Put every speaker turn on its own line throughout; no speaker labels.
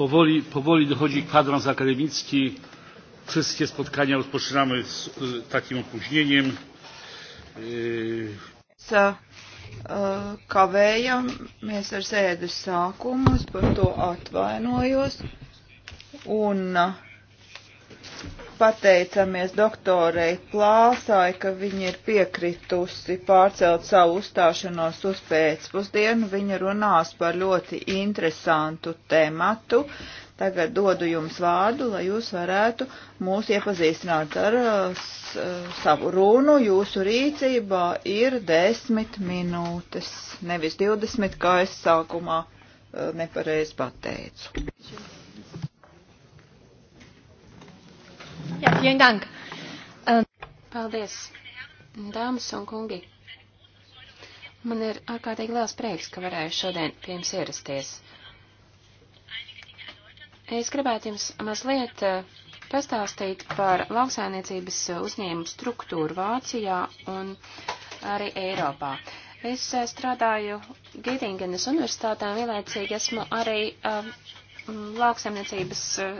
Powoli, powoli dochodzi kwadrans akademicki. Wszystkie spotkania rozpoczynamy z, z takim opóźnieniem. Yy.
So uh, kavējamies ar sēdes sākumus, par to atvainojos. Un uh, pateicamies doktorei Plāsai, ka viņa ir piekritusi pārcelt savu uzstāšanos uz pēcpusdienu. Viņa runās par ļoti interesantu tematu. Tagad dodu jums vārdu, lai jūs varētu mūs iepazīstināt ar uh, uh, savu runu. Jūsu rīcībā ir desmit minūtes, nevis divdesmit, kā es sākumā uh, nepareiz pateicu.
Vielen Dank. Ähm, Paldies, dāmas un kungi. Man ir ārkārtīgi liels prieks, ka varēju šodien pie jums ierasties. Es gribētu jums mazliet eh, pastāstīt par lauksainiecības uzņēmumu struktūru Vācijā un arī Eiropā. Es eh, strādāju Gītingenes universitātē un vienlaicīgi esmu arī uh, lauksaimniecības eh,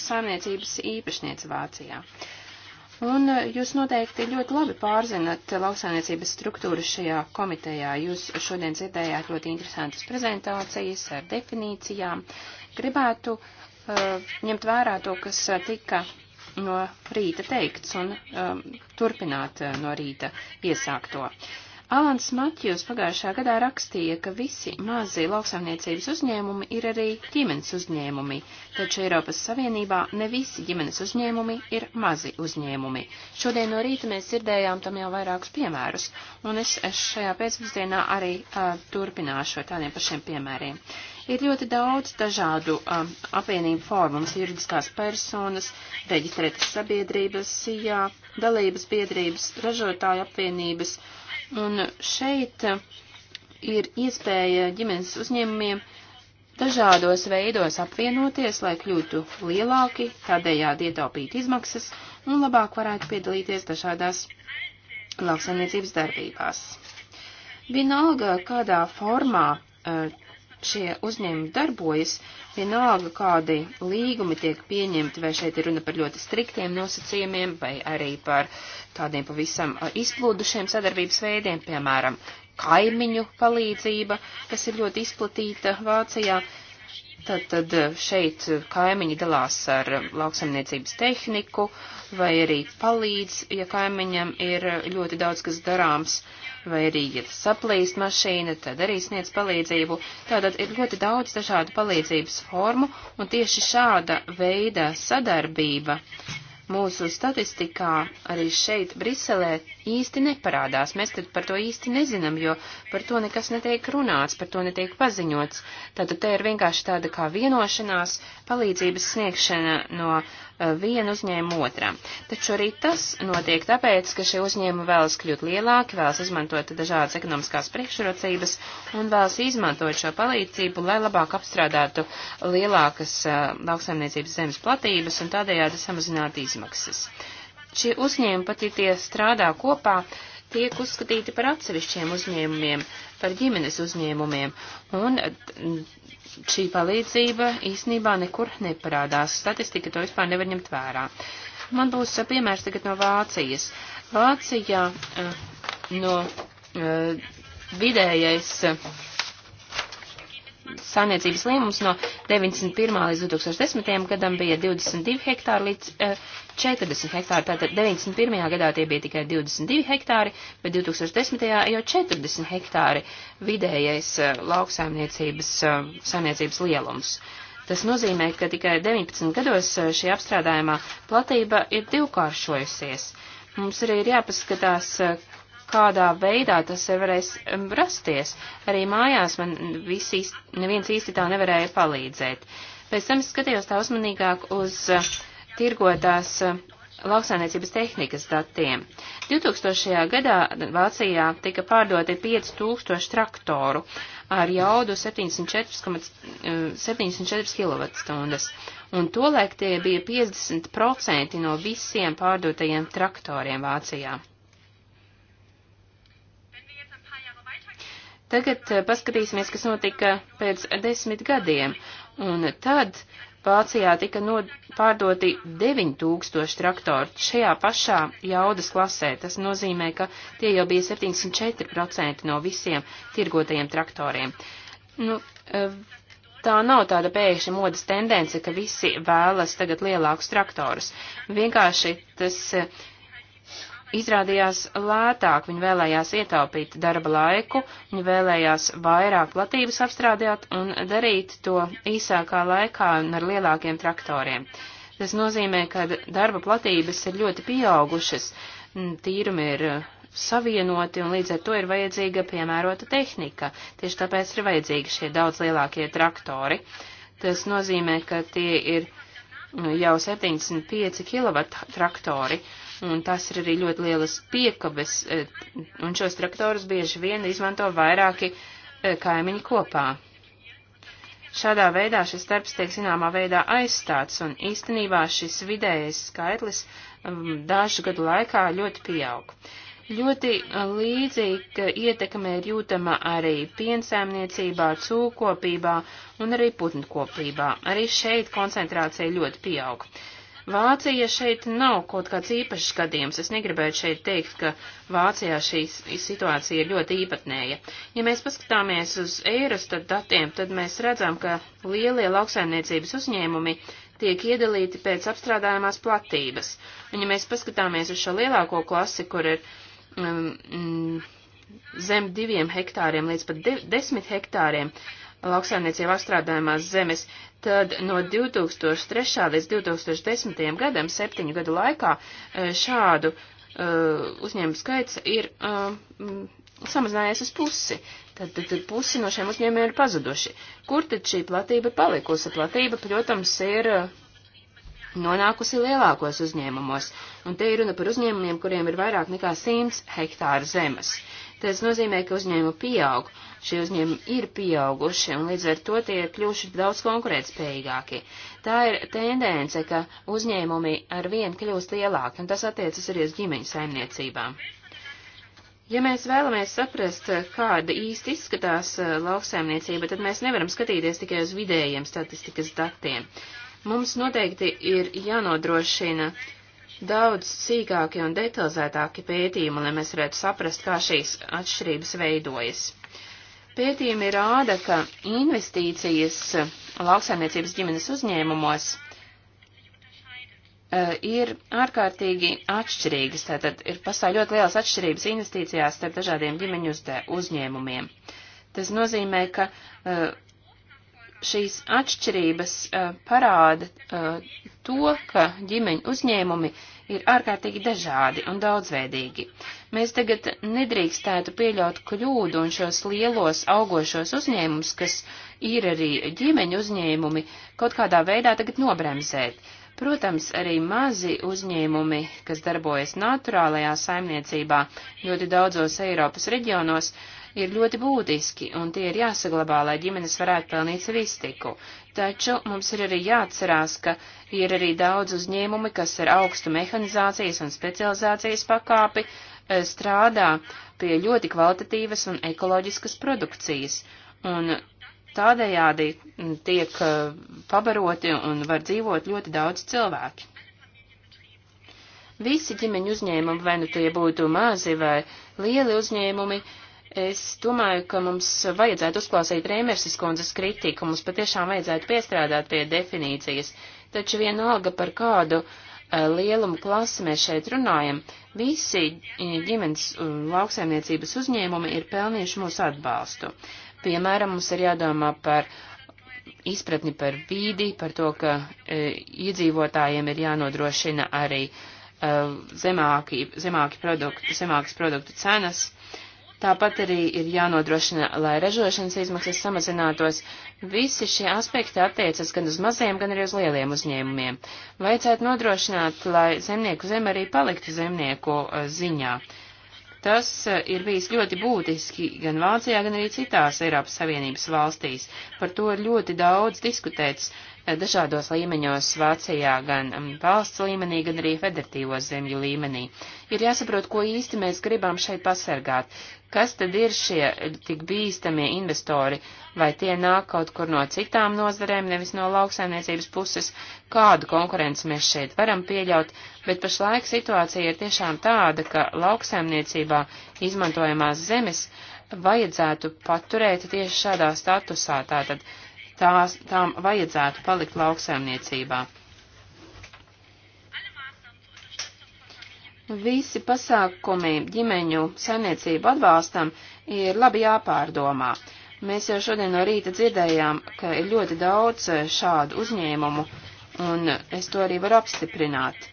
saimniecības īpašniece Vācijā. Un eh, jūs noteikti ļoti labi pārzinat lauksaimniecības struktūru šajā komitejā. Jūs šodien dzirdējāt ļoti interesantas prezentācijas ar definīcijām. Gribētu uh, ņemt vērā to, kas tika no rīta teikts un um, turpināt no rīta iesākto. Uh, Alans Matjūs pagājušā gadā rakstīja, ka visi mazie lauksaimniecības uzņēmumi ir arī ģimenes uzņēmumi, taču Eiropas Savienībā ne visi ģimenes uzņēmumi ir mazi uzņēmumi. Šodien no rīta mēs dzirdējām tam jau vairākus piemērus, un es šajā pēcpusdienā arī uh, turpināšu ar tādiem pašiem piemēriem. Ir ļoti daudz dažādu um, apvienību formu, mums ir juridiskās personas, reģistrētas sabiedrības, sijā, dalības biedrības, ražotāju apvienības, uh, Un šeit ir iespēja ģimenes uzņēmumiem dažādos veidos apvienoties, lai kļūtu lielāki, tādējādi ietaupīt izmaksas un labāk varētu piedalīties dažādās lauksaimniecības darbībās. Vienalga, kādā formā eh, šie uzņēmumi darbojas, vienalga kādi līgumi tiek pieņemti, vai šeit ir runa par ļoti striktiem nosacījumiem, vai arī par tādiem pavisam izplūdušiem sadarbības veidiem, piemēram, kaimiņu palīdzība, kas ir ļoti izplatīta Vācijā. Tad, tad šeit kaimiņi dalās ar lauksamniecības tehniku, vai arī palīdz, ja kaimiņam ir ļoti daudz kas darāms. Uh, vai arī, ja saplīst mašīna, tad arī sniedz palīdzību. Tātad ir ļoti daudz dažādu palīdzības formu, un tieši šāda veida sadarbība mūsu statistikā arī šeit Briselē īsti neparādās. Mēs tad par to īsti nezinām, jo par to nekas netiek runāts, par to netiek paziņots. Tātad te ir vienkārši tāda kā vienošanās palīdzības sniegšana no uh, viena uzņēmuma otram. Taču arī tas notiek tāpēc, ka šie uzņēmumi vēlas kļūt lielāki, vēlas izmantot dažādas ekonomiskās priekšrocības un vēlas izmantot šo palīdzību, lai labāk apstrādātu lielākas uh, lauksaimniecības zemes platības un tādējādi samazinātu izmaksas. Uh, Šie uzņēmumi pat, ja tie strādā kopā, tiek uzskatīti par atsevišķiem uzņēmumiem, par ģimenes uzņēmumiem, un mm, šī palīdzība īsnībā nekur neparādās. Statistika to vispār nevar ņemt vērā. Man būs eh, piemērs tagad no Vācijas. Vācijā eh, no eh, vidējais saimniecības līmums no 91. līdz 2010. gadam bija 22 hektāri līdz uh, eh, 40 hektāri. Tātad 91. gadā tie bija tikai 22 hektāri, bet 2010. jau 40 hektāri vidējais uh, lauksaimniecības uh, saimniecības lielums. Tas nozīmē, ka tikai 19 gados šī apstrādājumā platība ir divkāršojusies. Mums arī ir jāpaskatās, kādā veidā tas varēs um, rasties. Arī mājās man visi, neviens īsti tā nevarēja palīdzēt. Pēc tam es skatījos tā uzmanīgāk uz uh, tirgotās uh, lauksainiecības tehnikas datiem. 2000. gadā Vācijā tika pārdoti 5000 traktoru ar jaudu 74,74 74 kWh, un tolaik tie bija 50% no visiem pārdotajiem traktoriem Vācijā. Tagad eh, paskatīsimies, kas notika pēc desmit gadiem, un tad Vācijā tika no, pārdoti 9000 traktori šajā pašā jaudas klasē. Tas nozīmē, ka tie jau bija 74% no visiem tirgotajiem traktoriem. Nu, eh, tā nav tāda pēkšņa modas tendence, ka visi vēlas tagad lielākus traktorus. Vienkārši tas eh, izrādījās lētāk, viņi vēlējās ietaupīt darba laiku, viņi vēlējās vairāk platības apstrādāt un darīt to īsākā laikā un ar lielākiem traktoriem. Tas nozīmē, ka darba platības ir ļoti pieaugušas, tīrumi ir uh, savienoti un līdz ar to ir vajadzīga piemērota tehnika. Tieši tāpēc ir vajadzīgi šie daudz lielākie traktori. Tas nozīmē, ka tie ir jau 75 kW traktori, uh, un tās ir arī ļoti lielas piekabes, e, un šos traktorus bieži vien izmanto vairāki e, kaimiņi kopā. Šādā veidā šis darbs tiek zināmā veidā aizstāts, un īstenībā šis vidējais skaitlis dažu gadu laikā ļoti pieaug. Ļoti e, līdzīga ietekme ir jūtama arī piensēmniecībā, cūkopībā un arī putnkopībā. Arī šeit koncentrācija ļoti pieaug. Uh, Vācija šeit nav kaut kāds īpašs gadījums. Es negribētu šeit teikt, ka Vācijā šī situācija ir ļoti īpatnēja. Ja mēs paskatāmies uz Eirostat datiem, tad mēs redzam, ka lielie lauksaimniecības uzņēmumi tiek iedalīti pēc apstrādājumās platības. Un ja mēs paskatāmies uz šo lielāko klasi, kur ir um, mm, zem diviem hektāriem līdz pat de desmit hektāriem lauksaimniecība apstrādājumās zemes, tad no 2003. līdz 2010. gadam, septiņu gadu laikā, eh, šādu uh, uzņēmumu skaits ir uh, samazinājies uz pusi. Tad, tad, tad pusi no šiem uzņēmumiem ir pazuduši. Kur tad šī platība ir palikusi? Platība, protams, ir nonākusi lielākos uzņēmumos. Un te ir runa par uzņēmumiem, kuriem ir vairāk nekā 100 hektāra zemes. Tas nozīmē, ka uzņēmumi pieaug, šie uzņēmumi ir pieauguši un līdz ar to tie ir kļuvuši daudz konkurētspējīgāki. Tā ir tendence, ka uzņēmumi ar vien kļūst lielāki, un tas attiecas arī uz ģimeņu saimniecībām. Ja mēs vēlamies saprast, kāda īsti izskatās eh, lauksaimniecība, tad mēs nevaram skatīties tikai uz vidējiem statistikas datiem. Mums noteikti ir jānodrošina uh, daudz sīkāki un detalizētāki pētījumi, lai mēs varētu saprast, kā šīs atšķirības veidojas. Pētījumi rāda, ka investīcijas lauksaimniecības ģimenes uzņēmumos e, ir ārkārtīgi atšķirīgas, tātad ir pastāv ļoti lielas atšķirības investīcijās starp dažādiem ģimeņu uzņēmumiem. Tas nozīmē, ka uh, šīs atšķirības uh, parāda uh, to, ka ģimeņu uzņēmumi ir ārkārtīgi dažādi un daudzveidīgi. Mēs tagad nedrīkstētu pieļaut kļūdu un šos lielos augošos uzņēmumus, kas ir arī ģimeņu uzņēmumi, kaut kādā veidā tagad nobremzēt. Protams, arī mazi uzņēmumi, kas darbojas naturālajā saimniecībā ļoti daudzos Eiropas reģionos, uh, ir ļoti būtiski, un tie ir jāsaglabā, lai ģimenes varētu pelnīt sev iztiku. Taču mums ir arī jāatcerās, ka ir arī daudz uzņēmumi, kas ar augstu mehanizācijas un specializācijas pakāpi e, strādā pie ļoti kvalitatīvas un ekoloģiskas produkcijas. Un tādējādi tiek e, pabaroti un var dzīvot ļoti daudz cilvēki. Visi ģimeņu uzņēmumi, vai nu tie būtu mazi vai lieli uzņēmumi, Es domāju, ka mums vajadzētu uzklausīt Rēmersis kundzes kritiku, mums patiešām vajadzētu piestrādāt pie definīcijas, taču vienalga par kādu uh, lielumu klasi mēs šeit runājam, visi e, ģimenes uh, lauksaimniecības uzņēmumi ir pelnījuši mūsu atbalstu. Piemēram, mums ir jādomā par izpratni par vīdi, par to, ka e, iedzīvotājiem ir jānodrošina arī e, zemāki, zemāki produktu, zemākas produktu cenas. E, Tāpat arī ir jānodrošina, lai ražošanas izmaksas samazinātos. Visi šie aspekti attiecas gan uz maziem, gan arī uz lieliem uzņēmumiem. Vajadzētu nodrošināt, lai zemnieku zem arī paliktu zemnieku eh, ziņā. Tas eh, ir bijis ļoti būtiski gan Vācijā, gan arī citās Eiropas Savienības valstīs. Par to ir ļoti daudz diskutēts dažādos līmeņos Vācijā, gan um, valsts līmenī, gan arī federatīvo zemju līmenī. Ir jāsaprot, ko īsti mēs gribam šeit pasargāt. Kas tad ir šie tik bīstamie investori? Vai tie nāk kaut kur no citām nozarēm, nevis no lauksaimniecības puses? Kādu konkurenci mēs šeit varam pieļaut? Bet pašlaik situācija ir tiešām tāda, ka lauksaimniecībā izmantojamās zemes vajadzētu paturēt tieši šādā statusā. Tātad tās, tām vajadzētu palikt lauksaimniecībā. Visi pasākumi ģimeņu saimniecību atbalstam ir labi jāpārdomā. Mēs jau šodien no rīta dzirdējām, ka ir ļoti daudz eh, šādu uzņēmumu, un es to arī varu apstiprināt.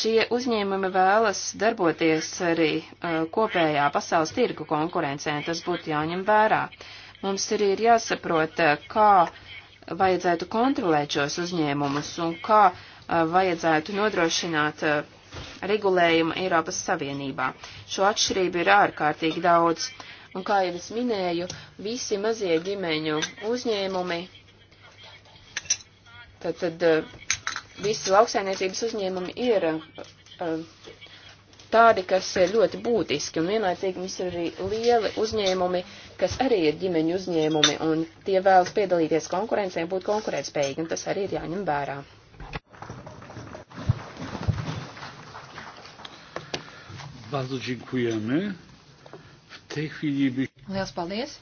Šie uzņēmumi vēlas darboties arī uh, kopējā pasaules tirgu konkurencē, tas būtu jāņem vērā. Uh, Mums arī ir jāsaprot, eh, kā vajadzētu kontrolēt šos uzņēmumus un kā eh, vajadzētu nodrošināt eh, regulējumu Eiropas Savienībā. Šo atšķirību ir ārkārtīgi daudz. Un kā jau es minēju, visi mazie ģimeņu uzņēmumi, tad, tad visi lauksainiecības uzņēmumi ir tādi, kas ir ļoti būtiski, un vienlaicīgi mums ir arī lieli uzņēmumi, kas arī ir ģimeņu uzņēmumi, un tie vēlas piedalīties konkurencē un būt konkurētspējīgi, un tas arī ir jāņem vērā.
Bardzo dziękujemy. W tej chwili by...
Liels paldies!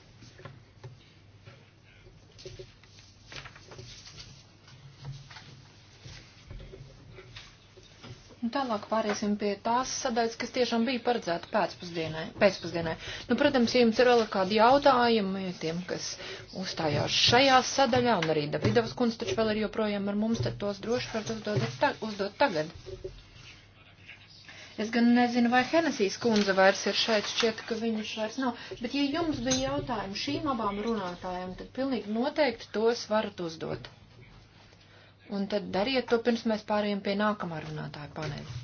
Un tālāk pāriesim pie tās sadaļas, kas tiešām bija paredzēta pēcpusdienai. pēcpusdienai. Nu, protams, ja jums ir vēl kādi jautājumi tiem, kas uzstājās šajā sadaļā, un arī Davidovs kundze taču vēl ir joprojām ar mums, tad tos droši varat uzdot, uzdot tagad. Es gan nezinu, vai Henesijas kundze vairs ir šeit, šķiet, ka viņas vairs nav. Bet, ja jums bija jautājumi šīm abām runātājām, tad pilnīgi noteikti tos varat uzdot. Un tad dariet to, pirms mēs pārējām pie nākamā runātāja paneļa.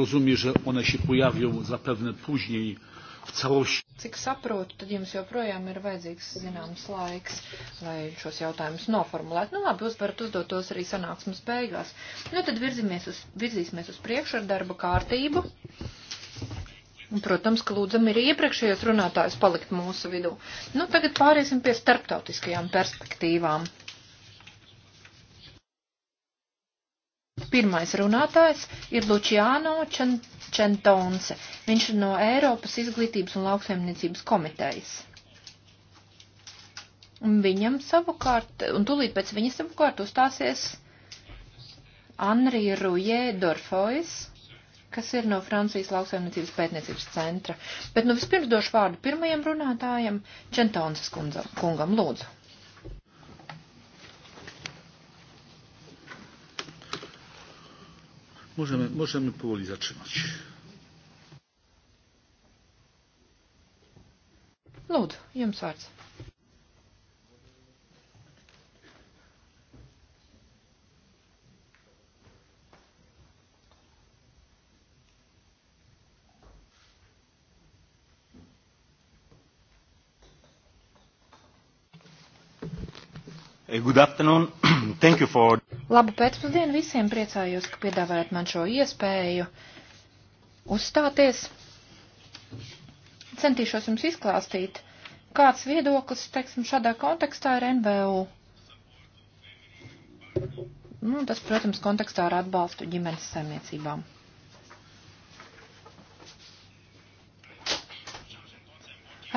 Rozumiem, že one się pojawią zapewne później w całości.
Cik saprotu, tad jums joprojām ir vajadzīgs zināms laiks, lai šos jautājumus noformulētu. Nu labi, jūs varat uzdot tos arī sanāksmes beigās. Nu tad virzīsimies uz, virzīsimies uz priekšu ar darba kārtību. Uh, Protams, ka lūdzam ir iepriekšējos runātājus palikt mūsu vidū. Nu, tagad pāriesim pie starptautiskajām perspektīvām. Pirmais runātājs ir Luciano Čentonse. Viņš ir no Eiropas izglītības un lauksaimniecības komitejas. Un viņam savukārt, un tūlīt pēc viņa savukārt uzstāsies Anri Rujē Dorfojas kas ir no Francijas lauksaimniecības pētniecības centra. Bet nu vispirms došu vārdu pirmajam runātājam, Čentonsas kundzam, kungam, lūdzu.
Możemy, możemy powoli zaczynać.
Lud, jums vārds.
Uh, good afternoon. Thank you for.
Labu pēcpusdienu visiem. Priecājos, ka piedāvājat man šo iespēju uzstāties. Centīšos jums izklāstīt, kāds viedoklis, teiksim, šādā kontekstā ir NVU. Nu, tas, protams, kontekstā ar atbalstu ģimenes saimniecībām.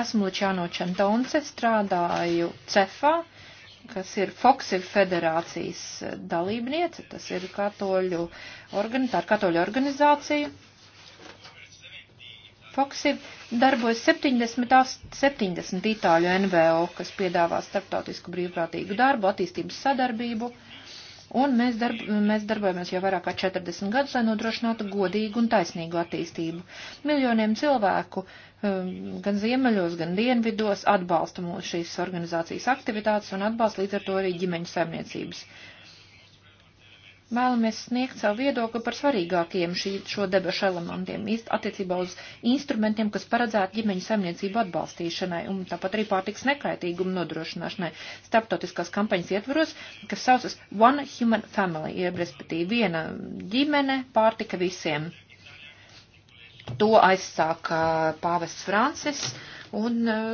Esmu Lučāno Čentonce, strādāju CEFā kas ir Foksif federācijas e, dalībniece, tas ir katoļu, organi, tā ir katoļu organizācija. Foksif darbojas 70, 70 itāļu NVO, kas piedāvā starptautisku brīvprātīgu darbu, attīstības sadarbību. Uh, Un mēs, darb, mēs darbojamies jau vairāk kā 40 gadus, lai nodrošinātu godīgu un taisnīgu attīstību. Miljoniem cilvēku um, gan ziemeļos, gan dienvidos atbalsta mūsu šīs organizācijas aktivitātes un atbalsta līdz ar to arī ģimeņu saimniecības vēlamies sniegt savu viedokli par svarīgākiem šī, šo debašu elementiem, attiecībā uz instrumentiem, kas paredzētu ģimeņu saimniecību atbalstīšanai un tāpat arī pārtiks nekaitīgumu nodrošināšanai starptautiskās kampaņas ietvaros, kas saucas One Human Family, jeb respektīvi viena ģimene, pārtika visiem. To aizsāka pāvests Francis un eh,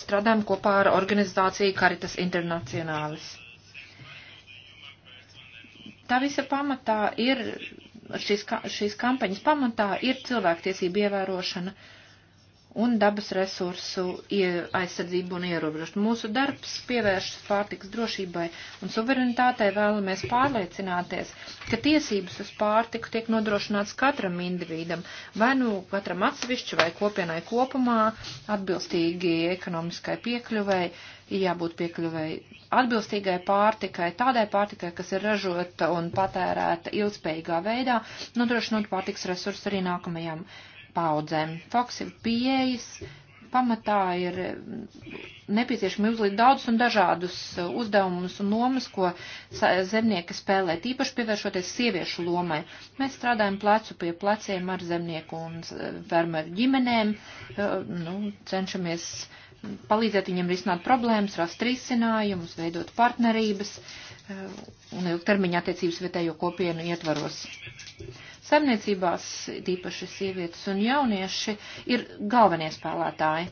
strādājam kopā ar organizāciju Caritas Internationalis tā visa pamatā ir, šīs, šīs kampaņas pamatā ir cilvēktiesība ievērošana. Uh, un dabas resursu aizsardzību un ierobežošanu. Mūsu darbs pievēršas pārtiks drošībai un suverenitātei vēlamies pārliecināties, ka tiesības uz pārtiku tiek nodrošināts katram individam, vai nu katram atsevišķi vai kopienai kopumā, atbilstīgi ekonomiskai piekļuvai, jābūt piekļuvai atbilstīgai pārtikai, tādai pārtikai, kas ir ražota un patērēta ilgspējīgā veidā, nodrošinot pārtiks resursus arī nākamajām paudzēm. Fox ir pieejas, pamatā ir mm, nepieciešami uzlikt daudz un dažādus uh, uzdevumus un lomas, ko zemnieki spēlē, tīpaši pievēršoties sieviešu lomai. Mēs strādājam plecu pie pleciem ar zemnieku un uh, fermeru ģimenēm, uh, nu, cenšamies mm, palīdzēt viņiem risināt problēmas, rast risinājumus, veidot partnerības. Uh, Eh, un ilgtermiņa attiecības vietējo kopienu ietvaros. Saimniecībās, tīpaši sievietes un jaunieši, ir galvenie spēlētāji.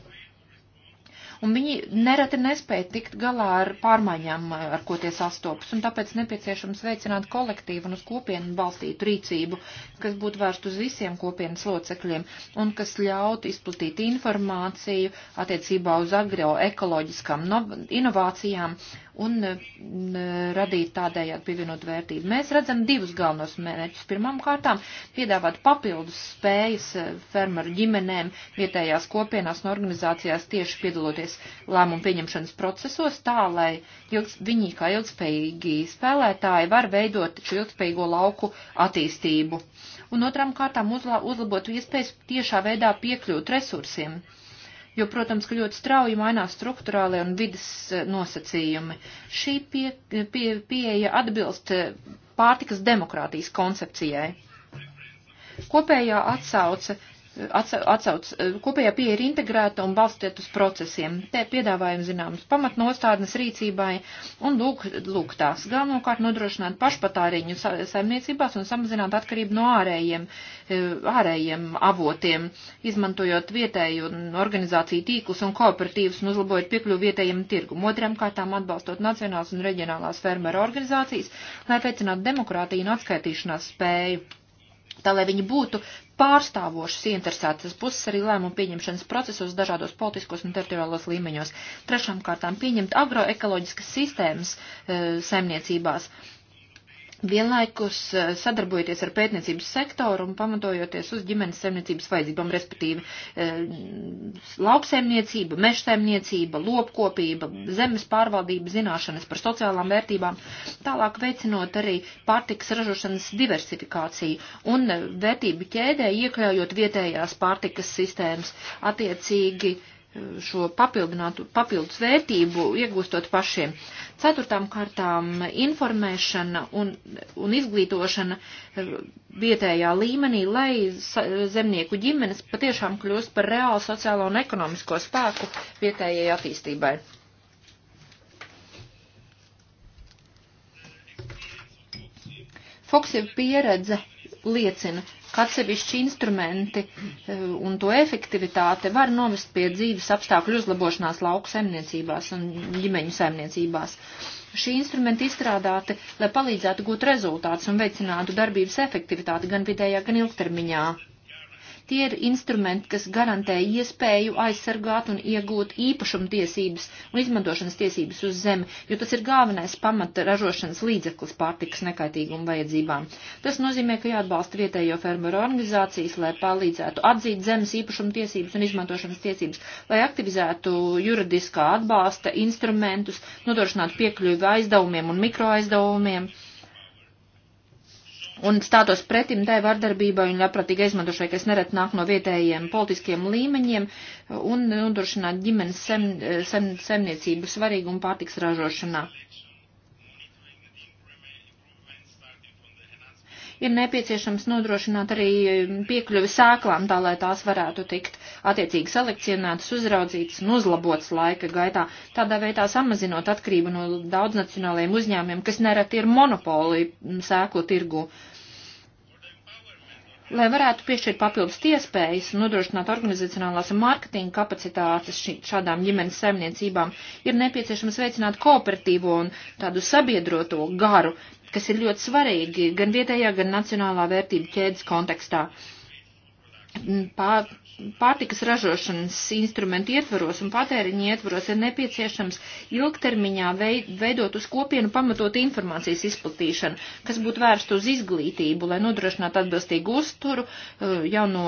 Un viņi nereti nespēja tikt galā ar pārmaiņām, eh, ar ko tie sastopas, un tāpēc nepieciešams veicināt kolektīvu un uz kopienu balstītu rīcību, kas būtu vērst uz visiem kopienas locekļiem un kas ļautu izplatīt informāciju attiecībā uz agroekoloģiskām inovācijām un mm, radīt tādējādi pievienot vērtību. Mēs redzam divus galvenos mērķus. Pirmām kārtām piedāvāt papildus spējas eh, fermeru ģimenēm vietējās kopienās un organizācijās tieši piedaloties lēmumu pieņemšanas procesos, tā lai ilgs, viņi kā ilgspējīgi spēlētāji var veidot šo ilgspējīgo lauku attīstību. Un otram kārtām uzla, uzlabot iespējas tiešā veidā piekļūt resursiem jo, protams, ka ļoti strauji mainās struktūrālie un vidas e, nosacījumi. Šī pie, pie, pieeja atbilst e, pārtikas demokrātijas koncepcijai. Kopējā atsauce atsauc, e, kopējā pieeja ir integrēta un balstiet uz procesiem. Te piedāvājam zināmas pamatnostādnes rīcībai un lūk, lūk tās. Galvenokārt nodrošināt pašpatāriņu sa saimniecībās un samazināt atkarību no ārējiem, e, ārējiem avotiem, izmantojot vietēju organizāciju tīklus un kooperatīvus un uzlabojot piekļuvu vietējiem tirgum. Otram kārtām atbalstot nacionālas un reģionālās fermera organizācijas, lai veicinātu demokrātiju un atskaitīšanās spēju tā lai viņi būtu pārstāvošas interesētas puses arī lēmumu pieņemšanas procesos dažādos politiskos un teritoriālos līmeņos. Trešām kārtām pieņemt agroekoloģiskas sistēmas e, saimniecībās vienlaikus eh, sadarbojoties ar pētniecības sektoru un pamatojoties uz ģimenes saimniecības vajadzībām, respektīvi eh, lauksaimniecība, mežsaimniecība, lopkopība, zemes pārvaldība, zināšanas par sociālām vērtībām, tālāk veicinot arī pārtikas ražošanas diversifikāciju un eh, vērtību ķēdē, iekļaujot vietējās pārtikas sistēmas attiecīgi šo papildus vērtību iegūstot pašiem. Ceturtām kārtām informēšana un, un izglītošana vietējā līmenī, lai zemnieku ģimenes patiešām kļūst par reālu sociālo un ekonomisko spēku vietējai attīstībai. Foks ir pieredze liecina, atsevišķi instrumenti e, un to efektivitāte var novest pie dzīves apstākļu uzlabošanās lauku saimniecībās un ģimeņu saimniecībās. Šī instrumenta izstrādāti, lai palīdzētu gūt rezultātus un veicinātu darbības efektivitāti gan vidējā, gan ilgtermiņā. Tie ir instrumenti, kas garantē iespēju aizsargāt un iegūt īpašuma tiesības un izmantošanas tiesības uz zemi, jo tas ir galvenais pamata ražošanas līdzeklis pārtikas nekaitīgumu vajadzībām. Tas nozīmē, ka jāatbalsta vietējo fermeru organizācijas, lai palīdzētu atzīt zemes īpašuma tiesības un izmantošanas tiesības, lai aktivizētu juridiskā atbalsta instrumentus, nodrošinātu piekļuvi aizdevumiem un mikroaizdevumiem. aizdevumiem un stātos pretim tai vardarbībai un ļapratīgai izmantošai, kas neret nāk no vietējiem politiskiem līmeņiem uh, un nodrošināt ģimenes sem, uh, sem, semniecību svarīgumu pārtiks ražošanā. Ir nepieciešams nodrošināt arī piekļuvi sēklām, tā lai tās varētu tikt attiecīgi selekcionētas, uzraudzītas un uzlabotas laika gaitā, tādā veidā samazinot atkarību no daudznacionālajiem uzņēmumiem, kas nereti ir monopoli sēklu tirgu. Lai varētu piešķirt papildus iespējas un nodrošināt organizacionālās un mārketinga kapacitātes šādām ģimenes saimniecībām, ir nepieciešams veicināt kooperatīvo un tādu sabiedroto garu, kas ir ļoti svarīgi gan vietējā, gan nacionālā vērtību ķēdes kontekstā pār, pārtikas ražošanas instrumentu ietvaros un patēriņa ietvaros ir nepieciešams ilgtermiņā veidot uz kopienu pamatot informācijas izplatīšanu, kas būtu vērsta uz izglītību, lai nodrošinātu atbilstīgu uzturu e, jau no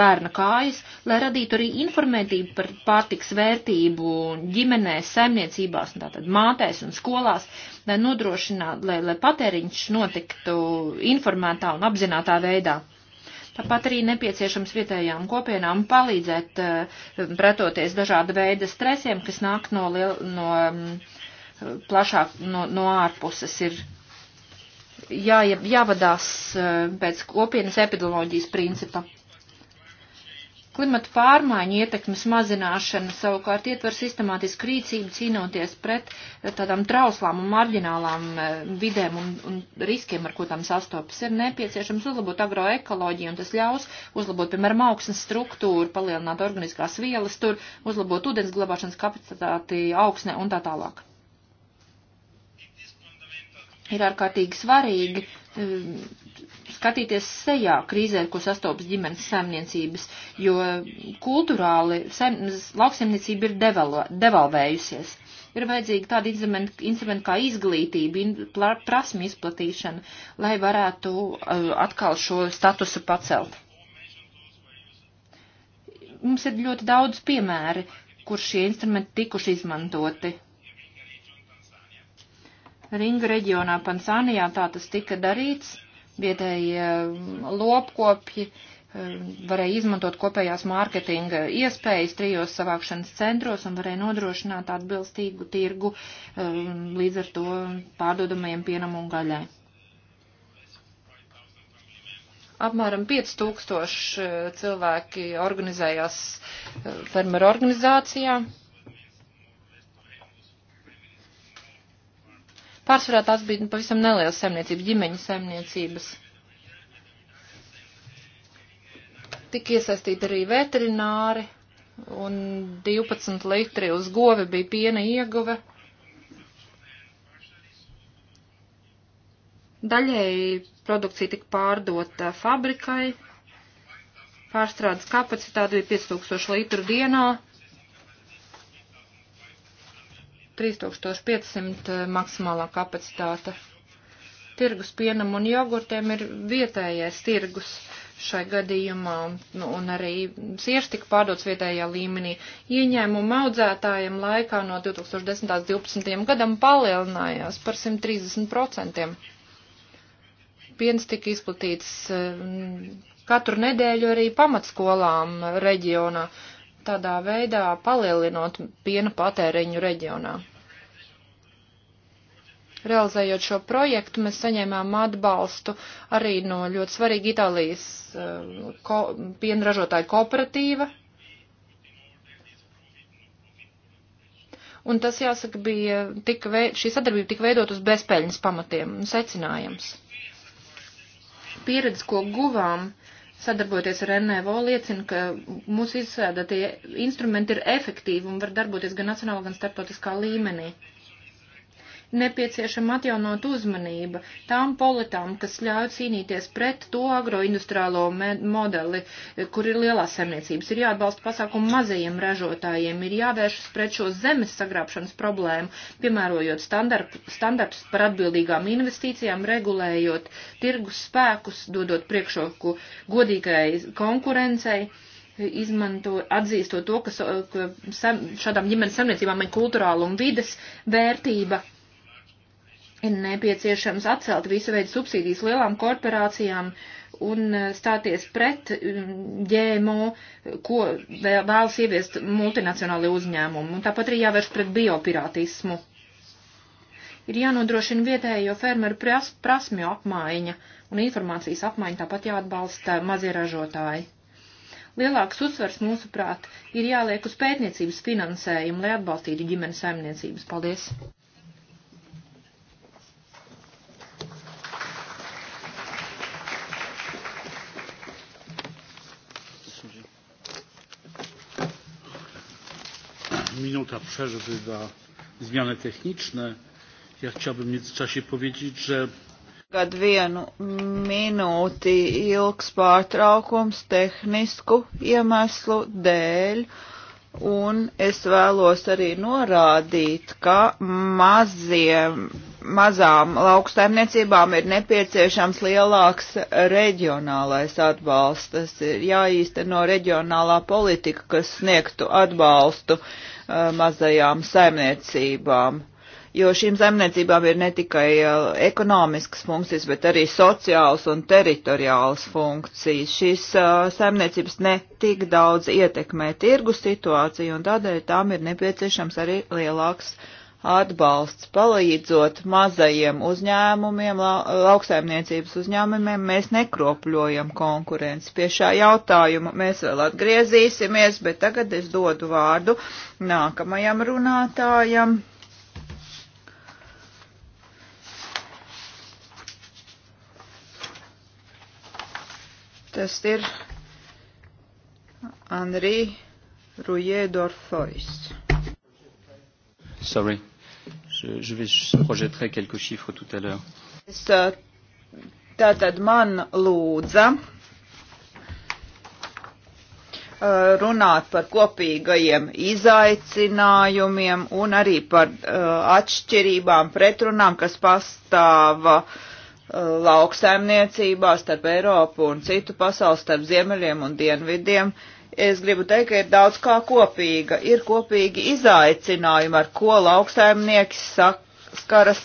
bērna kājas, lai radītu arī informētību par pārtikas vērtību ģimenēs, saimniecībās, tātad mātēs un skolās, lai nodrošinātu, lai, lai patēriņš notiktu informētā un apzinātā veidā. Tāpat arī nepieciešams vietējām kopienām palīdzēt eh, pretoties dažāda veida stresiem, kas nāk no, liel, no mm, plašāk, no, no ārpuses. Ir jā, jāvadās eh, pēc kopienas epidemioloģijas principa. Klimata pārmaiņu ietekmes mazināšana savukārt ietver sistemātisku rīcību cīnoties pret eh, tādām trauslām un marģinālām eh, vidēm un, un riskiem, ar ko tam sastopas. Ir nepieciešams uzlabot agroekoloģiju, un tas ļaus uzlabot, piemēram, augsnes struktūru, palielināt organiskās vielas tur, uzlabot ūdens glabāšanas kapacitāti augsne un tā tālāk. Ir ārkārtīgi svarīgi eh, skatīties sejā krīzē, ko sastopas ģimenes saimniecības, jo kulturāli saim, lauksaimniecība ir devalo, devalvējusies. Ir vajadzīgi tādi instrumenti, instrumenti kā izglītība, prasmi izplatīšana, lai varētu uh, atkal šo statusu pacelt. Mums ir ļoti daudz piemēri, kur šie instrumenti tikuši izmantoti. Ringa reģionā Pansānijā tā tas tika darīts vietējie mm, lopkopji eh, varēja izmantot kopējās mārketinga iespējas trijos savākšanas centros un varēja nodrošināt atbilstīgu tirgu eh, līdz ar to pārdodamajiem pienam un gaļai. Apmēram 5000 eh, cilvēki organizējās fermeru organizācijā. Pārsvarā tās bija nu, pavisam nelielas saimniecības, ģimeņa saimniecības. Tik iesaistīti arī veterināri, un 12 litri uz govi bija piena ieguve. Daļēji produkcija tika pārdota fabrikai, pārstrādes kapacitāte bija 5000 litru dienā, 3500 eh, maksimālā kapacitāte. Tirgus pienam un jogurtiem ir vietējais tirgus šai gadījumā, nu, un arī sieši tika pārdots vietējā līmenī. Ieņēmumu audzētājiem laikā no 2010. līdz 2012. gadam palielinājās par 130%. Piens tika izplatīts eh, katru nedēļu arī pamatskolām reģionā tādā veidā palielinot piena patēriņu reģionā. Realizējot šo projektu, mēs saņēmām atbalstu arī no ļoti svarīga Itālijas uh, ko, pienražotāja kooperatīva. Un tas, jāsaka, bija, tika, veid, šī sadarbība tika veidot uz bezpēļņas pamatiem un secinājums. Pieredze, ko guvām, sadarbojoties ar NVO liecina, ka mūsu izsēdētie instrumenti ir efektīvi un var darboties gan nacionālā, gan starptautiskā līmenī. Uh, nepieciešama atjaunot uzmanība tām politām, kas ļauj cīnīties pret to agroindustriālo modeli, kur ir lielās saimniecības. Ir jāatbalsta pasākumu mazajiem ražotājiem, ir jāvēršas pret šo zemes sagrābšanas problēmu, piemērojot standart, standartus par atbildīgām investīcijām, regulējot tirgus spēkus, dodot priekšroku godīgai konkurencei izmanto, atzīstot to, ka, ka šādām ģimenes samniecībām ir kultūrāla un vides vērtība ir nepieciešams atcelt visu veidu subsīdijas lielām korporācijām un e, stāties pret ģēmo, ko vēlas ieviest multinacionāli uzņēmumi. Un tāpat arī jāvērš pret biopirātismu. Ir jānodrošina vietējo fermeru pras, prasmju apmaiņa un informācijas apmaiņa, tāpat jāatbalsta mazie ražotāji. Lielāks uzsvers, mūsuprāt, ir jāliek uz pētniecības finansējumu, lai atbalstītu ģimenes saimniecības. Paldies!
minuta przerwy na zmiany techniczne. Ja chciałbym w międzyczasie powiedzieć, że
Tagad vienu minūti ilgs pārtraukums tehnisku iemeslu dēļ, un es vēlos arī norādīt, ka maziem mazām lauksaimniecībām ir nepieciešams lielāks reģionālais atbalsts. Tas ir jāīsteno reģionālā politika, kas sniegtu atbalstu uh, mazajām saimniecībām. Jo šīm saimniecībām ir ne tikai uh, ekonomiskas funkcijas, bet arī sociāls un teritoriāls funkcijas. Šīs uh, saimniecības netik daudz ietekmē tirgu situāciju un tādēļ tām ir nepieciešams arī lielāks atbalsts atbalsts palīdzot mazajiem uzņēmumiem, lauksaimniecības uzņēmumiem, mēs nekropļojam konkurenci. Pie šā jautājuma mēs vēl atgriezīsimies, bet tagad es dodu vārdu nākamajam runātājam. Tas ir Henri Rouillet d'Orfois.
Sorry. Je, je, vais, je projetterai quelques chiffres tout à l'heure.
Tātad man lūdza runāt par kopīgajiem izaicinājumiem un arī par atšķirībām, pretrunām, kas pastāva lauksaimniecībā starp Eiropu un citu pasauli, starp ziemeļiem un dienvidiem. Uh, es gribu teikt, ka ir daudz kā kopīga. Ir kopīgi izaicinājumi, ar ko lauksaimnieki saskaras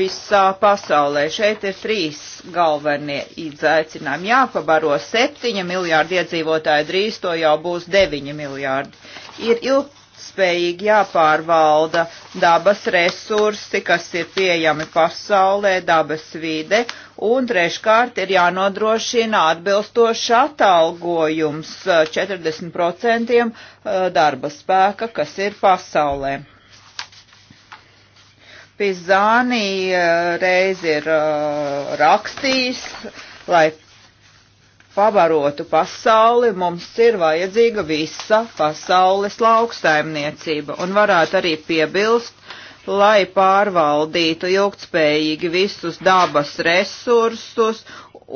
visā pasaulē. Šeit ir trīs galvenie izaicinājumi. Jāpabaro 7 miljārdi iedzīvotāji, drīz to jau būs 9 miljārdi. Ir ilg ilgtspējīgi jāpārvalda dabas resursi, kas ir pieejami pasaulē, dabas vide, un treškārt ir jānodrošina atbilstoši atalgojums 40% eh, eh, darba spēka, kas ir pasaulē. Pizāni eh, reiz ir rakstījis, lai pabarotu pasauli, mums ir vajadzīga visa pasaules lauksaimniecība un varētu arī piebilst, lai pārvaldītu ilgtspējīgi visus dabas resursus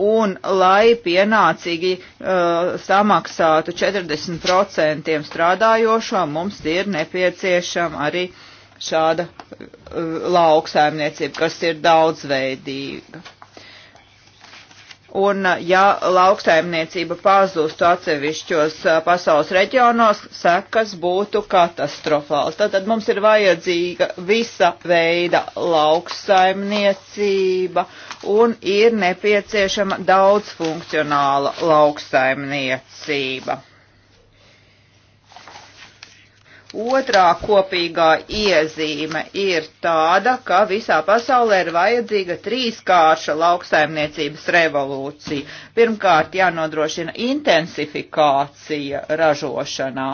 un lai pienācīgi uh, samaksātu 40% strādājošo, mums ir nepieciešama arī šāda uh, lauksaimniecība, kas ir daudzveidīga un uh, ja lauksaimniecība pazustu atsevišķos uh, pasaules reģionos, sekas būtu katastrofāls. Tātad mums ir vajadzīga visa veida lauksaimniecība un ir nepieciešama daudzfunkcionāla lauksaimniecība. Otrā kopīgā iezīme ir tāda, ka visā pasaulē ir vajadzīga trīskārša lauksaimniecības revolūcija. Pirmkārt, jānodrošina intensifikācija ražošanā,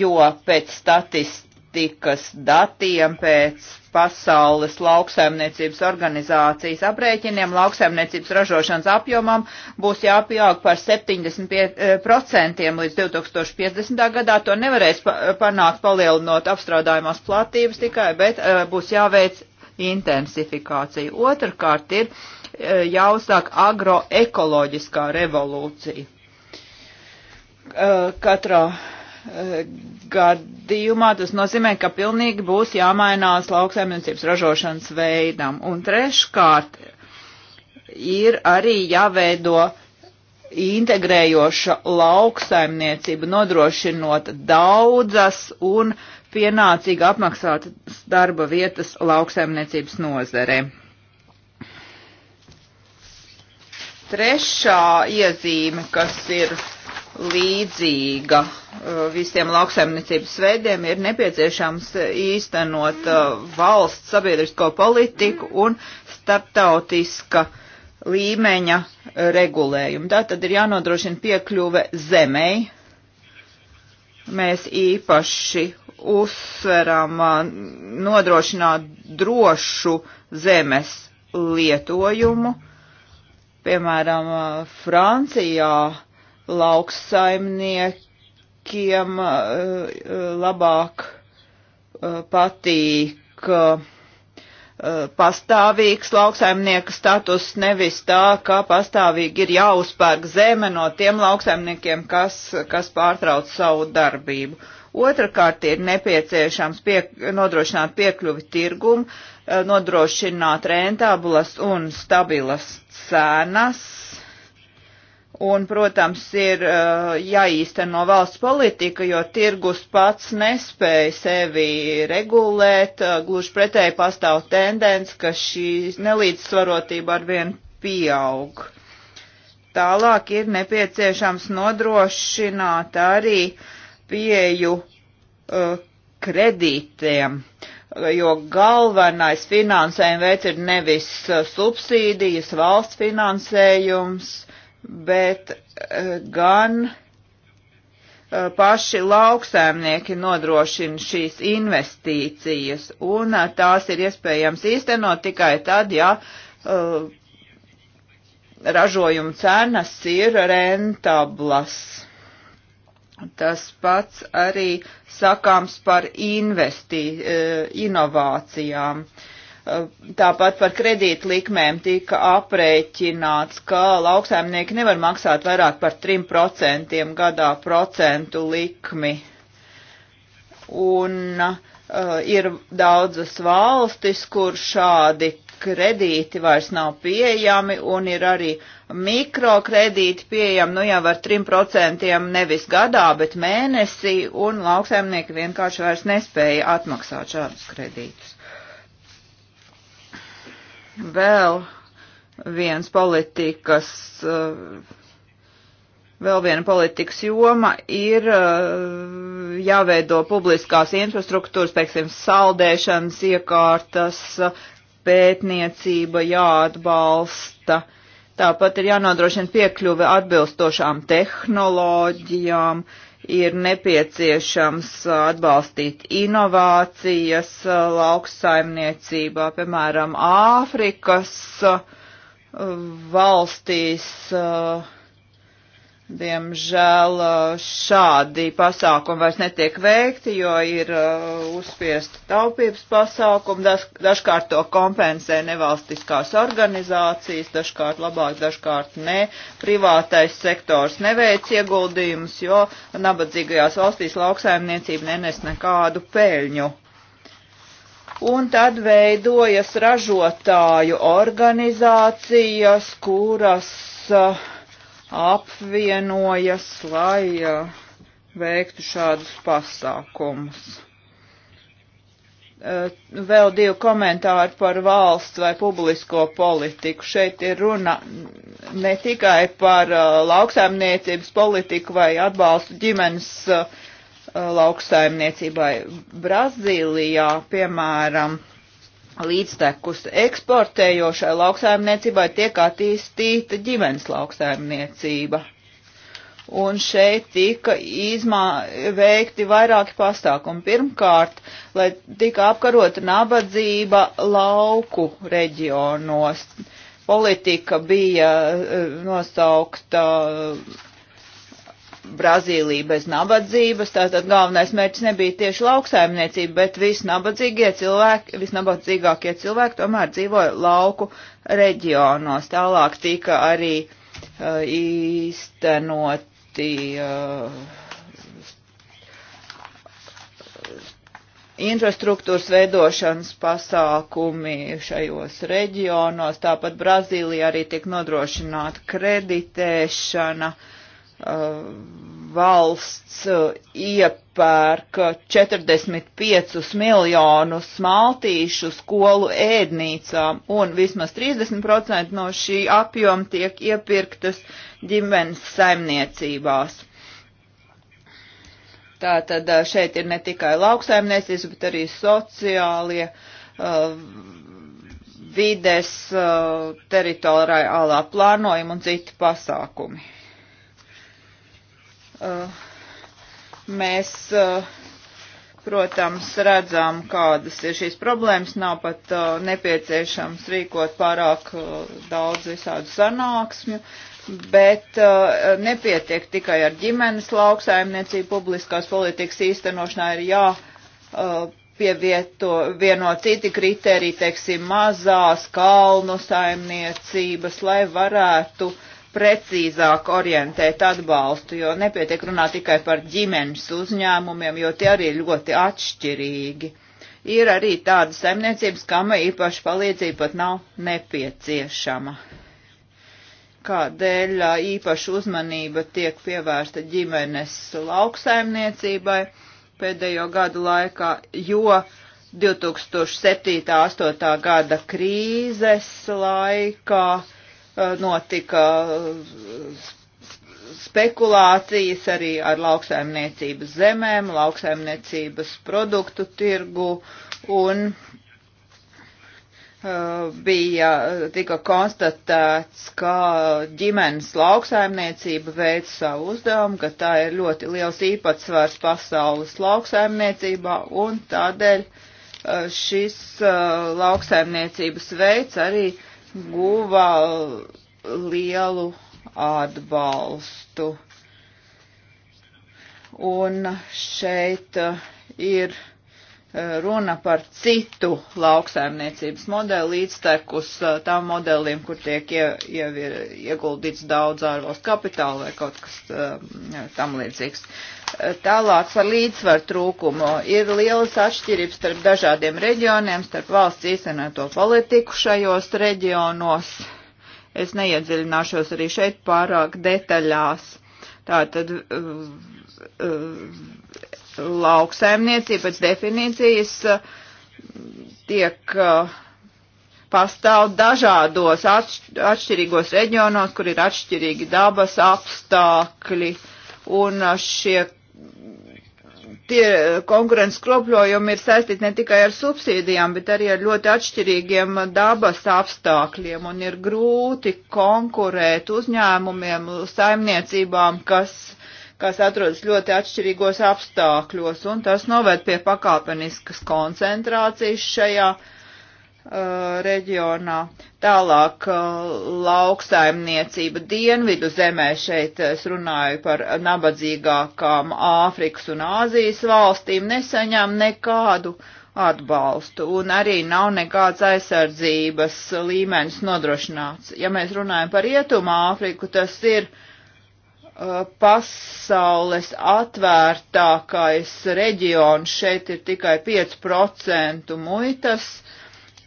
jo pēc statistika statistikas datiem pēc pasaules lauksaimniecības organizācijas aprēķiniem lauksaimniecības ražošanas apjomam būs jāpieaug par 75% eh, līdz 2050. gadā. To nevarēs eh, panākt palielinot apstrādājumās platības tikai, bet eh, būs jāveic intensifikācija. Otrkārt ir jāuzsāk agroekoloģiskā revolūcija. Katrā Eh, gadījumā tas nozīmē, ka pilnīgi būs jāmainās lauksaimniecības ražošanas veidam. Un treškārt ir arī jāveido integrējoša lauksaimniecība, nodrošinot daudzas un pienācīgi apmaksātas darba vietas lauksaimniecības nozarē. Trešā iezīme, kas ir līdzīga uh, visiem lauksaimniecības veidiem, ir nepieciešams īstenot uh, valsts sabiedrisko politiku un starptautiska līmeņa regulējumu. Tā tad ir jānodrošina piekļuve zemei. Mēs īpaši uzsveram uh, nodrošināt drošu zemes lietojumu. Piemēram, Francijā lauksaimniekiem eh, eh, labāk eh, patīk pastāvīgs lauksaimnieka status, nevis tā, ka pastāvīgi ir jāuzpērk zeme no tiem lauksaimniekiem, kas, kas pārtrauc savu darbību. Otrakārt ir nepieciešams pie, nodrošināt piekļuvi tirgumu, nodrošināt rentablas un stabilas cenas Un, protams, ir uh, jāīsteno valsts politika, jo tirgus pats nespēja sevi regulēt. Uh, gluži pretēji pastāv tendence, ka šī nelīdzsvarotība arvien pieaug. Tālāk ir nepieciešams nodrošināt arī pieju uh, kredītiem, jo galvenais finansējuma veids ir nevis uh, subsīdijas, valsts finansējums, bet eh, gan eh, paši lauksēmnieki nodrošina šīs investīcijas, un eh, tās ir iespējams īstenot tikai tad, ja ražojuma cenas ir rentablas. Tas pats arī sakāms par investī, inovācijām. Uh, Tāpat par kredītlikmēm tika aprēķināts, ka lauksaimnieki nevar maksāt vairāk par 3% gadā procentu likmi. Un uh, ir daudzas valstis, kur šādi kredīti vairs nav pieejami un ir arī mikrokredīti pieejami, nu jau ar 3% nevis gadā, bet mēnesī, un lauksaimnieki vienkārši vairs nespēja atmaksāt šādus kredītus vēl viens politikas, eh, vēl viena politikas joma ir eh, jāveido publiskās infrastruktūras, piemēram, saldēšanas iekārtas, pētniecība jāatbalsta. Tāpat ir jānodrošina piekļuve atbilstošām tehnoloģijām, uh, ir nepieciešams uh, atbalstīt inovācijas uh, lauksaimniecībā, piemēram, Āfrikas uh, valstīs. Uh, Diemžēl uh, šādi pasākumi vairs netiek veikti, jo ir uh, uzspiesti taupības pasākumi, dažkārt to kompensē nevalstiskās organizācijas, dažkārt labāk, dažkārt ne. Privātais sektors neveic ieguldījumus, jo nabadzīgajās valstīs lauksaimniecība nenes nekādu peļņu. Un tad veidojas ražotāju organizācijas, kuras uh, apvienojas, lai uh, veiktu šādus pasākumus. Uh, vēl divi komentāri par valsts vai publisko politiku. Šeit ir runa ne tikai par uh, lauksaimniecības politiku vai atbalstu ģimenes lauksaimniecībai. Brazīlijā, piemēram, līdztekus eksportējošai lauksaimniecībai tiek attīstīta ģimenes lauksaimniecība. Un šeit tika izmā, veikti vairāki pasākumi. Pirmkārt, lai tika apkarota nabadzība lauku reģionos. Politika bija eh, nosaukta Brazīliju bez nabadzības, tātad galvenais mērķis nebija tieši lauksaimniecība, bet visnabadzīgie cilvēki, visnabadzīgākie cilvēki tomēr dzīvoja lauku reģionos. Tālāk tika arī uh, īstenoti uh, infrastruktūras veidošanas pasākumi šajos reģionos, tāpat Brazīlija arī tiek nodrošināta kreditēšana. Uh, Uh, valsts uh, iepērk 45 miljonus maltīšu skolu ēdnīcām, un vismaz 30% no šī apjoma tiek iepirktas ģimenes saimniecībās. Tātad uh, šeit ir ne tikai lauksaimniecības, bet arī sociālie, uh, vides, uh, teritoriālā plānojuma un citi pasākumi. Eh, mēs, eh, protams, redzam, kādas ir šīs problēmas. Nav pat eh, nepieciešams rīkot pārāk daudz visādu sanāksmju, bet nepietiek tikai ar ģimenes lauksaimniecību. Publiskās politikas īstenošanā ir jā pievieto vieno citi kriteriji, teiksim, mazās kalnu saimniecības, lai varētu uh, precīzāk orientēt atbalstu, jo nepietiek runāt tikai par ģimenes uzņēmumiem, jo tie arī ir ļoti atšķirīgi. Ir arī tādas saimniecības, kam īpaši palīdzība pat nav nepieciešama. Kādēļ īpaša uzmanība tiek pievērsta ģimenes lauksaimniecībai pēdējo gadu laikā, jo 2007. 8. gada krīzes laikā Eh, notika eh, spekulācijas arī ar lauksaimniecības zemēm, lauksaimniecības produktu tirgu un eh, bija, tika konstatēts, ka ģimenes lauksaimniecība veic savu uzdevumu, ka tā ir ļoti liels īpatsvars pasaules lauksaimniecībā un tādēļ šis lauksaimniecības veids arī uh, guva lielu atbalstu. Un šeit ir runa par citu lauksaimniecības modeli līdztekus uh, tām modelim, kur tiek ie, ie, ieguldīts daudz ārvalstu kapitāla vai kaut kas um, tam līdzīgs. Uh, tālāk par līdzsvaru trūkumu. Ir lielas atšķirības starp dažādiem reģioniem, starp valsts īstenēto politiku šajos reģionos. Es neiedziļināšos arī šeit pārāk detaļās. Tātad uh, lauksaimniecība pēc definīcijas eh, tiek eh, pastāv dažādos atšķirīgos reģionos, kur ir atšķirīgi dabas apstākļi un eh, šie tie konkurences kropļojumi ir saistīti ne tikai ar subsīdijām, bet arī ar ļoti atšķirīgiem dabas apstākļiem un ir grūti konkurēt uzņēmumiem, saimniecībām, kas kas atrodas ļoti atšķirīgos apstākļos, un tas noved pie pakāpeniskas koncentrācijas šajā uh, reģionā. Tālāk uh, lauksaimniecība dienvidu zemē šeit es runāju par nabadzīgākām Āfrikas un Āzijas valstīm nesaņem nekādu atbalstu, un arī nav nekāds aizsardzības līmenis nodrošināts. Ja mēs runājam par Rietumu Āfriku, tas ir uh, Uh, pasaules atvērtākais reģions. Šeit ir tikai 5% muitas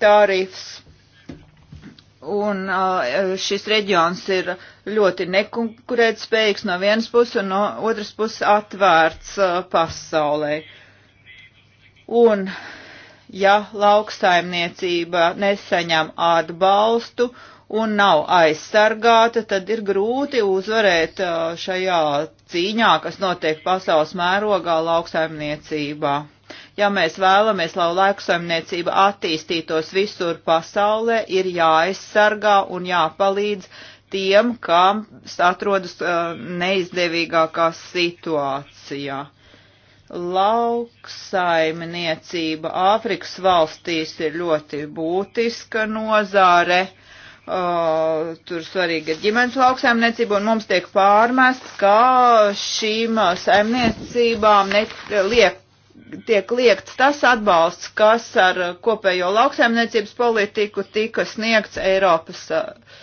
tarifs. Un uh, šis reģions ir ļoti nekonkurētspējīgs no vienas puses un no otras puses atvērts uh, pasaulē. Un ja lauksaimniecība nesaņem atbalstu un nav aizsargāta, tad ir grūti uzvarēt šajā cīņā, kas notiek pasaules mērogā lauksaimniecībā. Ja mēs vēlamies, lai lauksaimniecība attīstītos visur pasaulē, ir jāaizsargā un jāpalīdz tiem, kam atrodas neizdevīgākā situācijā. Lauksaimniecība Āfrikas valstīs ir ļoti būtiska nozāre. Uh, Uh, tur svarīga ir ģimenes lauksaimniecība, un mums tiek pārmests, ka šīm saimniecībām liek, tiek liekts tas atbalsts, kas ar kopējo lauksaimniecības politiku tika sniegts Eiropas uh,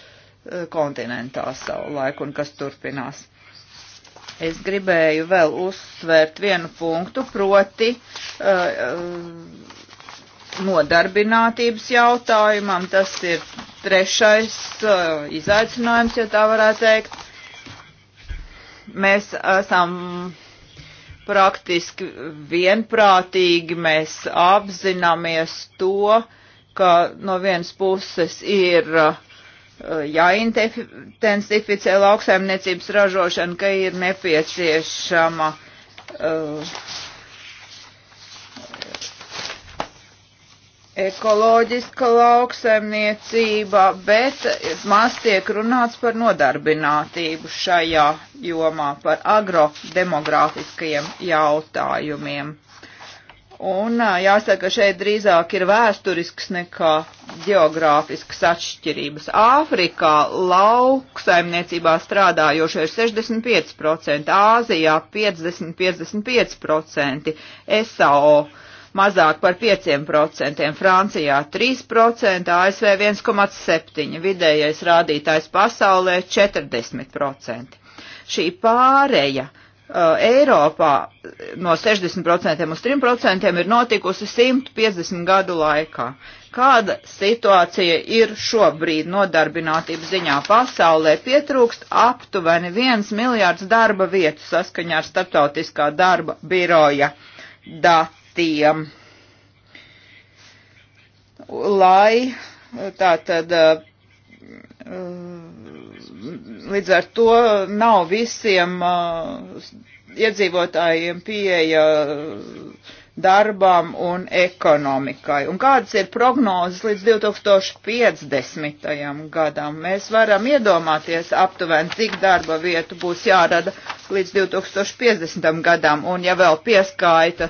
kontinentā savu laiku un kas turpinās. Es gribēju vēl uzsvērt vienu punktu, proti uh, nodarbinātības jautājumam. Tas ir trešais uh, izaicinājums, ja tā varētu teikt. Mēs esam praktiski vienprātīgi, mēs apzināmies to, ka no vienas puses ir uh, jāintensificē lauksaimniecības ražošana, ka ir nepieciešama uh, ekoloģiska lauksaimniecība, bet maz tiek runāts par nodarbinātību šajā jomā, par agrodemogrāfiskajiem jautājumiem. Un jāsaka, šeit drīzāk ir vēsturisks nekā geogrāfisks atšķirības. Āfrikā lauksaimniecībā strādājošie ir 65%, Āzijā 50-55%, SAO mazāk par 5%, Francijā 3%, ASV 1,7%, vidējais rādītājs pasaulē 40%. Šī pāreja uh, Eiropā no 60% uz 3% ir notikusi 150 gadu laikā. Kāda situācija ir šobrīd nodarbinātības ziņā pasaulē? Pietrūkst aptuveni 1 miljārds darba vietu saskaņā ar starptautiskā darba biroja datu valstiem, lai tātad mm, līdz ar to nav visiem mm, iedzīvotājiem pieeja darbam un ekonomikai. Un kādas ir prognozes līdz 2050. gadam? Mēs varam iedomāties aptuveni, cik darba vietu būs jārada līdz 2050. gadam, un ja vēl pieskaita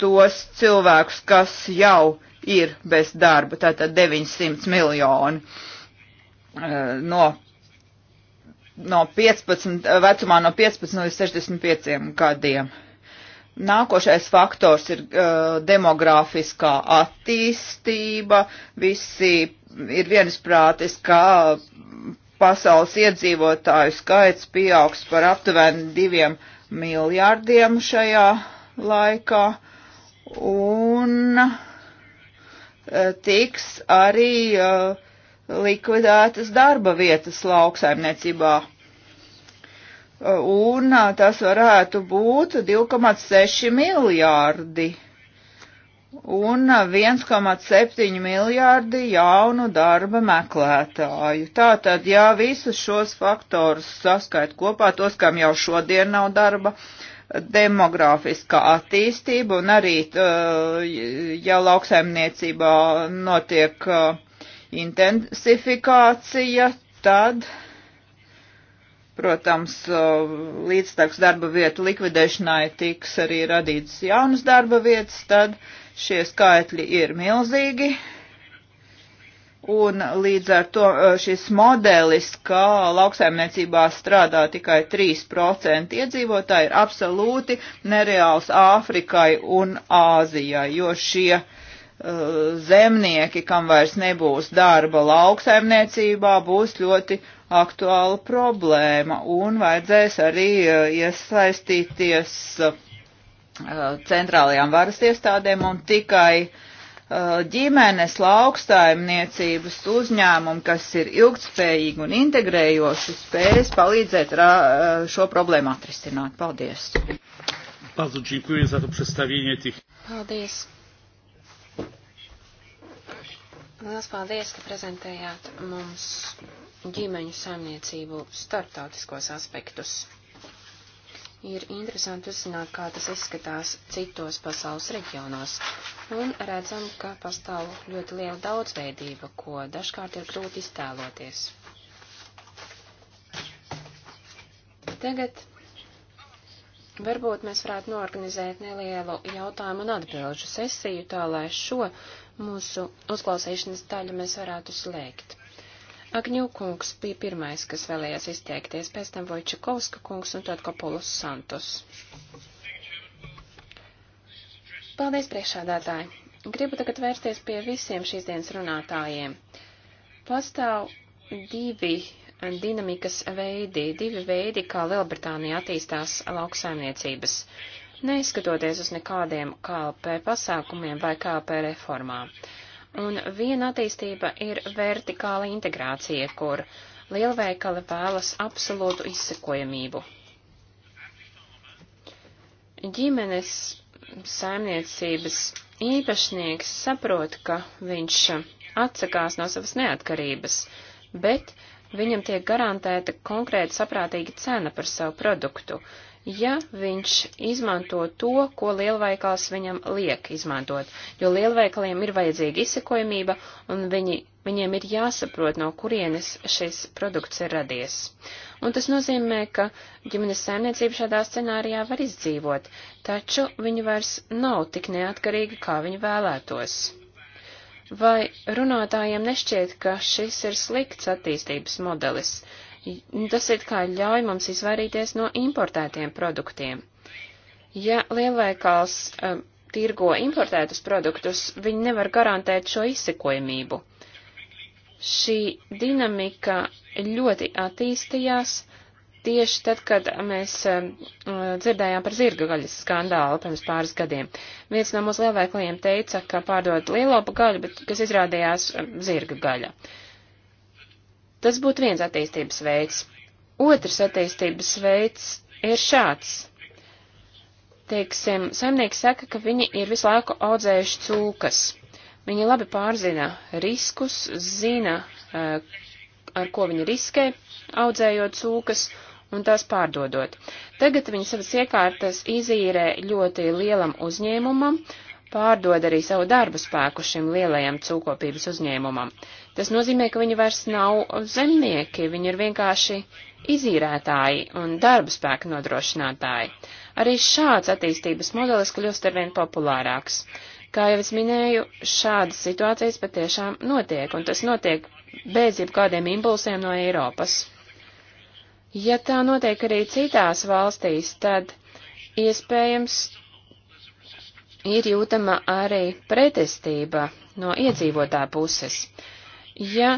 tos cilvēkus, kas jau ir bez darba, tātad 900 miljoni eh, no, no 15, eh, vecumā no 15 līdz 65 gadiem. Nākošais faktors ir uh, demogrāfiskā attīstība. Visi ir viensprātis, ka pasaules iedzīvotāju skaits pieaugs par aptuveni diviem miljārdiem šajā laikā un e, tiks arī e, likvidētas darba vietas lauksaimniecībā. E, un tas varētu būt 2,6 miljārdi un 1,7 miljārdi jaunu darba meklētāju. Tātad, ja visus šos faktorus saskait kopā, tos, kam jau šodien nav darba, uh, demografiskā attīstība un arī, uh, ja lauksaimniecībā notiek uh, intensifikācija, tad, protams, uh, līdztaks darba vietu likvidēšanai tiks arī radītas jaunas darba vietas, tad šie skaitļi ir milzīgi Un līdz ar to eh, šis modelis, kā lauksaimniecībā strādā tikai 3% iedzīvotāji, ir absolūti nereāls Āfrikai un Āzijai, jo šie uh, zemnieki, kam vairs nebūs darba lauksaimniecībā, būs ļoti aktuāla problēma un vajadzēs arī uh, iesaistīties uh, centrālajām varas iestādēm un tikai uh, Eh, ģimenes lauksaimniecības uzņēmumi, kas ir ilgtspējīgi un integrējoši, spējas palīdzēt rā, eh, šo problēmu atrisināt. Paldies!
Paldies!
Liels paldies, ka prezentējāt mums ģimeņu saimniecību starptautiskos aspektus. Ir interesanti uzzināt, kā tas izskatās citos pasaules reģionos, un redzam, ka pastāv ļoti liela daudzveidība, ko dažkārt ir grūti iztēloties. Tagad varbūt mēs varētu norganizēt nelielu jautājumu un atbilžu sesiju, tā lai šo mūsu uzklausīšanas daļu mēs varētu slēgt. Agņūkungs bija pirmais, kas vēlējās izteikties, pēc tam Vojčakovska kungs un tad Kopulus Santus. Paldies, priekšādātāji! Gribu tagad vērsties pie visiem šīs dienas runātājiem. Pastāv divi dinamikas veidi, divi veidi, kā Lielbritānija attīstās lauksaimniecības, neizskatoties uz nekādiem KLP pasākumiem vai KLP reformām. Un viena attīstība ir vertikāla integrācija, kur lielveikali vēlas absolūtu izsekojamību. Ģimenes saimniecības īpašnieks saprot, ka viņš atsakās no savas neatkarības, bet viņam tiek garantēta konkrēta saprātīga cena par savu produktu, ja viņš izmanto to, ko lielveikals viņam liek izmantot, jo lielveikaliem ir vajadzīga izsekojamība un viņi, viņiem ir jāsaprot, no kurienes šis produkts ir radies. Un tas nozīmē, ka ģimenes saimniecība šādā scenārijā var izdzīvot, taču viņi vairs nav tik neatkarīgi, kā viņi vēlētos. Vai runātājiem nešķiet, ka šis ir slikts attīstības modelis? Tas it kā ļauj mums izvairīties no importētiem produktiem. Ja lielveikals uh, tirgo importētus produktus, viņi nevar garantēt šo izsekojamību. Šī dinamika ļoti attīstījās tieši tad, kad mēs uh, dzirdējām par zirga gaļas skandālu pirms pāris gadiem. Viens no mūsu lielveikaliem teica, ka pārdod lielopu gaļu, bet kas izrādījās uh, zirga gaļa. Uh, Tas būtu viens attīstības veids. Otrs attīstības veids ir šāds. Teiksim, saimnieki saka, ka viņi ir visu laiku audzējuši cūkas. Viņi labi pārzina riskus, zina, eh, ar ko viņi riskē, audzējot cūkas un tās pārdodot. Tagad viņi savas iekārtas izīrē ļoti lielam uzņēmumam, pārdod arī savu darbu spēku šim lielajam cūkopības uzņēmumam. Tas nozīmē, ka viņi vairs nav zemnieki, viņi ir vienkārši izīrētāji un darba spēka nodrošinātāji. Arī šāds attīstības modelis kļūst arvien populārāks. Kā jau es minēju, šādas situācijas patiešām notiek, un tas notiek bez jebkādiem impulsiem no Eiropas. Ja tā notiek arī citās valstīs, tad iespējams ir jūtama arī pretestība no iedzīvotā puses. Ja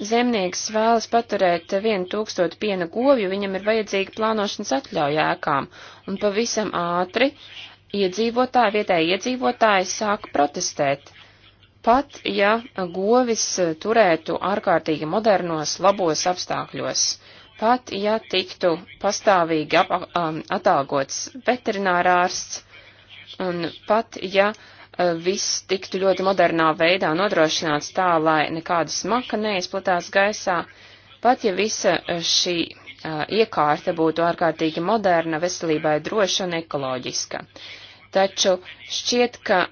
zemnieks vēlas paturēt vienu tūkstotu piena govju, viņam ir vajadzīga plānošanas atļauja ēkām, un pavisam ātri iedzīvotāji, vietēji iedzīvotāji sāk protestēt. Pat ja govis turētu ārkārtīgi modernos, labos apstākļos, pat ja tiktu pastāvīgi ap, um, atalgots veterinārārsts, un pat ja uh, Eh, viss tiktu ļoti modernā veidā nodrošināts tā, lai nekāda smaka neizplatās gaisā, pat ja visa eh, šī uh, iekārta būtu ārkārtīgi moderna, veselībai droša un ekoloģiska. Taču šķiet, ka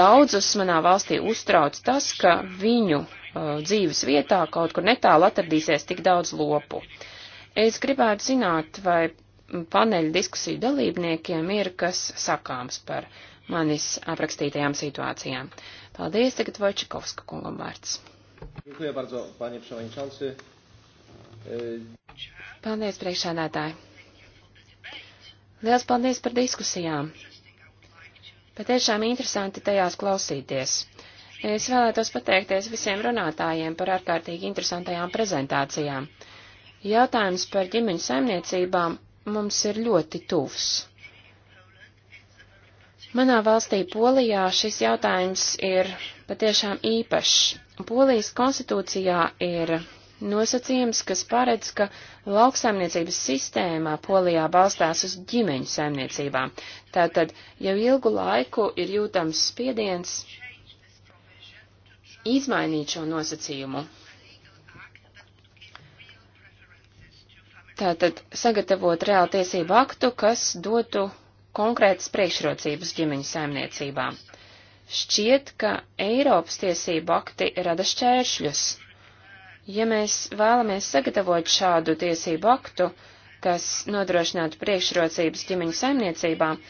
daudzus manā valstī uztrauc tas, ka viņu uh, dzīves vietā kaut kur netālu atradīsies tik daudz lopu. Es gribētu zināt, vai paneļa diskusiju dalībniekiem ir kas sakāms par uh, manis aprakstītajām situācijām. Paldies, tagad Vojčikovska kungam vārds. Paldies, priekšādātāji. Liels paldies par diskusijām. Patiešām interesanti tajās klausīties. Es vēlētos pateikties visiem runātājiem par ārkārtīgi interesantajām prezentācijām. Jautājums par ģimeņu saimniecībām mums ir ļoti tuvs. Manā valstī Polijā šis jautājums ir patiešām īpašs. Polijas konstitūcijā ir nosacījums, kas paredz, ka lauksaimniecības sistēmā Polijā balstās uz ģimeņu saimniecībām. Tātad jau ilgu laiku ir jūtams spiediens izmainīt šo nosacījumu. Tātad sagatavot reāli tiesību aktu, kas dotu konkrētas priekšrocības ģimeņu saimniecībām. Šķiet, ka Eiropas tiesību akti rada šķēršļus. Ja mēs vēlamies sagatavot šādu tiesību aktu, kas nodrošinātu priekšrocības ģimeņu saimniecībām,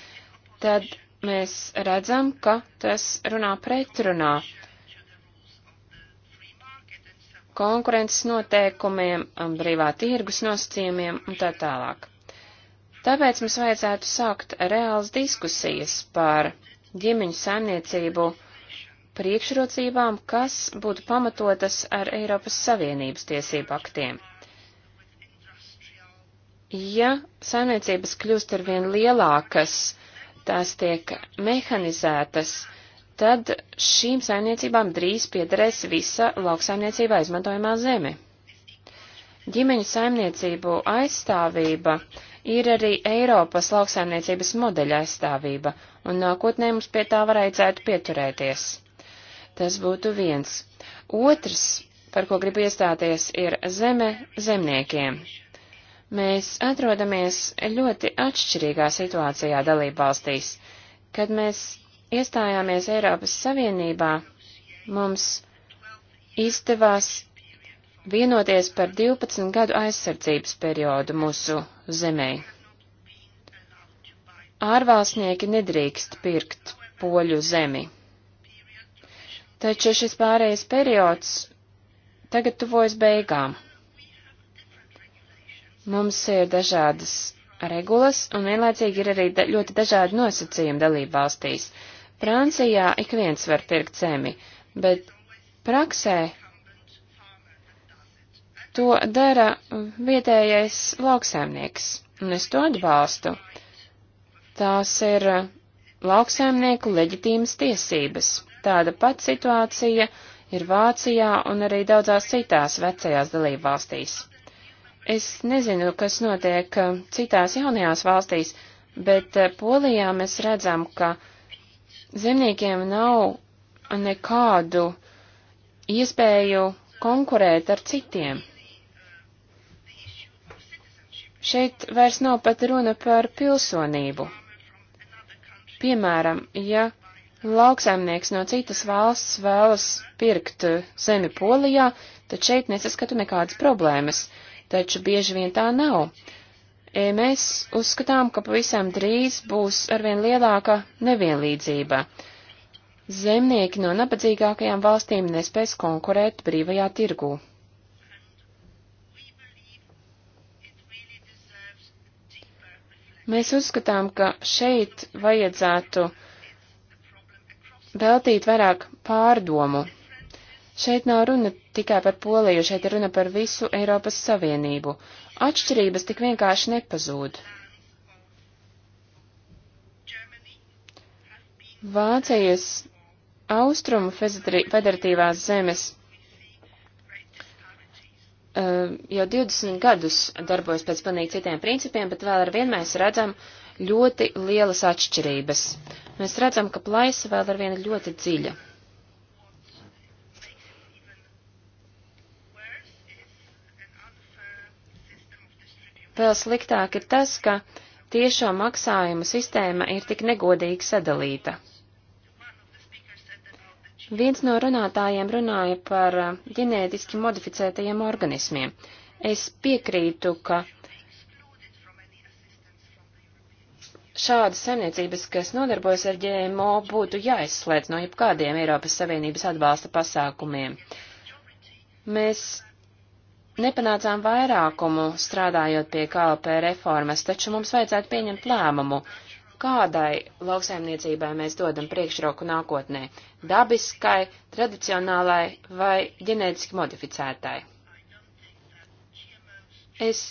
tad mēs redzam, ka tas runā pretrunā konkurences noteikumiem, brīvā tirgus nosacījumiem un tā tālāk. Tāpēc mums vajadzētu sākt reāls diskusijas par ģimeņu saimniecību priekšrocībām, kas būtu pamatotas ar Eiropas Savienības tiesību aktiem. Ja saimniecības kļūst ar vien lielākas, tās tiek mehanizētas, tad šīm saimniecībām drīz piederēs visa lauksaimniecībā izmantojamā zeme. Ģimeņu saimniecību aizstāvība ir arī Eiropas lauksaimniecības modeļa aizstāvība, un nākotnē mums pie tā varētu pieturēties. Tas būtu viens. Otrs, par ko gribu iestāties, ir zeme zemniekiem. Mēs atrodamies ļoti atšķirīgā situācijā dalībvalstīs. Kad mēs iestājāmies Eiropas Savienībā, mums izdevās vienoties par 12 gadu aizsardzības periodu mūsu zemē. Ārvalstnieki nedrīkst pirkt poļu zemi. Taču šis pārējais periods tagad tuvojas beigām. Mums ir dažādas regulas, un vienlaicīgi ir arī da ļoti dažādi nosacījumi dalību valstīs. Francijā ik viens var pirkt zemi, bet praksē To dara vietējais lauksaimnieks, un es to atbalstu. Tās ir lauksaimnieku leģitīmas tiesības. Tāda pat situācija ir Vācijā un arī daudzās citās vecajās dalībvalstīs. Es nezinu, kas notiek uh, citās jaunajās valstīs, bet uh, Polijā mēs redzam, ka zemniekiem nav nekādu iespēju konkurēt ar citiem. Šeit vairs nav pat runa par pilsonību. Piemēram, ja lauksaimnieks no citas valsts vēlas pirkt zemi Polijā, tad šeit nesaskatu nekādas problēmas, taču bieži vien tā nav. E, mēs uzskatām, ka pavisam drīz būs arvien lielāka nevienlīdzība. Zemnieki no nabadzīgākajām valstīm nespēs konkurēt brīvajā tirgū. Mēs uzskatām, ka šeit vajadzētu veltīt vairāk pārdomu. Šeit nav runa tikai par Poliju, šeit ir runa par visu Eiropas Savienību. Atšķirības tik vienkārši nepazūd. Vācijas austrumu federatīvās zemes Eh, jau 20 gadus darbojas pēc pilnīgi citiem principiem, bet vēl ar vienu mēs redzam ļoti lielas atšķirības. Mēs redzam, ka plaisa vēl ar vienu ļoti dziļa. Vēl sliktāk ir tas, ka tiešo maksājumu sistēma ir tik negodīgi sadalīta. Viens no runātājiem runāja par uh, ģenētiski modificētajiem organismiem. Es piekrītu, ka šādas saimniecības, kas nodarbojas ar ģēmo, būtu jāizslēdz no jebkādiem Eiropas Savienības atbalsta pasākumiem. Mēs nepanācām vairākumu strādājot pie KLP reformas, taču mums vajadzētu pieņemt lēmumu kādai lauksaimniecībai mēs dodam priekšroku nākotnē - dabiskai, tradicionālai vai ģenētiski modificētai. Es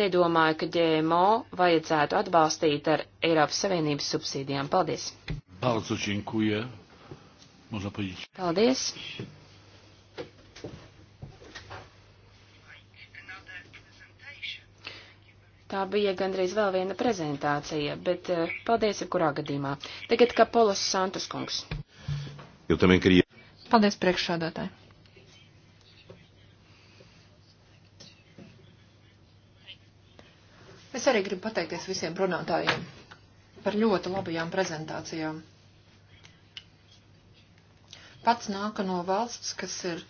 nedomāju, ka GMO vajadzētu atbalstīt ar Eiropas Savienības subsīdijām. Paldies! Paldies! Tā bija gandrīz vēl viena prezentācija, bet eh, paldies jebkurā gadījumā. Tagad kā Polos Santus kungs.
Paldies priekšsādātāji. Es arī gribu pateikties visiem runātājiem par ļoti labajām prezentācijām. Pats nāka no valsts, kas ir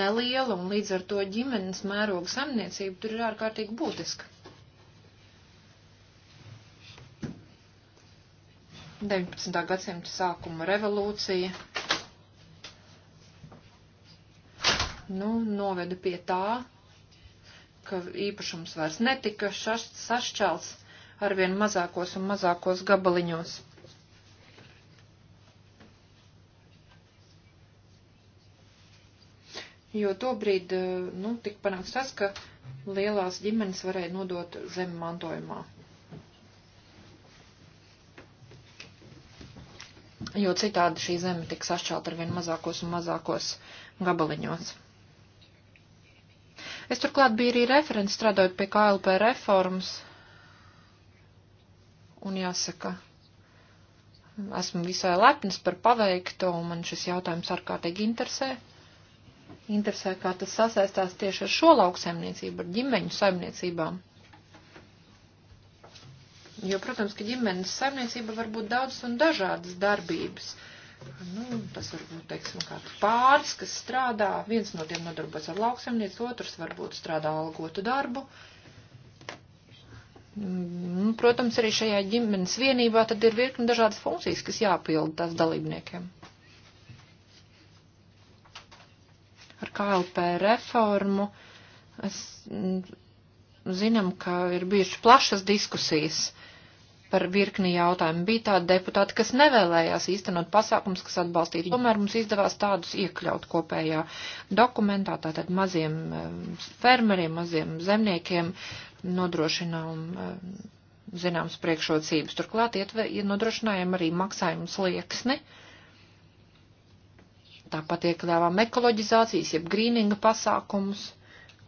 neliela un līdz ar to ģimenes mēroga samniecība tur ir ārkārtīgi būtiska. 19. gadsimta sākuma revolūcija nu, noveda pie tā, ka īpašums vairs netika šaš, sašķelts arvien mazākos un mazākos gabaliņos. Jo tobrīd, nu, tik panāks tas, ka lielās ģimenes varēja nodot zem mantojumā. jo citādi šī zeme tiks sašķelt ar vien mazākos un mazākos gabaliņos. Es turklāt biju arī referents strādājot pie KLP reformas, un jāsaka, esmu visai lepns par paveikto, un man šis jautājums ārkārtīgi interesē. Interesē, kā tas sasaistās tieši ar šo lauksaimniecību, ar ģimeņu saimniecībām. Jo, protams, ka ģimenes saimniecība var būt daudz un dažādas darbības. Nu, tas var būt, teiksim, kāds pāris, kas strādā, viens no tiem nodarbojas ar lauksaimniecību, otrs varbūt strādā algotu darbu. Nu, protams, arī šajā ģimenes vienībā tad ir virkni dažādas funkcijas, kas jāpilda tās dalībniekiem. Ar KLP reformu es mm, zinām, ka ir bijušas plašas diskusijas par virkni jautājumu. Bija tādi deputāti, kas nevēlējās īstenot pasākums, kas atbalstītu. Tomēr mums izdevās tādus iekļaut kopējā dokumentā, tātad maziem eh, fermeriem, maziem zemniekiem nodrošinām eh, zināmas priekšrocības. Turklāt ietve, nodrošinājām arī maksājumu slieksni. Tāpat iekļāvām ekoloģizācijas, jeb grīninga pasākumus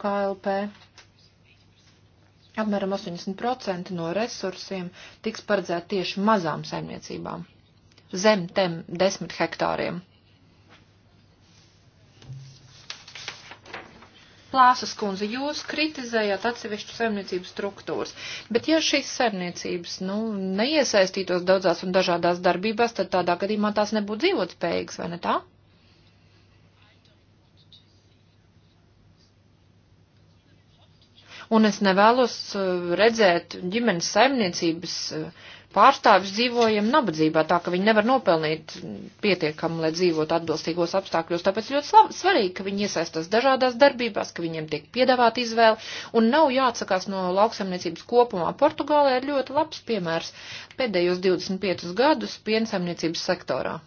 KLP. Apmēram 80% no resursiem tiks paredzēti tieši mazām saimniecībām, zem tem desmit hektāriem. Plāsas kundze, jūs kritizējāt atsevišķu saimniecības struktūras, bet ja šīs saimniecības, nu, neiesaistītos daudzās un dažādās darbībās, tad tādā gadījumā tās nebūtu dzīvotspējīgas, vai ne tā? un es nevēlos eh, redzēt ģimenes saimniecības eh, pārstāvis dzīvojam nabadzībā, tā ka viņi nevar nopelnīt mm, pietiekami, lai dzīvotu atbilstīgos apstākļos. Tāpēc ļoti svarīgi, ka viņi iesaistās dažādās darbībās, ka viņiem tiek piedāvāta izvēle un nav jāatsakās no lauksaimniecības kopumā. Portugālē ir ļoti labs piemērs pēdējos 25 gadus piensaimniecības sektorā.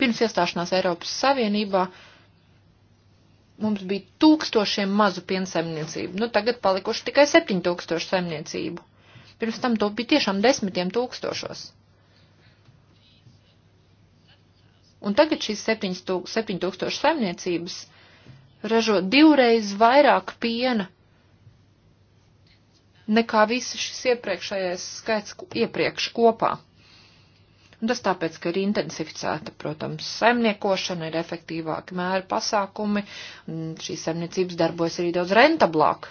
Pirms iestāšanās Eiropas Savienībā mums bija tūkstošiem mazu piensaimniecību. Nu, tagad palikuši tikai 7000 saimniecību. Pirms tam to bija tiešām desmitiem tūkstošos. Un tagad šīs 7000 saimniecības ražo divreiz vairāk piena nekā visi šis iepriekšējais skaits iepriekš kopā. Un tas tāpēc, ka ir intensificēta, protams, saimniekošana, ir efektīvāki mēri pasākumi, un šīs saimniecības darbojas arī daudz rentablāk.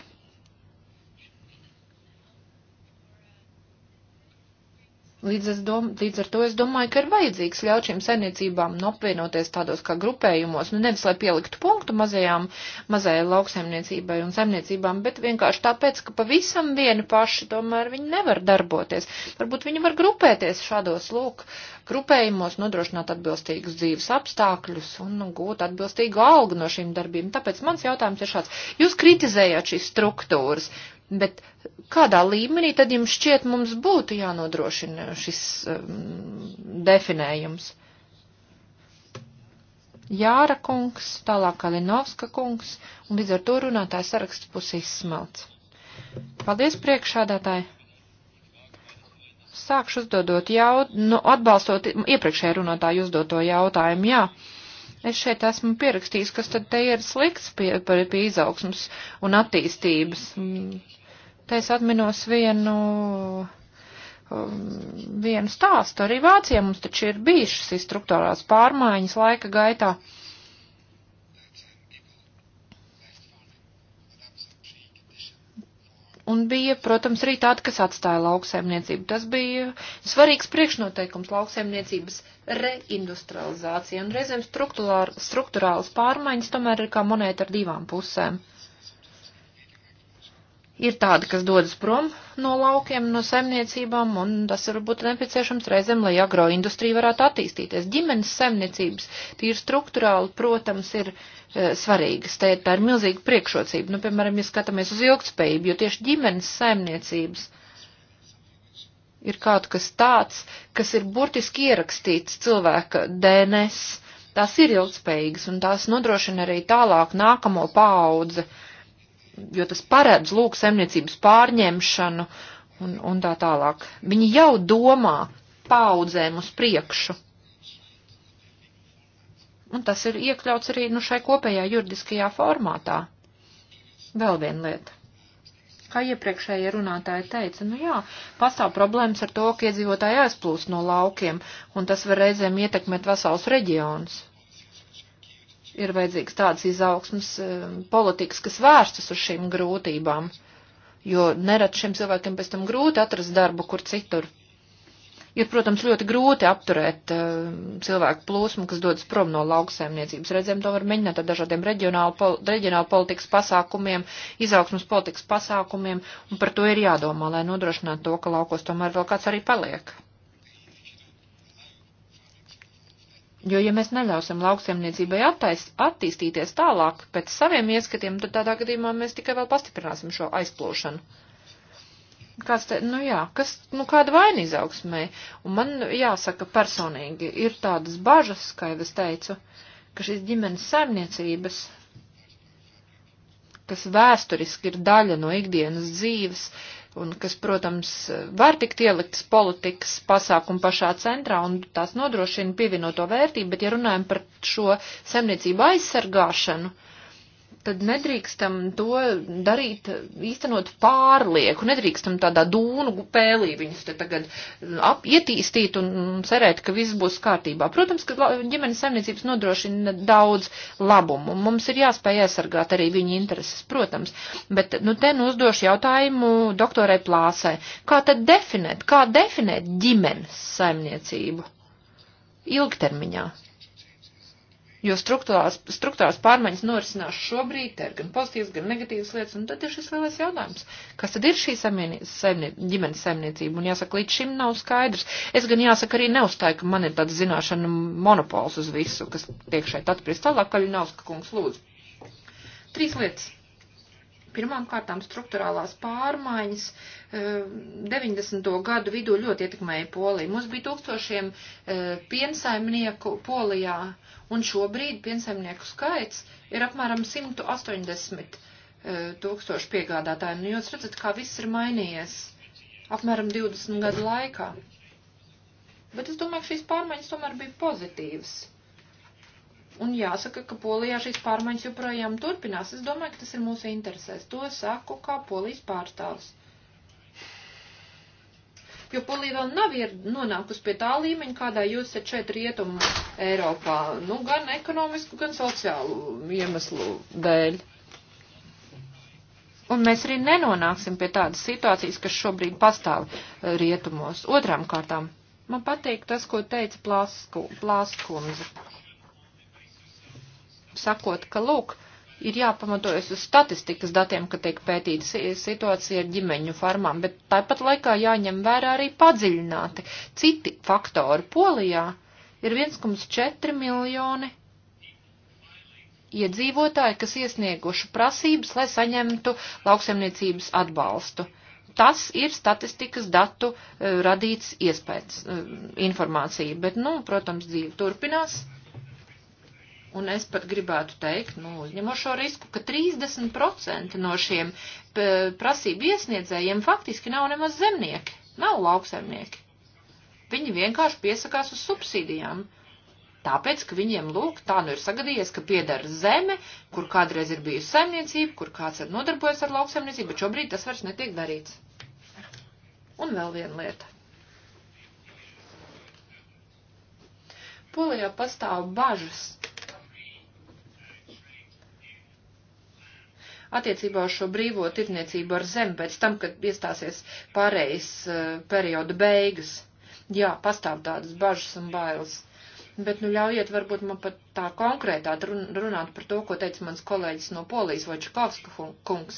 Līdz, dom, līdz ar to es domāju, ka ir vajadzīgs ļaut šīm saimniecībām apvienoties tādos kā grupējumos, nu nevis lai pieliktu punktu mazajām, mazajai lauksaimniecībai un saimniecībām, bet vienkārši tāpēc, ka pavisam vieni paši tomēr viņi nevar darboties. Varbūt viņi var grupēties šādos lūk grupējumos, nodrošināt atbilstīgus dzīves apstākļus un nu, gūt atbilstīgu algu no šīm darbībām. Tāpēc mans jautājums ir šāds. Jūs kritizējāt šīs struktūras. Bet kādā līmenī tad jums šķiet mums būtu jānodrošina šis um, definējums? Jāra kungs, tālāk Kalinovska kungs, un līdz ar to runātājs saraksts būs izsmelts. Paldies priekšādātāji! Sākšu uzdodot jaut, nu, atbalstot iepriekšējā runātāju uzdoto jautājumu, jā. Es šeit esmu pierakstījis, kas tad te ir slikts pie, pie, pie izaugsmas un attīstības. Mm Te es atminos vienu, um, vienu stāstu. Arī Vācijā mums taču ir bijušas šīs struktūrās pārmaiņas laika gaitā. un bija, protams, arī tāda, kas atstāja lauksaimniecību. Tas bija svarīgs priekšnoteikums lauksaimniecības reindustrializācijai, un reizēm struktūrāls pārmaiņas tomēr ir kā monēta ar divām pusēm. Uh, Ir tādi, kas dodas prom no laukiem, no saimniecībām, un tas varbūt nepieciešams reizēm, lai agroindustrija varētu attīstīties. Ģimenes saimniecības tīri struktūrāli, protams, ir e, svarīgas. Te, tā ir milzīga priekšrocība. Nu, piemēram, ja skatāmies uz ilgtspējību, jo tieši ģimenes saimniecības ir kaut kas tāds, kas ir burtiski ierakstīts cilvēka DNS. Tās ir ilgtspējīgas, un tās nodrošina arī tālāk nākamo paudzi. Pa jo tas paredz lūk saimniecības pārņemšanu un, un tā tālāk. Viņi jau domā paudzēm uz priekšu. Un tas ir iekļauts arī nu, šai kopējā juridiskajā formātā. Vēl viena lieta. Kā iepriekšējie runātāji teica, nu jā, pastāv problēmas ar to, ka iedzīvotāji aizplūst no laukiem, un tas var reizēm ietekmēt vesels reģions ir vajadzīgs tāds izaugsmas e, politikas, kas vērstas uz šīm grūtībām, jo nerad šiem cilvēkiem pēc tam grūti atrast darbu, kur citur. Ir, protams, ļoti grūti apturēt uh, cilvēku plūsmu, kas dodas prom no lauksaimniecības. Redzēm to var mēģināt ar dažādiem reģionālu, pol reģionālu politikas pasākumiem, izaugsmas politikas pasākumiem, un par to ir jādomā, lai nodrošinātu to, ka laukos tomēr vēl kāds arī paliek. Jo, ja mēs neļausim lauksaimniecībai attais, attīstīties tālāk pēc saviem ieskatiem, tad tādā gadījumā mēs tikai vēl pastiprināsim šo aizplūšanu kāds te, nu jā, kas, nu kāda vaina izaugsmē. Un man jāsaka personīgi, ir tādas bažas, kā jau es teicu, ka šīs ģimenes saimniecības, kas vēsturiski ir daļa no ikdienas dzīves, uh, un kas, protams, var tikt ieliktas politikas pasākumu pašā centrā un tās nodrošina pievienoto vērtību, bet ja runājam par šo saimniecību aizsargāšanu, uh, tad nedrīkstam to darīt, īstenot pārlieku, nedrīkstam tādā dūnu pēlī viņus te tagad ap, ietīstīt un cerēt, ka viss būs kārtībā. Protams, ka ģimenes saimniecības nodrošina daudz labumu, un mums ir jāspēj aizsargāt arī viņu intereses, protams, bet, nu, te nu uzdošu jautājumu doktorai Plāsai. Kā tad definēt, kā definēt ģimenes saimniecību ilgtermiņā? Jo struktūrās, struktūrās pārmaiņas norisinās šobrīd, te ir gan pozitīvas, gan negatīvas lietas, un tad ir šis lielais jautājums. Kas tad ir šī samienī, saimnie, ģimenes saimniecība? Un jāsaka, līdz šim nav skaidrs. Es gan jāsaka arī neuzstāju, ka man ir tāds zināšana monopols uz visu, kas tiek šeit atpriezt tālāk, ka ļinauska kungs lūdzu. Trīs lietas. Pirmām kārtām struktūrālās pārmaiņas 90. Eh, gadu vidū ļoti ietekmēja Poliju. Mums bija tūkstošiem eh, piensaimnieku Polijā, un šobrīd piensaimnieku skaits ir apmēram 180 eh, tūkstoši piegādātāji. Nu, jūs redzat, kā viss ir mainījies apmēram 20 gadu laikā. Bet es domāju, ka šīs pārmaiņas tomēr bija pozitīvas Un jāsaka, ka Polijā šīs pārmaiņas joprojām turpinās. Es domāju, ka tas ir mūsu interesēs. To saku kā Polijas pārstāvs. Jo Polija vēl nav nonākusi pie tā līmeņa, kādā jūs esat šeit rietumu Eiropā. Nu, gan ekonomisku, gan sociālu iemeslu dēļ. Un mēs arī nenonāksim pie tādas situācijas, kas šobrīd pastāv eh, rietumos. Otram kārtām. Man patīk tas, ko teica Plāskundze sakot, ka, lūk, ir jāpamatojas uz statistikas datiem, ka tiek pētīta situācija ar ģimeņu farmām, bet tāpat laikā jāņem vērā arī padziļināti citi faktori. Polijā ir 1,4 miljoni iedzīvotāji, kas iesnieguši prasības, lai saņemtu lauksemniecības atbalstu. Tas ir statistikas datu eh, radīts iespējas, eh, informācija, bet, nu, protams, dzīve turpinās. Un es pat gribētu teikt, nu, uzņemot šo risku, ka 30% no šiem prasību iesniedzējiem faktiski nav nemaz zemnieki, nav lauksaimnieki. Viņi vienkārši piesakās uz subsīdijām. Tāpēc, ka viņiem, lūk, tā nu ir sagadījies, ka piedara zeme, kur kādreiz ir bijusi saimniecība, kur kāds ir nodarbojies ar lauksaimniecību, bet šobrīd tas vairs netiek darīts. Un vēl viena lieta. Polijā pastāv bažas attiecībā uz šo brīvo tirniecību ar zemi pēc tam, kad iestāsies pārējais uh, perioda beigas. Jā, pastāv tādas bažas un bailes. Bet, nu, ļaujiet varbūt man pat tā konkrētāk runāt par to, ko teica mans kolēģis no Polijas, Vojčakovska kungs.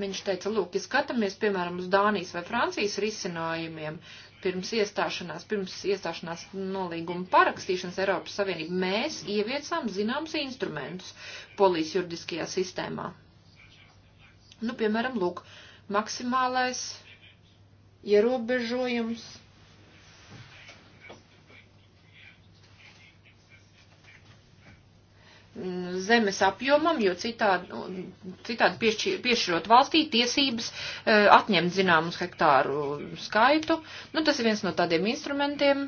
Viņš teica, lūk, ja skatāmies, piemēram, uz Dānijas vai Francijas risinājumiem, pirms iestāšanās, pirms iestāšanās nolīguma parakstīšanas Eiropas Savienība, mēs ieviecām zināms instrumentus polijas juridiskajā sistēmā. Nu, piemēram, lūk, maksimālais ierobežojums. zemes apjomam, jo citādi, citādi piešķir, piešķirot valstī tiesības eh, atņemt zināmus hektāru skaitu. Nu, tas ir viens no tādiem instrumentiem,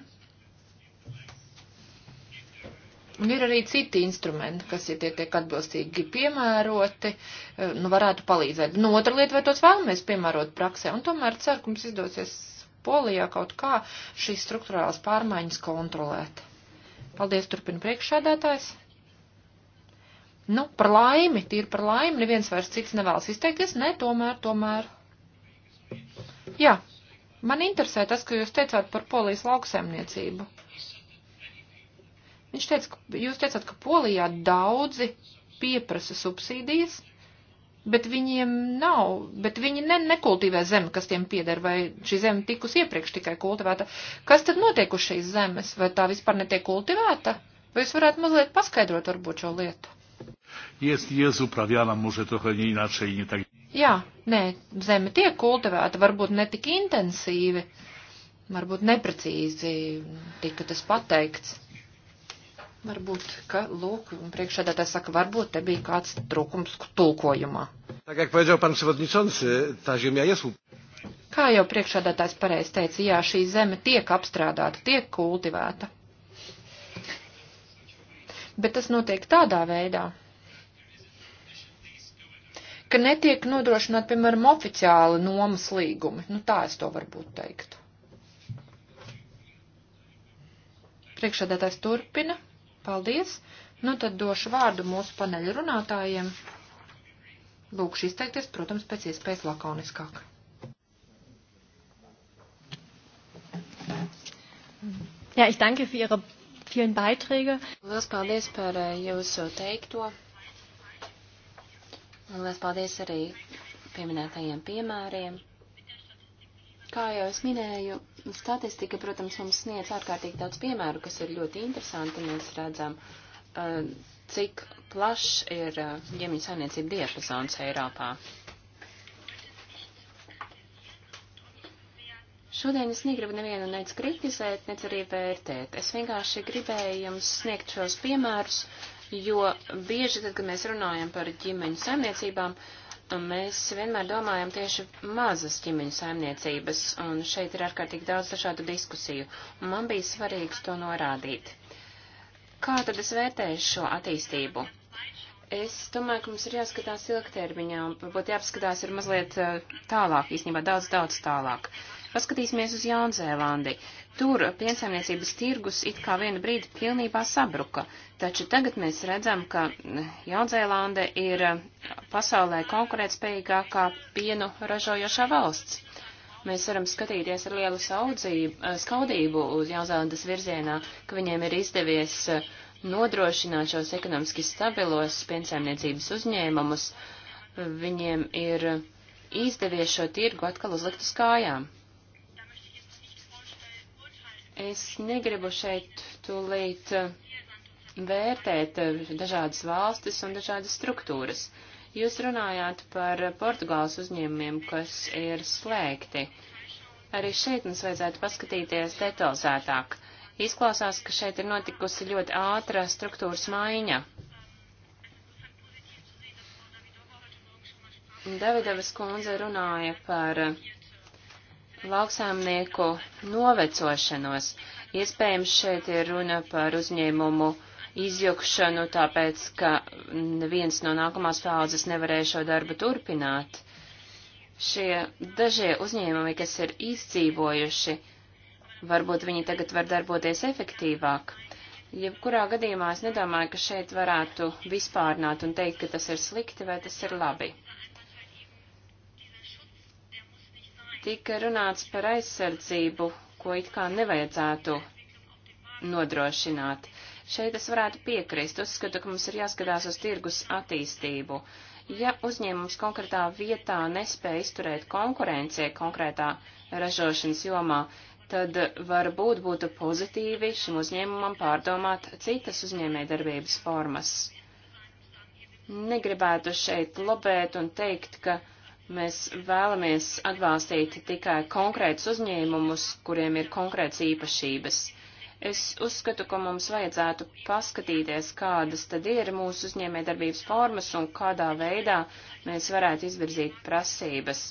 Un ir arī citi instrumenti, kas, ja tie tiek atbilstīgi piemēroti, eh, nu, varētu palīdzēt. Nu, otra lieta, vai tos vēlamies piemērot praksē, un tomēr ceru, ka mums izdosies polijā kaut kā šīs struktūrālās pārmaiņas kontrolēt. Paldies, turpina priekšsēdētājs. Nu, par laimi, tīri par laimi, neviens vairs cits nevēlas izteikties, ne, tomēr, tomēr. Jā, man interesē tas, ko jūs teicāt par polijas lauksēmniecību. Viņš teica, ka jūs teicat, ka Polijā daudzi pieprasa subsīdijas, bet viņiem nav, bet viņi ne, nekultivē zemi, kas tiem pieder, vai šī zeme tikus iepriekš tikai kultivēta. Kas tad notiek uz šīs zemes? Vai tā vispār netiek kultivēta? Vai jūs varētu mazliet paskaidrot varbūt šo lietu?
Jest, jest uprawiana może trochę nie inaczej, nie tak.
Jā, nē, zeme tiek kultivēta, varbūt ne tik intensīvi, varbūt neprecīzi tika tas pateikts. Varbūt, ka, lūk, priekšsēdētājs saka, varbūt te bija kāds trūkums tulkojumā.
Tak, jak powiedział pan przewodniczący, ta ziemia jest...
Kā jau priekšsēdētājs pareiz teica, jā, šī zeme tiek apstrādāta, tiek kultivēta. Bet tas notiek tādā veidā, ka netiek nodrošināt, piemēram, oficiāli nomas līgumi. Nu, tā es to varbūt teiktu. Priekšsēdētājs turpina Paldies! Nu tad došu vārdu mūsu paneļu runātājiem. Lūkšu izteikties, protams, pēc iespējas lakoniskāk. Jā, ja, es danke für Ihre vielen
Beiträge. Lielas paldies par eh, jūsu teikto. Un lielas paldies arī pieminētajiem piemēriem. Kā jau es minēju, statistika, protams, mums sniedz ārkārtīgi daudz piemēru, kas ir ļoti interesanti. Mēs redzam, eh, cik plašs ir eh, ģimeņu saimniecību diapazons Eiropā. Šodien es negribu nevienu nec kritizēt, nec arī vērtēt. Es vienkārši gribēju jums sniegt šos piemērus, jo bieži tad, kad mēs runājam par ģimeņu saimniecībām, uh, mēs vienmēr domājam tieši mazas ģimeņu saimniecības, un šeit ir ārkārtīgi daudz dažādu diskusiju, un man bija svarīgs to norādīt. Kā tad es vērtēju šo attīstību? Es domāju, ka mums ir jāskatās ilgtermiņā, un varbūt jāpaskatās ir mazliet eh, tālāk, īstenībā daudz, daudz tālāk. Uh, Paskatīsimies uz Jaunzēlandi. Tur piensaimniecības tirgus it kā vienu brīdi pilnībā sabruka, taču tagad mēs redzam, ka Jaunzēlande ir eh, pasaulē konkurētspējīgākā pienu ražojošā valsts. Mēs varam skatīties ar lielu saudzību, eh, skaudību uz Jaunzēlandes virzienā, ka viņiem ir izdevies eh, nodrošināt šos ekonomiski stabilos piensaimniecības uzņēmumus, viņiem ir izdevies šo tirgu atkal uzlikt uz kājām. Es negribu šeit tūlīt eh, vērtēt eh, dažādas valstis un dažādas struktūras. Jūs runājāt par Portugāles uzņēmumiem, kas ir slēgti. Arī šeit mums vajadzētu paskatīties detalizētāk. Izklausās, ka šeit ir notikusi ļoti ātra struktūras maiņa. Davidavas kundze runāja par uh, lauksaimnieku novecošanos. Iespējams, šeit ir runa par uzņēmumu izjukšanu, tāpēc, ka neviens no nākamās paudzes nevarēja šo darbu turpināt. Šie dažie uzņēmumi, kas ir izdzīvojuši, varbūt viņi tagad var darboties efektīvāk. Jebkurā gadījumā es nedomāju, ka šeit varētu vispārnāt un teikt, ka tas ir slikti vai tas ir labi. Tika runāts par aizsardzību, ko it kā nevajadzētu nodrošināt. Šeit es varētu piekrist, uzskatu, ka mums ir jāskatās uz tirgus attīstību. Ja uzņēmums konkrētā vietā nespēja izturēt konkurencie konkrētā ražošanas jomā, tad varbūt būtu pozitīvi šim uzņēmumam pārdomāt citas uzņēmējdarbības formas. Negribētu šeit lobēt un teikt, ka Mēs vēlamies atbalstīt tikai konkrētus uzņēmumus, kuriem ir konkrēts īpašības. Es uzskatu, ka mums vajadzētu paskatīties, kādas tad ir mūsu uzņēmējdarbības formas un kādā veidā mēs varētu izvirzīt prasības.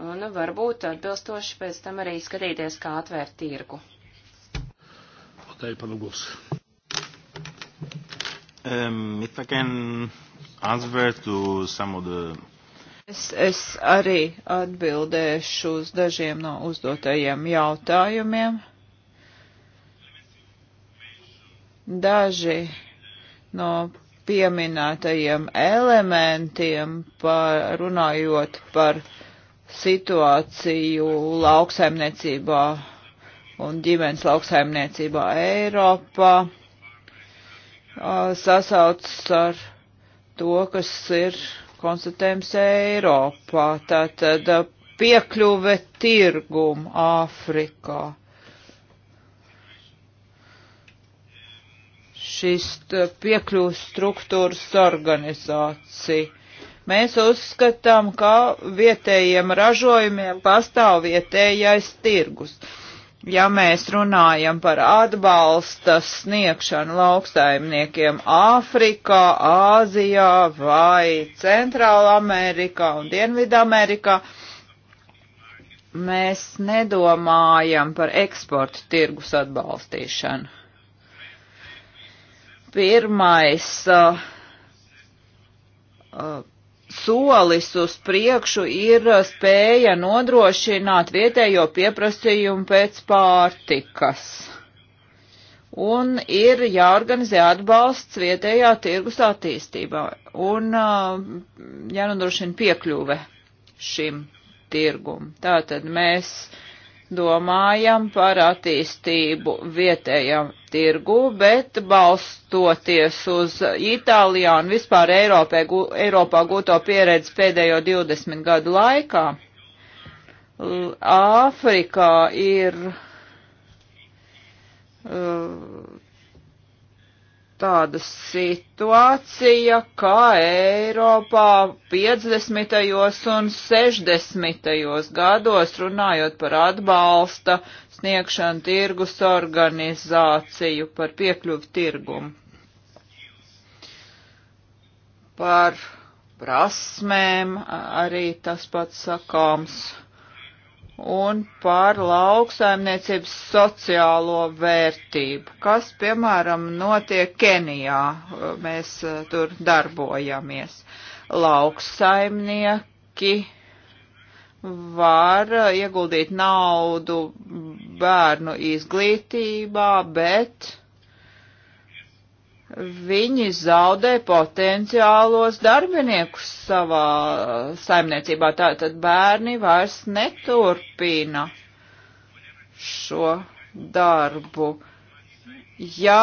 Un nu, varbūt atbilstoši pēc tam arī skatīties, kā atvērt tirgu.
Um, if I can answer to some of the
Es, es arī atbildēšu uz dažiem no uzdotajiem jautājumiem. Daži no pieminētajiem elementiem, par, runājot par situāciju lauksaimniecībā un ģimenes lauksaimniecībā Eiropā sasaucas ar to, kas ir konstatējums Eiropā, tātad uh, piekļuve tirgumu Āfrikā. Šis piekļuvs struktūras organizācija. Mēs uzskatām, ka vietējiem ražojumiem pastāv vietējais tirgus. Uh, ja mēs runājam par atbalsta sniegšanu lauksaimniekiem Āfrikā, Āzijā vai Centrāla Amerikā un Dienvidamerikā, mēs nedomājam par eksporta tirgus atbalstīšanu. Pirmais uh, uh, solis uz priekšu ir spēja nodrošināt vietējo pieprasījumu pēc pārtikas. Un ir jāorganizē atbalsts vietējā tirgus attīstībā un uh, jānodrošina piekļuve šim tirgum. Tātad mēs uh, domājam par attīstību vietējam tirgu, bet balstoties uz Itālijā un vispār Eiropē, gu, Eiropā gūto pieredzi pēdējo 20 gadu laikā, Āfrikā ir uh, tāda situācija, kā Eiropā 50. un 60. gados runājot par atbalsta sniegšanu tirgus organizāciju, par piekļuvu tirgumu, par prasmēm arī tas pats sakāms un par lauksaimniecības sociālo vērtību, kas, piemēram, notiek Kenijā. Mēs e, tur darbojamies. Lauksaimnieki var e, ieguldīt naudu bērnu izglītībā, bet viņi zaudē potenciālos darbiniekus savā saimniecībā. Tātad bērni vairs neturpina šo darbu. Ja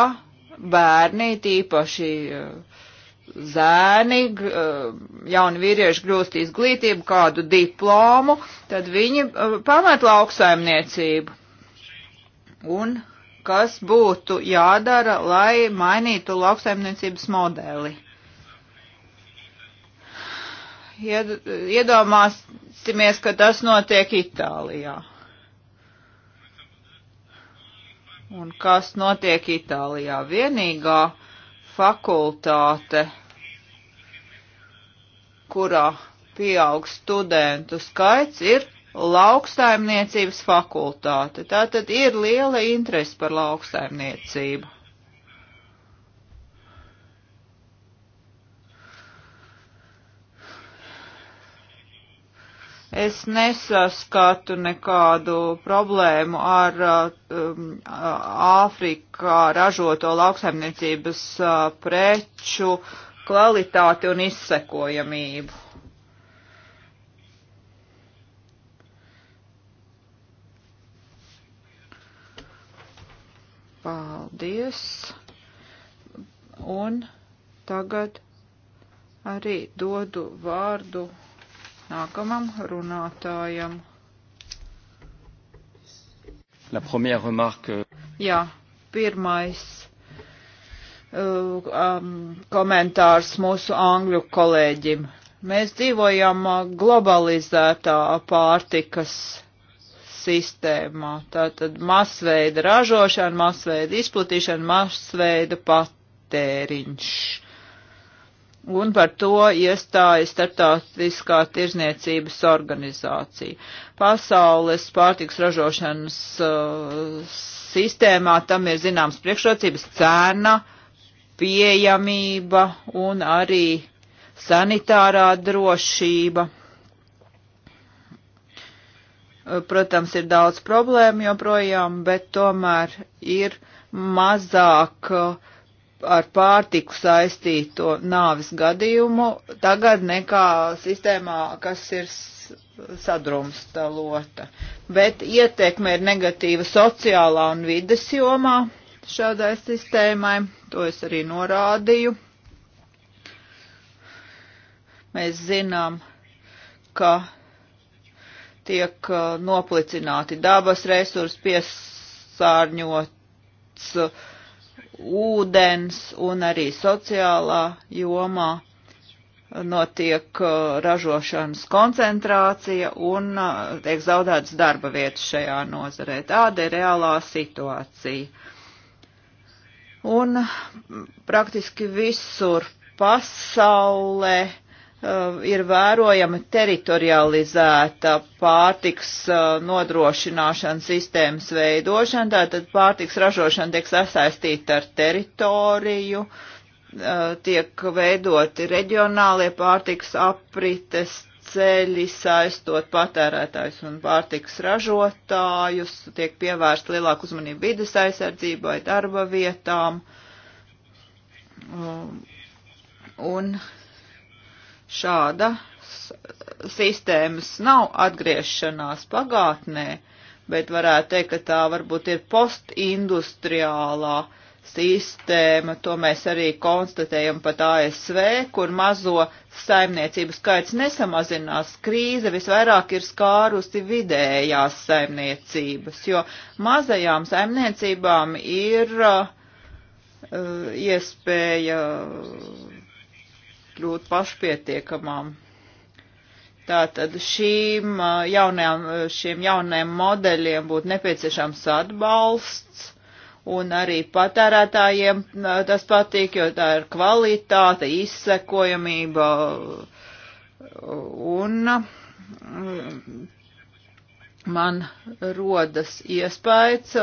bērni tīpaši eh, zēni, eh, jauni vīrieši grūst izglītību, kādu diplomu, tad viņi eh, pamet lauksaimniecību. Un kas būtu jādara, lai mainītu lauksaimniecības modeli. Iedomāsimies, ka tas notiek Itālijā. Un kas notiek Itālijā? Vienīgā fakultāte, kurā pieaug studentu skaits, ir lauksaimniecības fakultāte. Tā tad ir liela interese par lauksaimniecību. Es nesaskatu nekādu problēmu ar um, Āfrikā um, ražoto lauksaimniecības uh, preču kvalitāti un izsekojamību. Paldies. Un tagad arī dodu vārdu nākamam runātājam.
La première remarque. Euh,
Jā, pirmais uh, um, komentārs mūsu angļu kolēģim. Mēs dzīvojam uh, globalizētā pārtikas sistēmā. Tātad masveida ražošana, masveida izplatīšana, masveida patēriņš. Un par to iestājas starptautiskā tirzniecības organizācija. Pasaules pārtiks ražošanas uh, sistēmā tam ir zināms priekšrocības cena, pieejamība un arī sanitārā drošība Protams, ir daudz problēmu joprojām, bet tomēr ir mazāk uh, ar pārtiku saistīto nāvis gadījumu tagad nekā sistēmā, kas ir sadrumstalota. Bet ietekme ir negatīva sociālā un vides jomā šādai sistēmai, to es arī norādīju. Mēs zinām, ka tiek uh, noplicināti dabas resursi, piesārņots uh, ūdens un arī sociālā jomā notiek uh, ražošanas koncentrācija un tiek zaudētas darba vietas šajā nozarē. Tāda ir reālā situācija. Un praktiski visur pasaulē uh, Uh, ir vērojama teritorializēta pārtiks uh, nodrošināšana sistēmas veidošana, tātad pārtiks ražošana tiek sasaistīta ar teritoriju, uh, tiek veidoti reģionālie pārtiks aprites ceļi, saistot patērētājus un pārtiks ražotājus, tiek pievērst lielāku uzmanību vides aizsardzībai, darba vietām. Um, un, un šāda sistēmas nav atgriešanās pagātnē, bet varētu teikt, ka tā varbūt ir postindustriālā sistēma, to mēs arī konstatējam pat ASV, kur mazo saimniecību skaits nesamazinās, krīze visvairāk ir skārusi vidējās saimniecības, jo mazajām saimniecībām ir uh, iespēja uh, kļūt pašpietiekamām. Tātad šīm jaunajām, šiem jaunajiem modeļiem būtu nepieciešams atbalsts, un arī patērētājiem tas patīk, jo tā ir kvalitāte, izsekojamība, un man rodas iespējas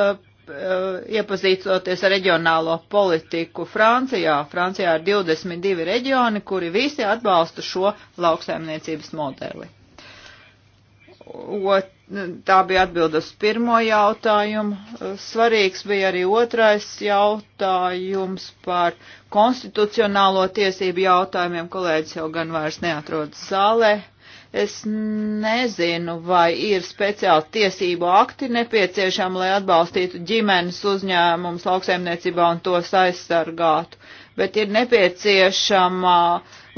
Eh, iepazīstoties ar reģionālo politiku Francijā. Francijā ir 22 reģioni, kuri visi atbalsta šo lauksaimniecības modeli. Ot, tā bija atbildes pirmo jautājumu. Svarīgs bija arī otrais jautājums par konstitucionālo tiesību jautājumiem. Kolēģis jau gan vairs neatrodas zālē. Es nezinu, vai ir speciāli tiesību akti nepieciešami, lai atbalstītu ģimenes uzņēmumus lauksaimniecībā un tos aizsargātu, bet ir nepieciešama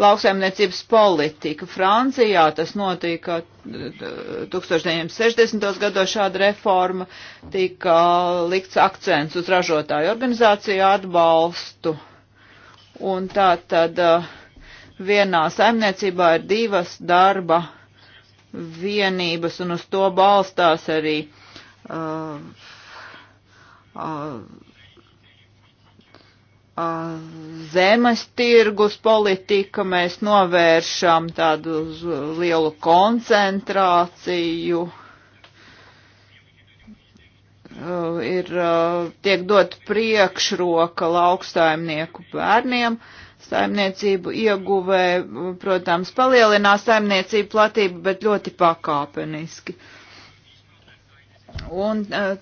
lauksaimniecības politika. Francijā tas notika 1960. gados šāda reforma, tika likts akcents uz ražotāju organizāciju atbalstu. Un tā tad uh, vienā saimniecībā ir divas darba vienības, un uz to balstās arī uh, uh, uh, zemes tirgus politika. Mēs novēršam tādu lielu koncentrāciju. Uh, ir, uh, tiek dot priekšroka lauksaimnieku bērniem, uh, saimniecību ieguvē, protams, palielinās saimniecību platību, bet ļoti pakāpeniski. Un eh,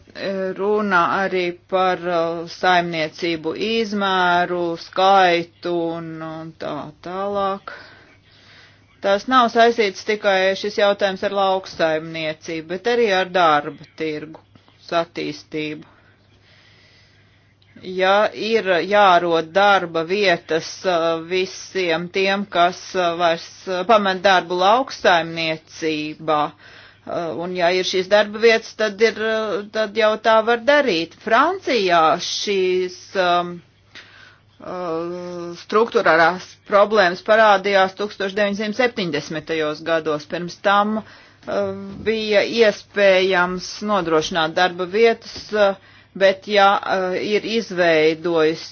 runa arī par eh, saimniecību izmēru, skaitu un tā tālāk. Tas nav saistīts tikai šis jautājums ar lauksaimniecību, bet arī ar darba tirgu attīstību ja ir jārod darba vietas uh, visiem tiem, kas uh, vairs uh, pamet darbu lauksaimniecībā, un ja ir šīs darba vietas, tad, ir, tad jau tā var darīt. Francijā šīs um, struktūrārās problēmas parādījās 1970. gados, pirms tam um, bija iespējams nodrošināt darba vietas uh, bet ja eh, ir izveidojies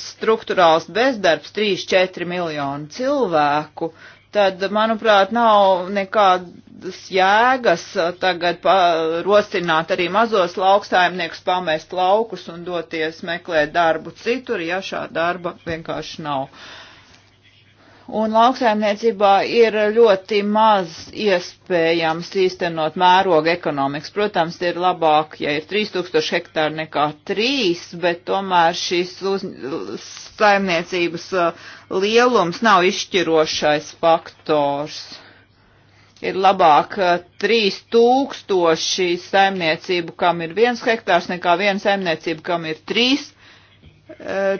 struktūrāls bezdarbs 3-4 miljonu cilvēku, tad, manuprāt, nav nekādas jēgas eh, tagad rosināt arī mazos lauksaimniekus pamest laukus un doties meklēt darbu citur, ja šā darba vienkārši nav un lauksaimniecībā ir ļoti maz iespējams īstenot mēroga ekonomikas. Protams, ir labāk, ja ir 3000 hektāri nekā 3, bet tomēr šīs uz, saimniecības uh, lielums nav izšķirošais faktors. Ir labāk 3000 uh, saimniecību, kam ir 1 hektārs, nekā 1 saimniecība, kam ir 3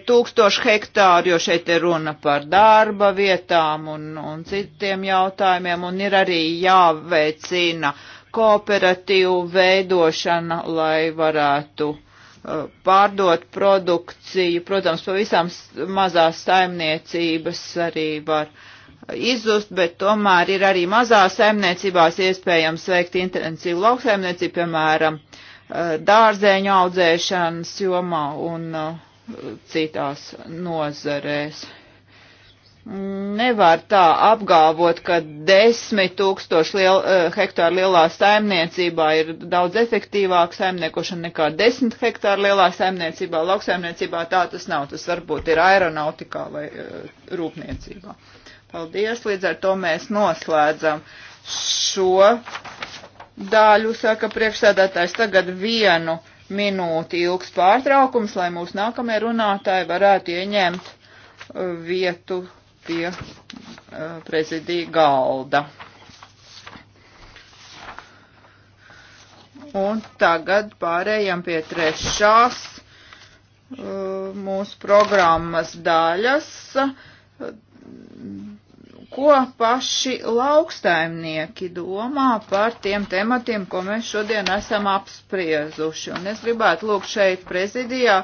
tūkstošu hektāru, jo šeit ir runa par darba vietām un, un citiem jautājumiem, un ir arī jāveicina kooperatīvu veidošana, lai varētu uh, pārdot produkciju. Protams, pavisam mazās saimniecības arī var izzust, bet tomēr ir arī mazās saimniecībās iespējams veikt intensīvu lauksaimniecību, piemēram, uh, dārzēņu audzēšanas jomā un uh, citās nozarēs. Nevar tā apgalvot, ka desmit tūkstoši liel, eh, hektāru lielā saimniecībā ir daudz efektīvāka saimniekošana nekā desmit hektāru lielā saimniecībā. Lauksaimniecībā tā tas nav, tas varbūt ir aeronautikā vai eh, rūpniecībā. Paldies, līdz ar to mēs noslēdzam šo daļu, saka priekšsēdētājs, tagad vienu minūti ilgs pārtraukums, lai mūsu nākamie runātāji varētu ieņemt uh, vietu pie uh, prezidija galda. Un tagad pārējām pie trešās uh, mūsu programmas daļas ko paši lauksaimnieki domā par tiem tematiem, ko mēs šodien esam apspriezuši. Un es gribētu lūgt šeit prezidijā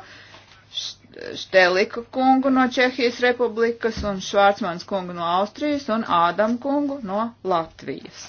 Štelika kungu no Čehijas republikas un Švārcmans kungu no Austrijas un Ādam kungu no Latvijas.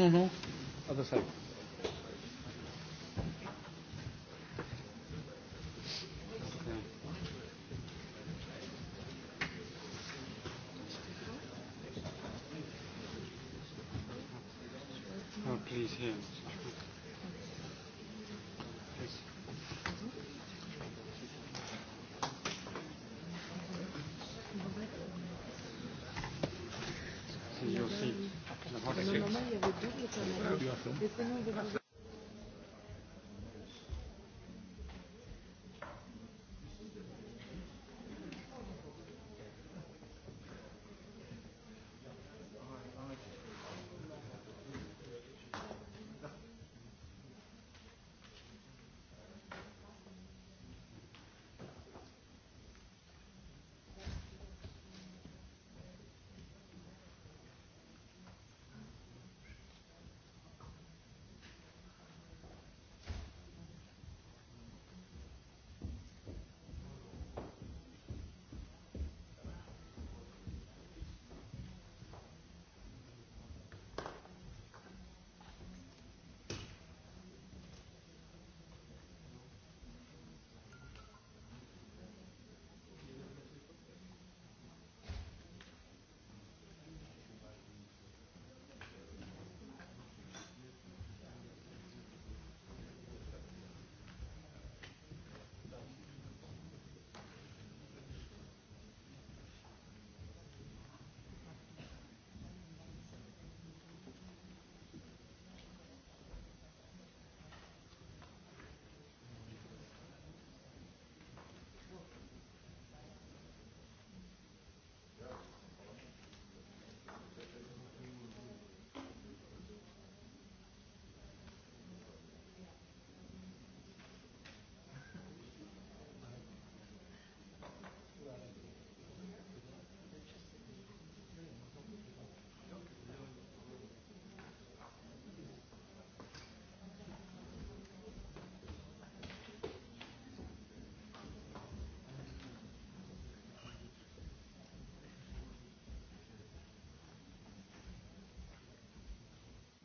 no, mm-hmm. no. Other side.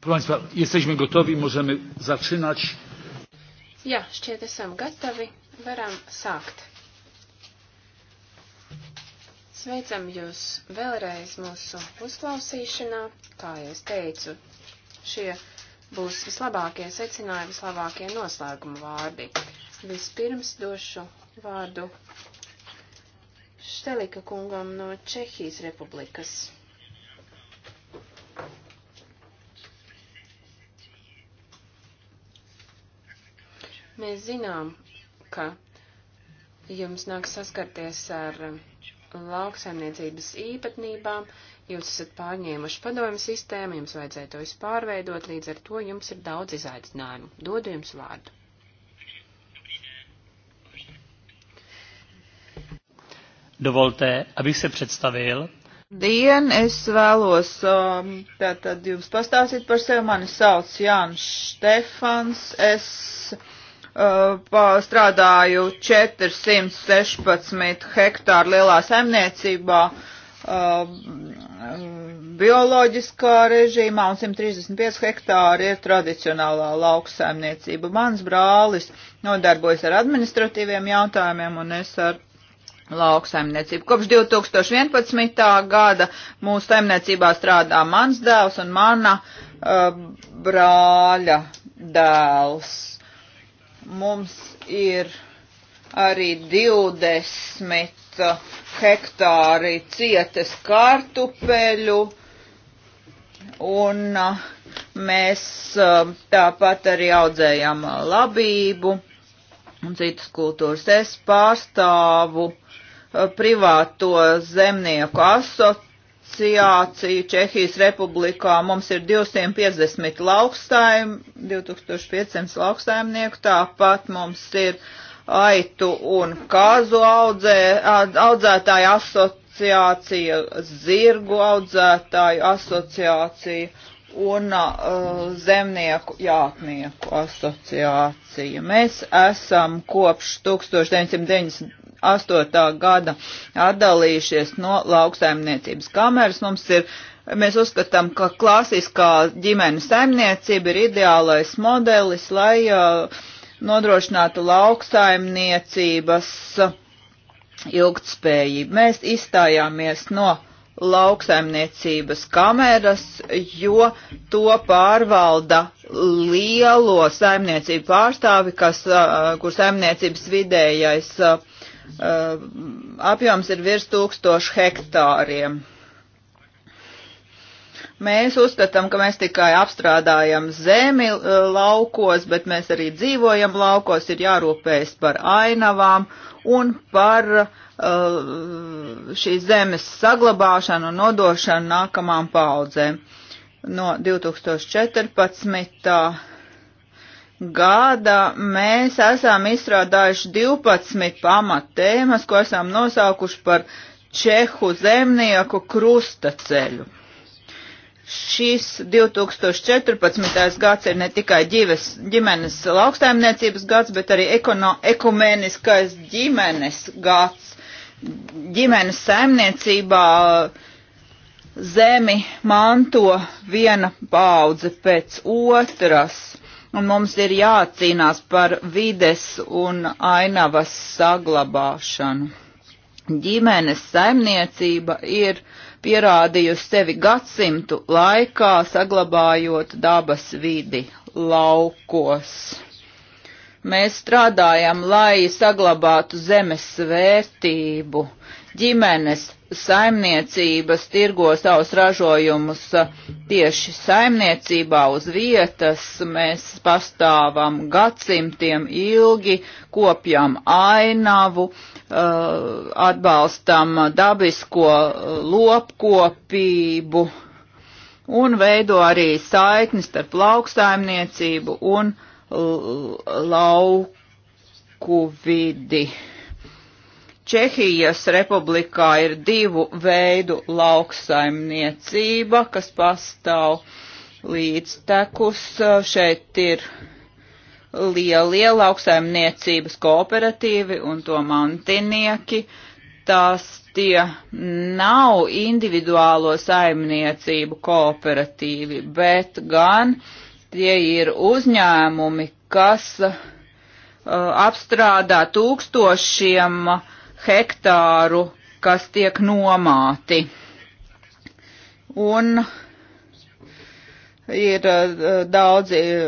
Proszę Państwa, jesteśmy gotowi, możemy zaczynać.
Jā, šķiet esam gatavi, varam sākt. Sveicam jūs vēlreiz mūsu uzklausīšanā. Kā jau es teicu, šie būs vislabākie secinājumi, vislabākie noslēguma vārdi. Vispirms došu vārdu Štelika kungam no Čehijas republikas. Mēs zinām, ka jums nāk saskarties ar lauksaimniecības īpatnībām, jūs esat pārņēmuši padomu sistēmu, jums vajadzēja to visu pārveidot, līdz ar to jums ir daudz izaicinājumu. Dodu jums vārdu.
Dovolte, abych se představil.
Dien, es vēlos um, tātad jums pastāstīt par sevi. Mani sauc Jānis Štefans, es strādāju 416 hektāru lielā saimniecībā um, bioloģiskā režīmā un 135 hektāri ir tradicionālā lauksaimniecība. Mans brālis nodarbojas ar administratīviem jautājumiem un es ar lauksaimniecību. Kopš 2011. gada mūsu saimniecībā strādā mans dēls un mana uh, brāļa dēls Mums ir arī 20 uh, hektāri cietes kartupeļu, un uh, mēs uh, tāpat arī audzējam labību un citas kultūras. Es pārstāvu privāto zemnieku asociāciju asociāciju Čehijas republikā. Mums ir 250 laukstājiem, 2500 laukstājumnieku, tāpat mums ir aitu un kāzu audzē, audzētāju asociācija, zirgu audzētāju asociācija un uh, zemnieku jātnieku asociācija. Mēs esam kopš 1990 2008. gada atdalījušies no lauksaimniecības kameras. Mums ir, mēs uzskatām, ka klasiskā ģimenes saimniecība ir ideālais modelis, lai uh, nodrošinātu lauksaimniecības uh, ilgtspējību. Mēs izstājāmies no lauksaimniecības kameras, jo to pārvalda lielo saimniecību pārstāvi, kas, uh, kur saimniecības vidējais uh, Uh, apjoms ir virs tūkstošu hektāriem. Mēs uzskatām, ka mēs tikai apstrādājam zemi uh, laukos, bet mēs arī dzīvojam laukos, ir jārūpējas par ainavām un par uh, šīs zemes saglabāšanu un nodošanu nākamām paudzēm. No 2014 gada mēs esam izstrādājuši 12 pamattēmas, ko esam nosaukuši par Čehu zemnieku krustaceļu. Šis 2014. gads ir ne tikai ģives, ģimenes lauksaimniecības gads, bet arī ekono, ekumeniskais ģimenes gads. Ģimenes saimniecībā zemi manto viena paudze pēc otras un mums ir jācīnās par vides un ainavas saglabāšanu. Ģimenes saimniecība ir pierādījusi sevi gadsimtu laikā, saglabājot dabas vidi laukos. Mēs strādājam, lai saglabātu zemes vērtību. Ģimenes saimniecības tirgo savus ražojumus tieši saimniecībā uz vietas. Mēs pastāvam gadsimtiem ilgi, kopjam ainavu, atbalstam dabisko lopkopību un veido arī saiknis starp lauksaimniecību un lauku vidi. Čehijas republikā ir divu veidu lauksaimniecība, kas pastāv līdztekus. Šeit ir lielie lauksaimniecības kooperatīvi un to mantinieki. Tās tie nav individuālo saimniecību kooperatīvi, bet gan tie ir uzņēmumi, kas uh, apstrādā tūkstošiem uh, hektāru, kas tiek nomāti. Un ir eh, daudzi eh,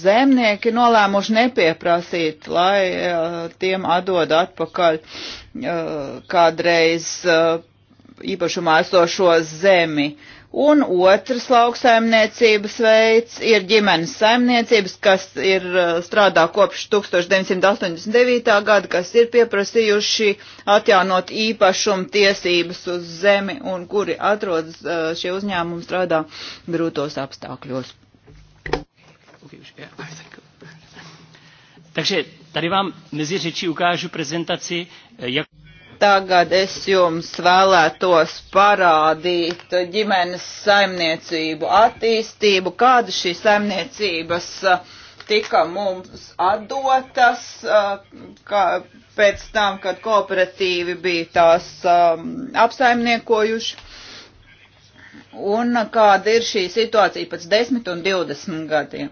zemnieki nolēmuši nepieprasīt, lai eh, tiem atdod atpakaļ kādreiz īpašumā esošo zemi. Uh, Un otrs lauksaimniecības veids ir ģimenes saimniecības, kas ir uh, strādā kopš 1989. gada, kas ir pieprasījuši atjaunot īpašumu tiesības uz zemi un kuri atrodas uh, šie uzņēmumi strādā grūtos
apstākļos. Takže tady vám mezi řeči ukážu prezentaci, eh, jak... Tagad es jums
vēlētos parādīt ģimenes saimniecību attīstību, kāda šīs saimniecības tika mums atdotas kā, pēc tam, kad kooperatīvi bija tās apsaimniekojuši. Un kāda ir šī situācija pēc 10 un 20 gadiem?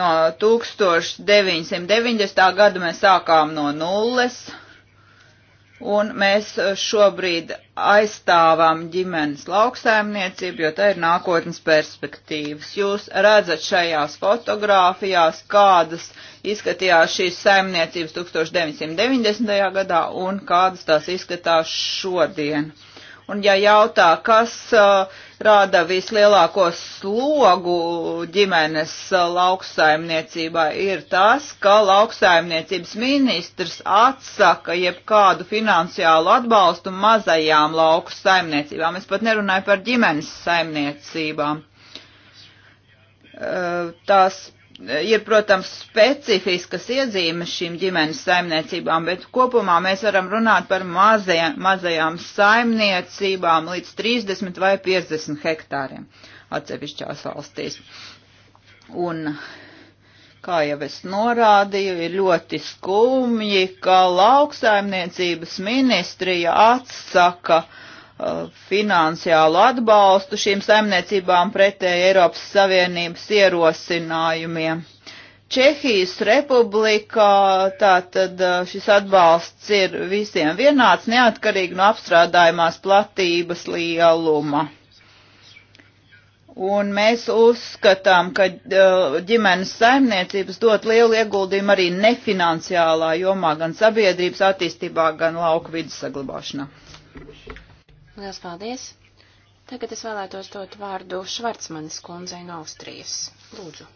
No 1990. gada mēs sākām no nulles Un mēs šobrīd aizstāvām ģimenes lauksaimniecību, jo tā ir nākotnes perspektīvas. Jūs redzat šajās fotogrāfijās, kādas izskatījās šīs saimniecības 1990. gadā un kādas tās izskatās šodien. Uh, Un ja jautā, kas uh, rāda vislielāko slogu ģimenes uh, lauksaimniecībā, ir tas, ka lauksaimniecības ministrs atsaka jebkādu finansiālu atbalstu mazajām lauku saimniecībām. Es pat nerunāju par ģimenes saimniecībām. Uh, tās ir, protams, specifiskas iezīmes šīm ģimenes saimniecībām, bet kopumā mēs varam runāt par mazajām, mazajām saimniecībām līdz 30 vai 50 hektāriem atsevišķās valstīs. Un, kā jau es norādīju, ir ļoti skumji, ka lauksaimniecības ministrija atsaka uh, Uh, finansiālu atbalstu šīm saimniecībām pretēji Eiropas Savienības ierosinājumiem. Čehijas republikā tātad uh, šis atbalsts ir visiem vienāds, neatkarīgi no apstrādājumās platības lieluma. Un mēs uzskatām, ka uh, ģimenes saimniecības dot lielu ieguldījumu arī nefinanciālā jomā, gan sabiedrības attīstībā, gan lauku vidas saglabāšanā.
Lielas paldies! Tagad es vēlētos dot vārdu Švarcmanis kundzei no Austrijas. Lūdzu!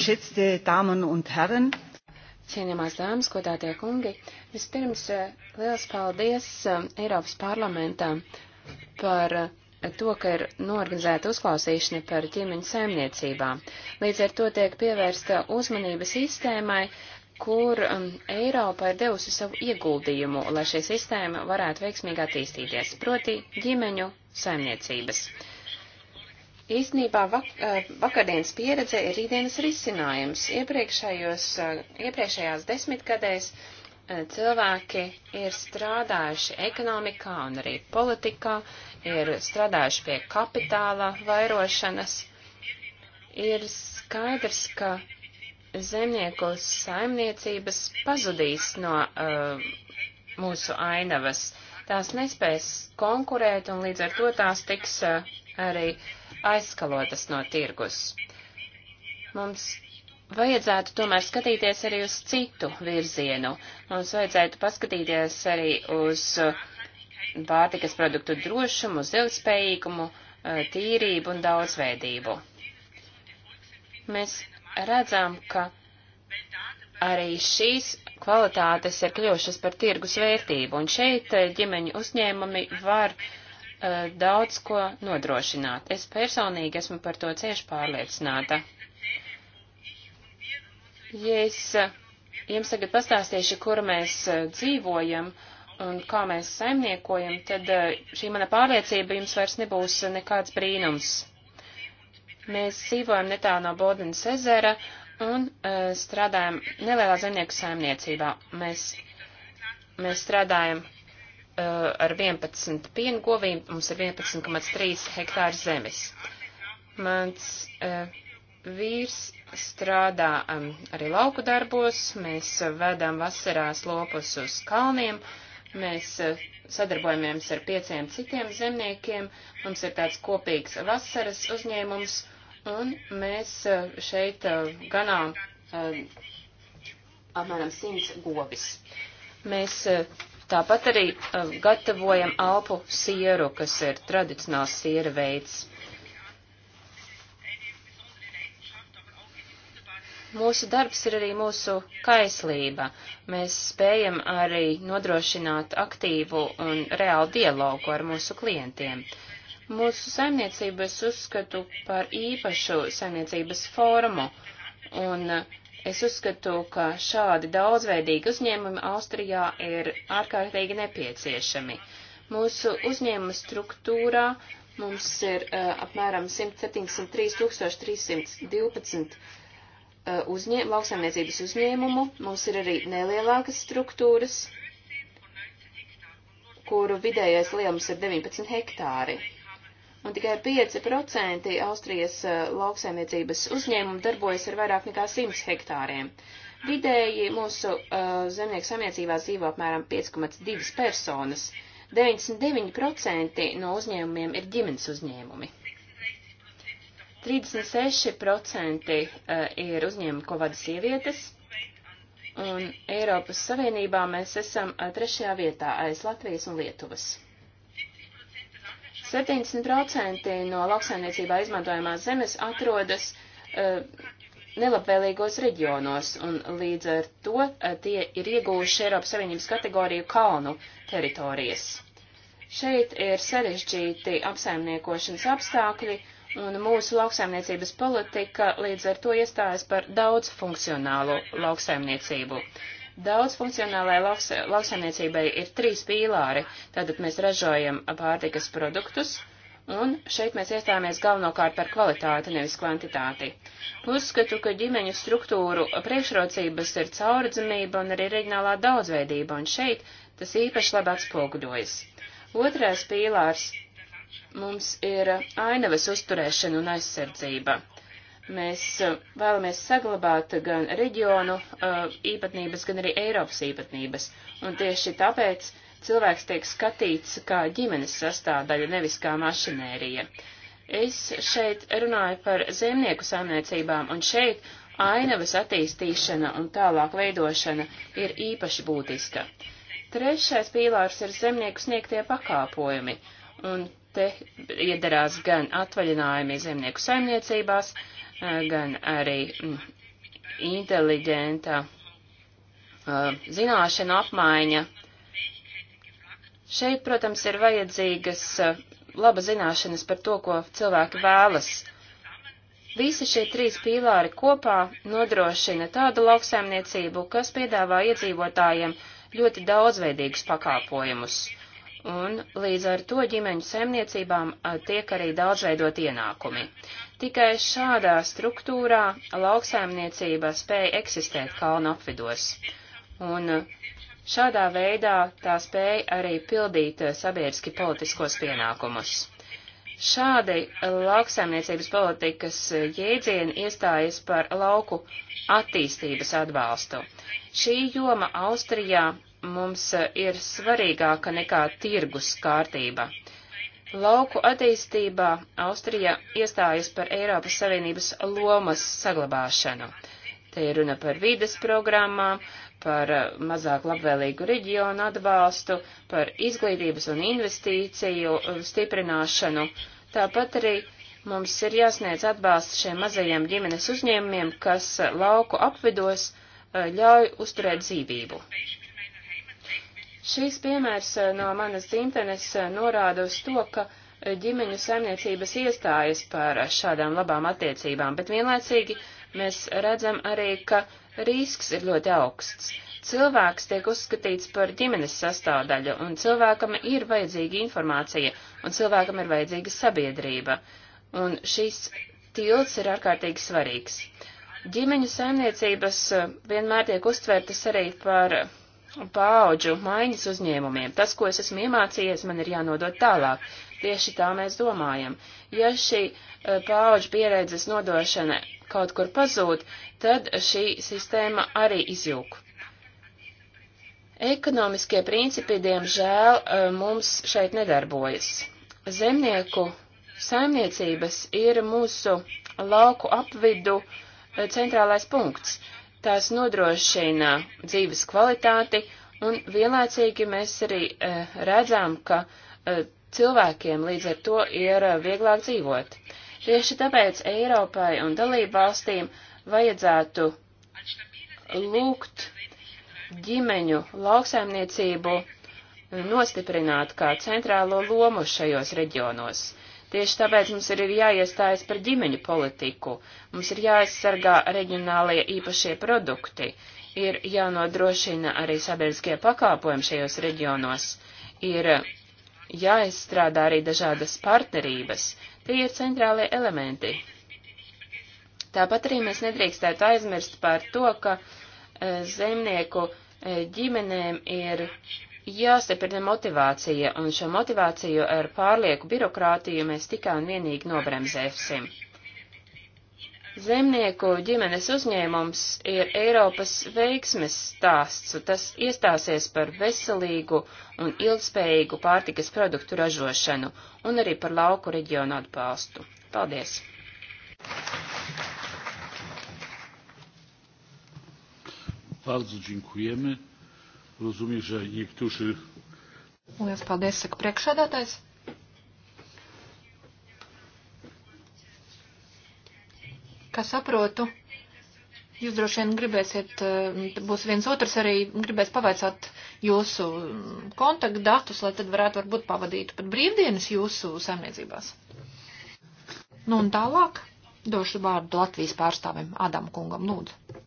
geschätzte Damen und Herren! Cienījamās dāmas, godātie kungi, vispirms eh, liels paldies eh, Eiropas parlamentam par eh, to, ka ir norganizēta uzklausīšana par ģimeņu saimniecībām. Līdz ar to tiek pievērsta uzmanība sistēmai, kur um, Eiropa ir devusi savu ieguldījumu, lai šī sistēma varētu veiksmīgi attīstīties, proti ģimeņu saimniecības. Uh, Īsnībā vak eh, vakardienas pieredze ir rītdienas risinājums. Iepriekšējos, eh, iepriekšējās desmitgadēs eh, cilvēki ir strādājuši ekonomikā un arī politikā, ir strādājuši pie kapitāla vairošanas. Ir skaidrs, ka zemnieku saimniecības pazudīs no uh, mūsu ainavas. Tās nespēs konkurēt un līdz ar to tās tiks uh, arī uh, aizskalotas no tirgus. Mums vajadzētu tomēr skatīties arī uz citu virzienu. Mums vajadzētu paskatīties arī uz uh, pārtikas produktu drošumu, uz ilgspējīgumu, uh, tīrību un daudzveidību. Mēs redzam, ka arī šīs kvalitātes ir kļuvušas par tirgus vērtību, un šeit uh, ģimeņu uzņēmumi var uh, Eh, daudz ko nodrošināt. Es personīgi esmu par to cieši pārliecināta. Ja es eh, jums tagad pastāstīšu, kur mēs eh, dzīvojam un kā mēs saimniekojam, tad šī mana pārliecība jums vairs nebūs nekāds brīnums. Mēs dzīvojam netālu no Bodenas ezera un uh, strādājam nelielā zemnieku saimniecībā. Mēs, mēs strādājam Uh, ar 11 piengovīm, mums ir 11,3 hektāri zemes. Mans uh, vīrs strādā um, arī lauku darbos, mēs uh, vedam vasarās lopus uz kalniem, mēs sadarbojamies ar pieciem citiem zemniekiem, mums ir tāds kopīgs vasaras uzņēmums, un mēs šeit ganām apmēram 100 govis. Mēs Tāpat arī uh, gatavojam alpu sieru, kas ir tradicionāls siera veids. Mūsu darbs ir arī mūsu kaislība. Mēs spējam arī nodrošināt aktīvu un reālu dialogu ar mūsu klientiem. Mūsu saimniecību es uzskatu par īpašu saimniecības formu, un uh, Es uzskatu, ka šādi daudzveidīgi uzņēmumi Austrijā ir ārkārtīgi nepieciešami. Mūsu uzņēmuma struktūrā mums ir uh, apmēram 173312 uh, uzņē, lauksaimniecības uzņēmumu. Mums ir arī nelielākas struktūras, kuru vidējais lielums ir 19 hektāri un tikai 5% Austrijas eh, lauksaimniecības uzņēmumu darbojas ar vairāk nekā 100 hektāriem. Vidēji mūsu uh, zemnieku samniecībās dzīvo apmēram 5,2 personas. 99% no uzņēmumiem ir ģimenes uzņēmumi. 36% eh, ir uzņēmumi, ko vada sievietes, un Eiropas Savienībā mēs esam trešajā vietā aiz Latvijas un Lietuvas. 70% no lauksaimniecībā izmantojamās zemes atrodas uh, nelabvēlīgos reģionos, un līdz ar to uh, tie ir iegūši Eiropas Savienības kategoriju kalnu teritorijas. Šeit ir sarežģīti apsaimniekošanas apstākļi, un mūsu lauksaimniecības politika līdz ar to iestājas par daudz funkcionālu lauksaimniecību. Uh, Daudz funkcionālajai lauks, lauksaimniecībai ir trīs pīlāri. Tātad mēs ražojam pārtikas produktus, un šeit mēs iestājāmies galvenokārt par kvalitāti, nevis kvantitāti. Uzskatu, ka ģimeņu struktūru priekšrocības ir caurdzamība un arī reģionālā daudzveidība, un šeit tas īpaši labi atspoguļojas. Otrais pīlārs mums ir ainavas uzturēšana un aizsardzība. Mēs vēlamies saglabāt gan reģionu īpatnības, gan arī Eiropas īpatnības. Un tieši tāpēc cilvēks tiek skatīts kā ģimenes sastāvdaļa, nevis kā mašinērija. Es šeit runāju par zemnieku saimniecībām, un šeit ainavas attīstīšana un tālāk veidošana ir īpaši būtiska. Trešais pīlārs ir zemnieku sniegtie pakāpojumi, un te iedarās gan atvaļinājumi zemnieku saimniecībās, Eh, gan arī mm, inteliģenta eh, zināšana apmaiņa. Šeit, protams, ir vajadzīgas eh, laba zināšanas par to, ko cilvēki vēlas. Visi šie trīs pīlāri kopā nodrošina tādu lauksaimniecību, kas piedāvā iedzīvotājiem ļoti daudzveidīgus pakāpojumus, un līdz ar to ģimeņu saimniecībām tiek arī daudzveidot ienākumi. Tikai šādā struktūrā lauksaimniecība spēja eksistēt kalnu apvidos, un uh, šādā veidā tā spēja arī pildīt uh, sabiedriski politiskos pienākumus. Šādi lauksaimniecības politikas uh, jēdzieni iestājas par lauku attīstības atbalstu. Šī joma Austrijā mums ir svarīgāka nekā tirgus kārtība. Lauku attīstībā Austrija iestājas par Eiropas Savienības lomas saglabāšanu. Te ir runa par vides programmām, par eh, mazāk labvēlīgu reģionu atbalstu, par izglītības un investīciju eh, stiprināšanu. Tāpat arī mums ir jāsniedz atbalsts šiem mazajiem ģimenes uzņēmumiem, kas eh, lauku apvidos ļauj uzturēt dzīvību. Šīs piemērs eh, no manas dzimtenes eh, norāda uz to, ka eh, ģimeņu saimniecības iestājas par šādām labām attiecībām, bet vienlaicīgi mēs redzam arī, ka risks ir ļoti augsts. Cilvēks tiek uzskatīts par ģimenes sastāvdaļu, un cilvēkam ir vajadzīga informācija, un cilvēkam ir vajadzīga sabiedrība. Un šis tilts ir ārkārtīgi svarīgs. Ģimeņu saimniecības vienmēr tiek uztvērtas arī par paauģu maiņas uzņēmumiem. Tas, ko es esmu iemācījies, man ir jānodot tālāk. Tieši tā mēs domājam. Ja šī eh, paauģu pieredzes nodošana kaut kur pazūd, tad šī sistēma arī izjūk. Ekonomiskie principi, diemžēl, eh, mums šeit nedarbojas. Zemnieku saimniecības ir mūsu lauku apvidu eh, centrālais punkts tās nodrošina dzīves kvalitāti, un vienlaicīgi mēs arī e, redzam, ka e, cilvēkiem līdz ar to ir eh, vieglāk dzīvot. Tieši tāpēc Eiropai un dalību valstīm vajadzētu lūgt ģimeņu lauksaimniecību nostiprināt kā centrālo lomu šajos reģionos. Tieši tāpēc mums ir jāiestājas par ģimeņu politiku, mums ir jāaizsargā reģionālie īpašie produkti, ir jānodrošina arī sabiedriskie pakāpojumi šajos reģionos, ir jāizstrādā arī dažādas partnerības. Tie ir centrālie elementi. Tāpat arī mēs nedrīkstētu aizmirst par to, ka eh, zemnieku eh, ģimenēm ir jāstiprina motivācija, un šo motivāciju ar pārlieku birokrātiju mēs tikai un vienīgi nobremzēsim. Zemnieku ģimenes uzņēmums ir Eiropas veiksmes stāsts, un tas iestāsies par veselīgu un ilgspējīgu pārtikas produktu ražošanu un arī par lauku reģionu atbalstu. Paldies!
Bardzo dziękujemy. Rozumiem, že niektorí.
Lielas paldies, saka priekšsēdētājs. Kā saprotu, jūs droši vien gribēsiet, eh, būs viens otrs arī gribēs pavaicāt jūsu mm, kontaktdatus, lai tad varētu varbūt pavadīt pat brīvdienas jūsu saimniecībās. Nu un tālāk došu vārdu Latvijas pārstāvim Adam Kungam, lūdzu.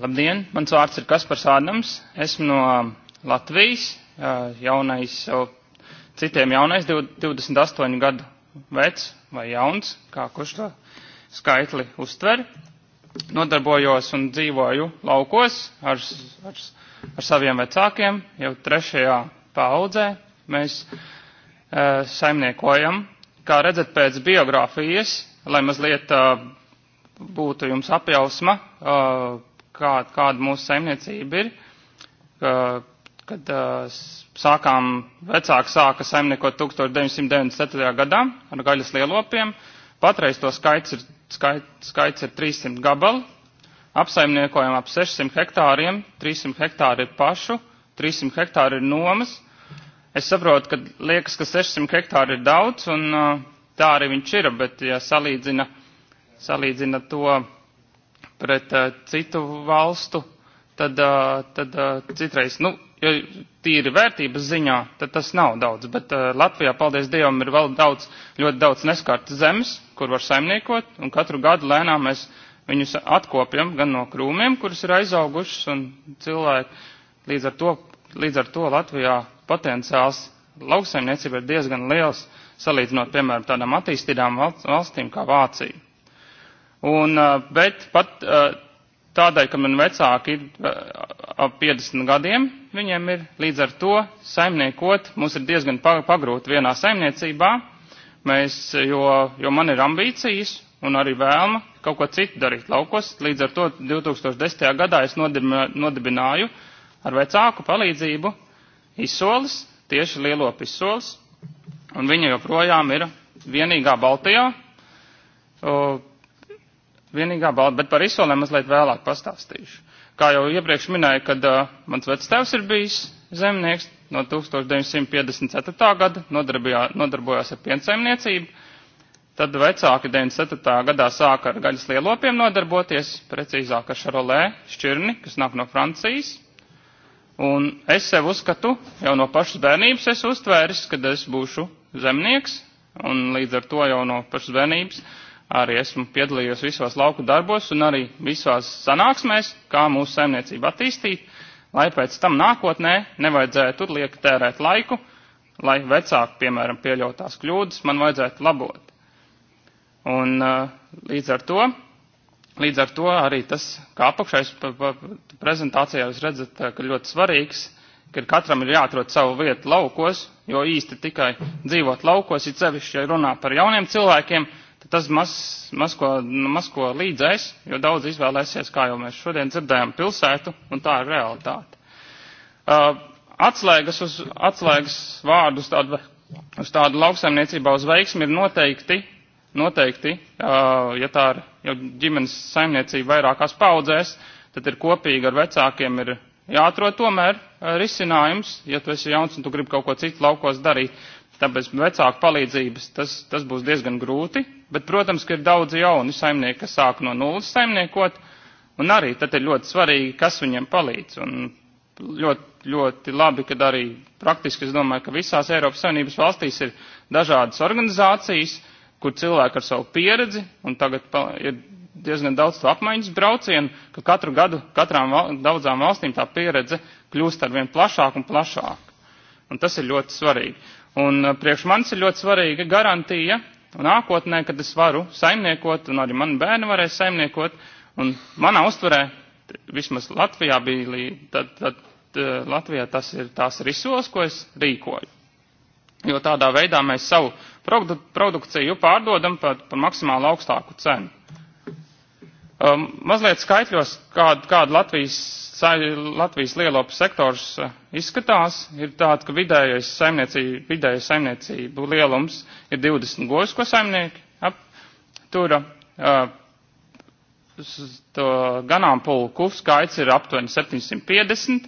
Labdien, mans vārds ir Kaspars Ādams, esmu no um, Latvijas, uh, jaunais, citiem jaunais, 28 gadu vecs vai jauns, kā kurš to skaitli uztver. Nodarbojos un dzīvoju laukos ar, ar, ar saviem vecākiem, jau trešajā paudzē mēs e, saimniekojam. Kā redzat pēc biogrāfijas, lai mazliet e, būtu jums apjausma, e, kā, kāda mūsu saimniecība ir. Kad sākām, vecāki sāka saimniekot 1994. gadā ar gaļas lielopiem, patreiz to skaits ir, skait, skaits ir 300 gabali, apsaimniekojam ap 600 hektāriem, 300 hektāri ir pašu, 300 hektāri ir nomas. Es saprotu, ka liekas, ka 600 hektāri ir daudz, un tā arī viņš ir, bet ja salīdzina, salīdzina to pret uh, citu valstu, tad, uh, tad uh, citreiz, nu, jo tīri vērtības ziņā, tad tas nav daudz, bet uh, Latvijā, paldies Dievam, ir vēl daudz, ļoti daudz neskārtas zemes, kur var saimniekot, un katru gadu lēnām mēs viņus atkopjam gan no krūmiem, kuras ir aizaugušas, un cilvēki līdz ar to, līdz ar to Latvijā potenciāls lauksaimniecība ir diezgan liels, salīdzinot, piemēram, tādām attīstītām valstīm kā Vācija. Un, bet pat tādēļ, ka man vecāki ir ap 50 gadiem, viņiem ir līdz ar to saimniekot, mums ir diezgan pagrūti vienā saimniecībā, mēs, jo, jo man ir ambīcijas un arī vēlma kaut ko citu darīt laukos. Līdz ar to 2010. gadā es nodibināju ar vecāku palīdzību izsoles, tieši lielopu izsoles, un viņa joprojām ir vienīgā Baltijā. Uh, vienīgā balva, bet par izsolēm mazliet vēlāk pastāstīšu. Kā jau iepriekš minēju, kad uh, mans vectēvs ir bijis zemnieks no 1954. gada, nodarbojās ar piensaimniecību, tad vecāki 97. gadā sāka ar gaļas lielopiem nodarboties, precīzāk ar šarolē šķirni, kas nāk no Francijas. Un es sev uzskatu, jau no pašas bērnības es uztvēris, kad es būšu zemnieks, un līdz ar to jau no pašas bērnības uh, arī esmu piedalījies visos lauku darbos un arī visās sanāksmēs, kā mūsu saimniecību attīstīt, lai pēc tam nākotnē nevajadzētu tur lieka tērēt laiku, lai vecāku, piemēram, pieļautās kļūdas man vajadzētu labot. Un uh, līdz ar to, līdz ar to arī tas, kā apakšais prezentācijā jūs redzat, ka ļoti svarīgs, ka katram ir jāatrod savu vietu laukos, jo īsti tikai dzīvot laukos, ir sevišķi, ja runā par jauniem cilvēkiem, tas maz, maz, ko, maz ko līdzēs, jo daudz izvēlēsies, kā jau mēs šodien dzirdējām, pilsētu, un tā ir realitāte. Uh, atslēgas, uz, atslēgas vārdus tādu, uz tādu lauksaimniecībā uz veiksmi ir noteikti, noteikti uh, ja tā ir jau ģimenes saimniecība vairākās paudzēs, tad ir kopīgi ar vecākiem ir jāatrod tomēr uh, risinājums, ja tu esi jauns un tu gribi kaut ko citu laukos darīt. Tāpēc vecāku palīdzības tas, tas būs diezgan grūti, Bet, protams, ka ir daudz jauni saimnieki, kas sāk no nulles saimniekot, un arī tad ir ļoti svarīgi, kas viņiem palīdz. Un ļoti, ļoti labi, kad arī praktiski es domāju, ka visās Eiropas Savienības valstīs ir dažādas organizācijas, kur cilvēki ar savu pieredzi, un tagad ir diezgan daudz to apmaiņas braucienu, ka katru gadu katrām daudzām valstīm tā pieredze kļūst arvien plašāk un plašāk. Un tas ir ļoti svarīgi. Un eh, priekš manis ir ļoti svarīga garantija, Un nākotnē, kad es varu saimniekot, un arī mani bērni varēs saimniekot, un manā uztverē, vismaz Latvijā bija, tad, tad Latvijā tas ir tās risos, ko es rīkoju. Jo tādā veidā mēs savu produkciju pārdodam par, par maksimāli augstāku cenu. Um, mazliet skaitļos, kāda, kāda Latvijas, Latvijas lielopu sektors uh, izskatās, ir tāda, ka vidējais saimniecību, vidējais saimniecību lielums ir 20 govis, ko saimnieki aptura. Uh, ganāmpulku skaits ir aptuveni 750.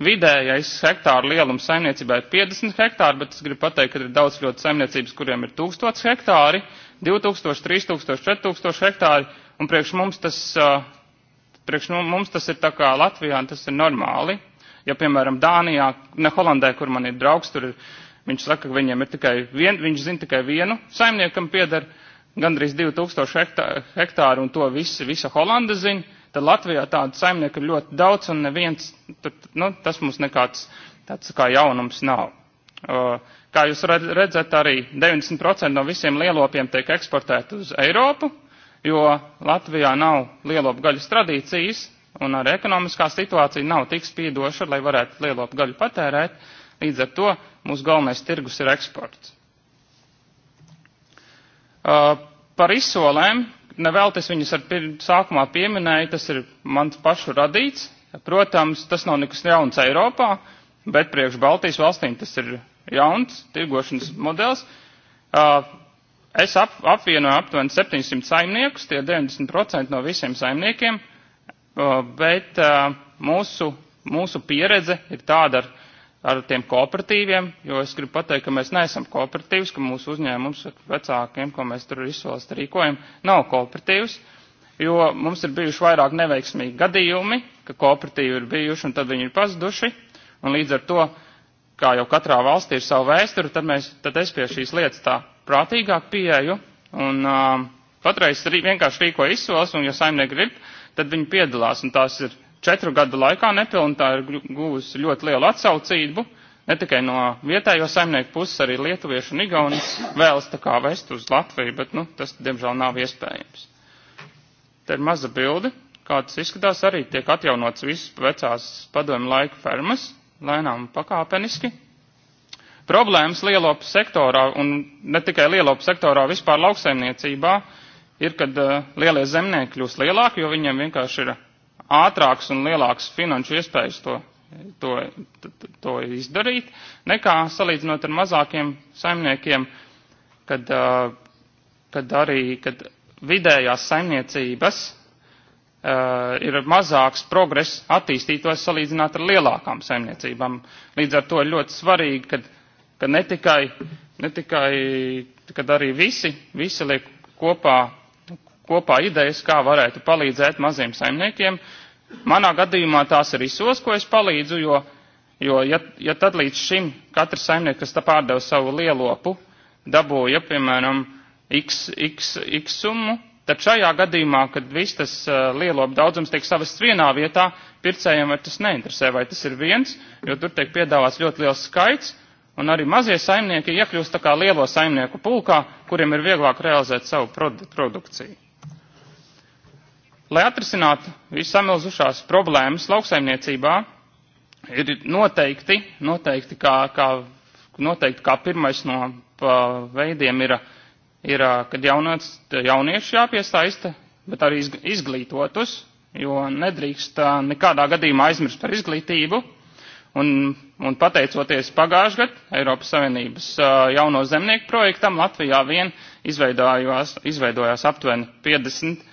Vidējais hektāru lielums saimniecībā ir 50 hektāri, bet es gribu pateikt, ka ir daudz ļoti saimniecības, kuriem ir 1000 hektāri, 2000, 3000, 4000 hektāri, Un priekš mums tas, priekš nu, mums tas ir tā kā Latvijā, tas ir normāli. Ja, piemēram, Dānijā, ne Holandē, kur man ir draugs, tur ir, viņš saka, ka viņiem ir tikai vien, viņš zina tikai vienu saimniekam pieder gandrīz 2000 hektā, hektāru, un to visi, visa Holanda zina. Tad Latvijā tādu saimnieku ir ļoti daudz, un neviens, tur, nu, tas mums nekāds tāds kā jaunums nav. Kā jūs redzat, arī 90% no visiem lielopiem tiek eksportēti uz Eiropu, jo Latvijā nav lielopgaļas tradīcijas un arī ekonomiskā situācija nav tik spīdoša, lai varētu lielopgaļu patērēt, līdz ar to mūsu galvenais tirgus ir eksports. Uh, par izsolēm, nevelties viņas ar pir, sākumā pieminēju, tas ir mans pašu radīts. Protams, tas nav nekas jauns Eiropā, bet priekš Baltijas valstīm tas ir jauns tirgošanas modelis. Uh, Es ap, apvienoju aptuveni 700 saimniekus, tie 90% no visiem saimniekiem, bet mūsu, mūsu pieredze ir tāda ar, ar tiem kooperatīviem, jo es gribu pateikt, ka mēs neesam kooperatīvs, ka mūsu uzņēmums ar vecākiem, ko mēs tur izsolst rīkojam, nav kooperatīvs, jo mums ir bijuši vairāk neveiksmīgi gadījumi, ka kooperatīvi ir bijuši un tad viņi ir pazuduši, un līdz ar to, kā jau katrā valstī ir savu vēsturi, tad, mēs, tad es pie šīs lietas tā prātīgāku pieeju, un uh, patreiz arī vienkārši rīko izsoles, un ja saimnieki grib, tad viņi piedalās, un tās ir četru gadu laikā nepilna, tā ir guvusi ļoti lielu atsaucību, ne tikai no vietējo saimnieku puses, arī lietuviešu un igaunis vēlas tā kā vest uz Latviju, bet, nu, tas, diemžēl, nav iespējams. Te ir maza bilde, kā tas izskatās, arī tiek atjaunots visas vecās padomju laika fermas, lēnām pakāpeniski, Problēmas lielopu sektorā un ne tikai lielopu sektorā, vispār lauksaimniecībā ir, kad uh, lielie zemnieki kļūst lielāki, jo viņiem vienkārši ir ātrāks un lielāks finanšu iespējas to, to, to izdarīt, nekā salīdzinot ar mazākiem saimniekiem, kad, uh, kad arī kad vidējās saimniecības uh, ir mazāks progress attīstītos salīdzināt ar lielākām saimniecībām. Līdz ar to ir ļoti svarīgi, kad ka ne tikai, ne tikai kad arī visi, visi liek kopā, kopā idejas, kā varētu palīdzēt maziem saimniekiem. Manā gadījumā tās ir izsos, ko es palīdzu, jo, jo ja, ja tad līdz šim katrs saimnieks, kas tā pārdeva savu lielopu, dabūja, piemēram, x, x, x summu, tad šajā gadījumā, kad viss tas uh, lielopu daudzums tiek savests vienā vietā, pircējiem vai tas neinteresē, vai tas ir viens, jo tur tiek piedāvāts ļoti liels skaits, un arī mazie saimnieki iekļūst tā kā lielo saimnieku pulkā, kuriem ir vieglāk realizēt savu produ produkciju. Lai atrisinātu visu samilzušās problēmas lauksaimniecībā, ir noteikti, noteikti, kā, kā, noteikti kā pirmais no pa, veidiem ir, ir kad jaunāc, jaunieši jāpiesaista, bet arī izglītotus, jo nedrīkst nekādā gadījumā aizmirst par izglītību Un, un pateicoties pagājušajā gadā Eiropas Savienības uh, jauno zemnieku projektam, Latvijā vien izveidojās, izveidojās aptuveni 50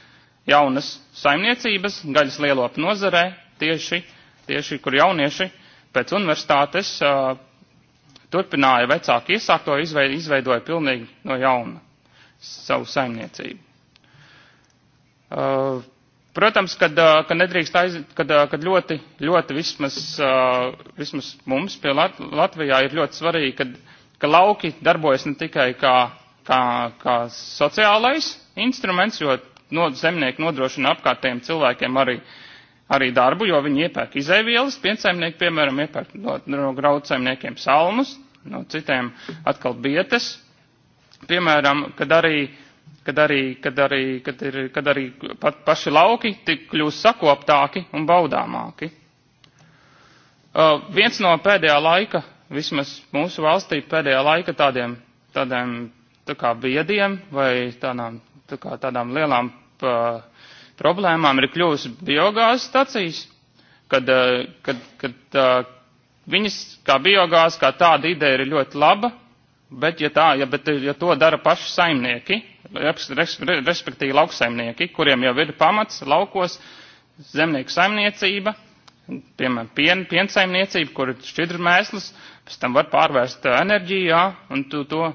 jaunas saimniecības gaļas lielopu nozarē, tieši, tieši kur jaunieši pēc universitātes uh, turpināja vecāku iesākto, izveidoja, izveidoja pilnīgi no jauna savu saimniecību. Uh, Protams, kad, kad nedrīkst aiziet, kad, kad ļoti, ļoti vismaz, vismaz mums pie Lat Latvijā ir ļoti svarīgi, kad, ka lauki darbojas ne tikai kā, kā, kā sociālais instruments, jo no, zemnieki nodrošina apkārtējiem cilvēkiem arī, arī darbu, jo viņi iepērk izēvielas, piensaimnieki, piemēram, iepērk no, no graudsaimniekiem salmus, no citiem atkal bietes. Piemēram, kad arī uh, kad arī, kad arī, kad ir, kad arī pat paši lauki kļūst sakoptāki un baudāmāki. Uh, viens no pēdējā laika, vismaz mūsu valstī pēdējā laika tādiem, tādiem tā kā biediem vai tādām, tā kā tādām lielām uh, problēmām ir kļuvusi biogāzes stacijas, kad, uh, kad, kad uh, viņas kā biogāze, kā tāda ideja ir ļoti laba, bet ja, tā, ja, bet, ja to dara paši saimnieki, respektīvi lauksaimnieki, kuriem jau ir pamats laukos zemnieku saimniecība, piemēram, pien, piensaimniecība, kur ir šķidra mēslis, pēc tam var pārvērst eh, enerģijā un tu, to,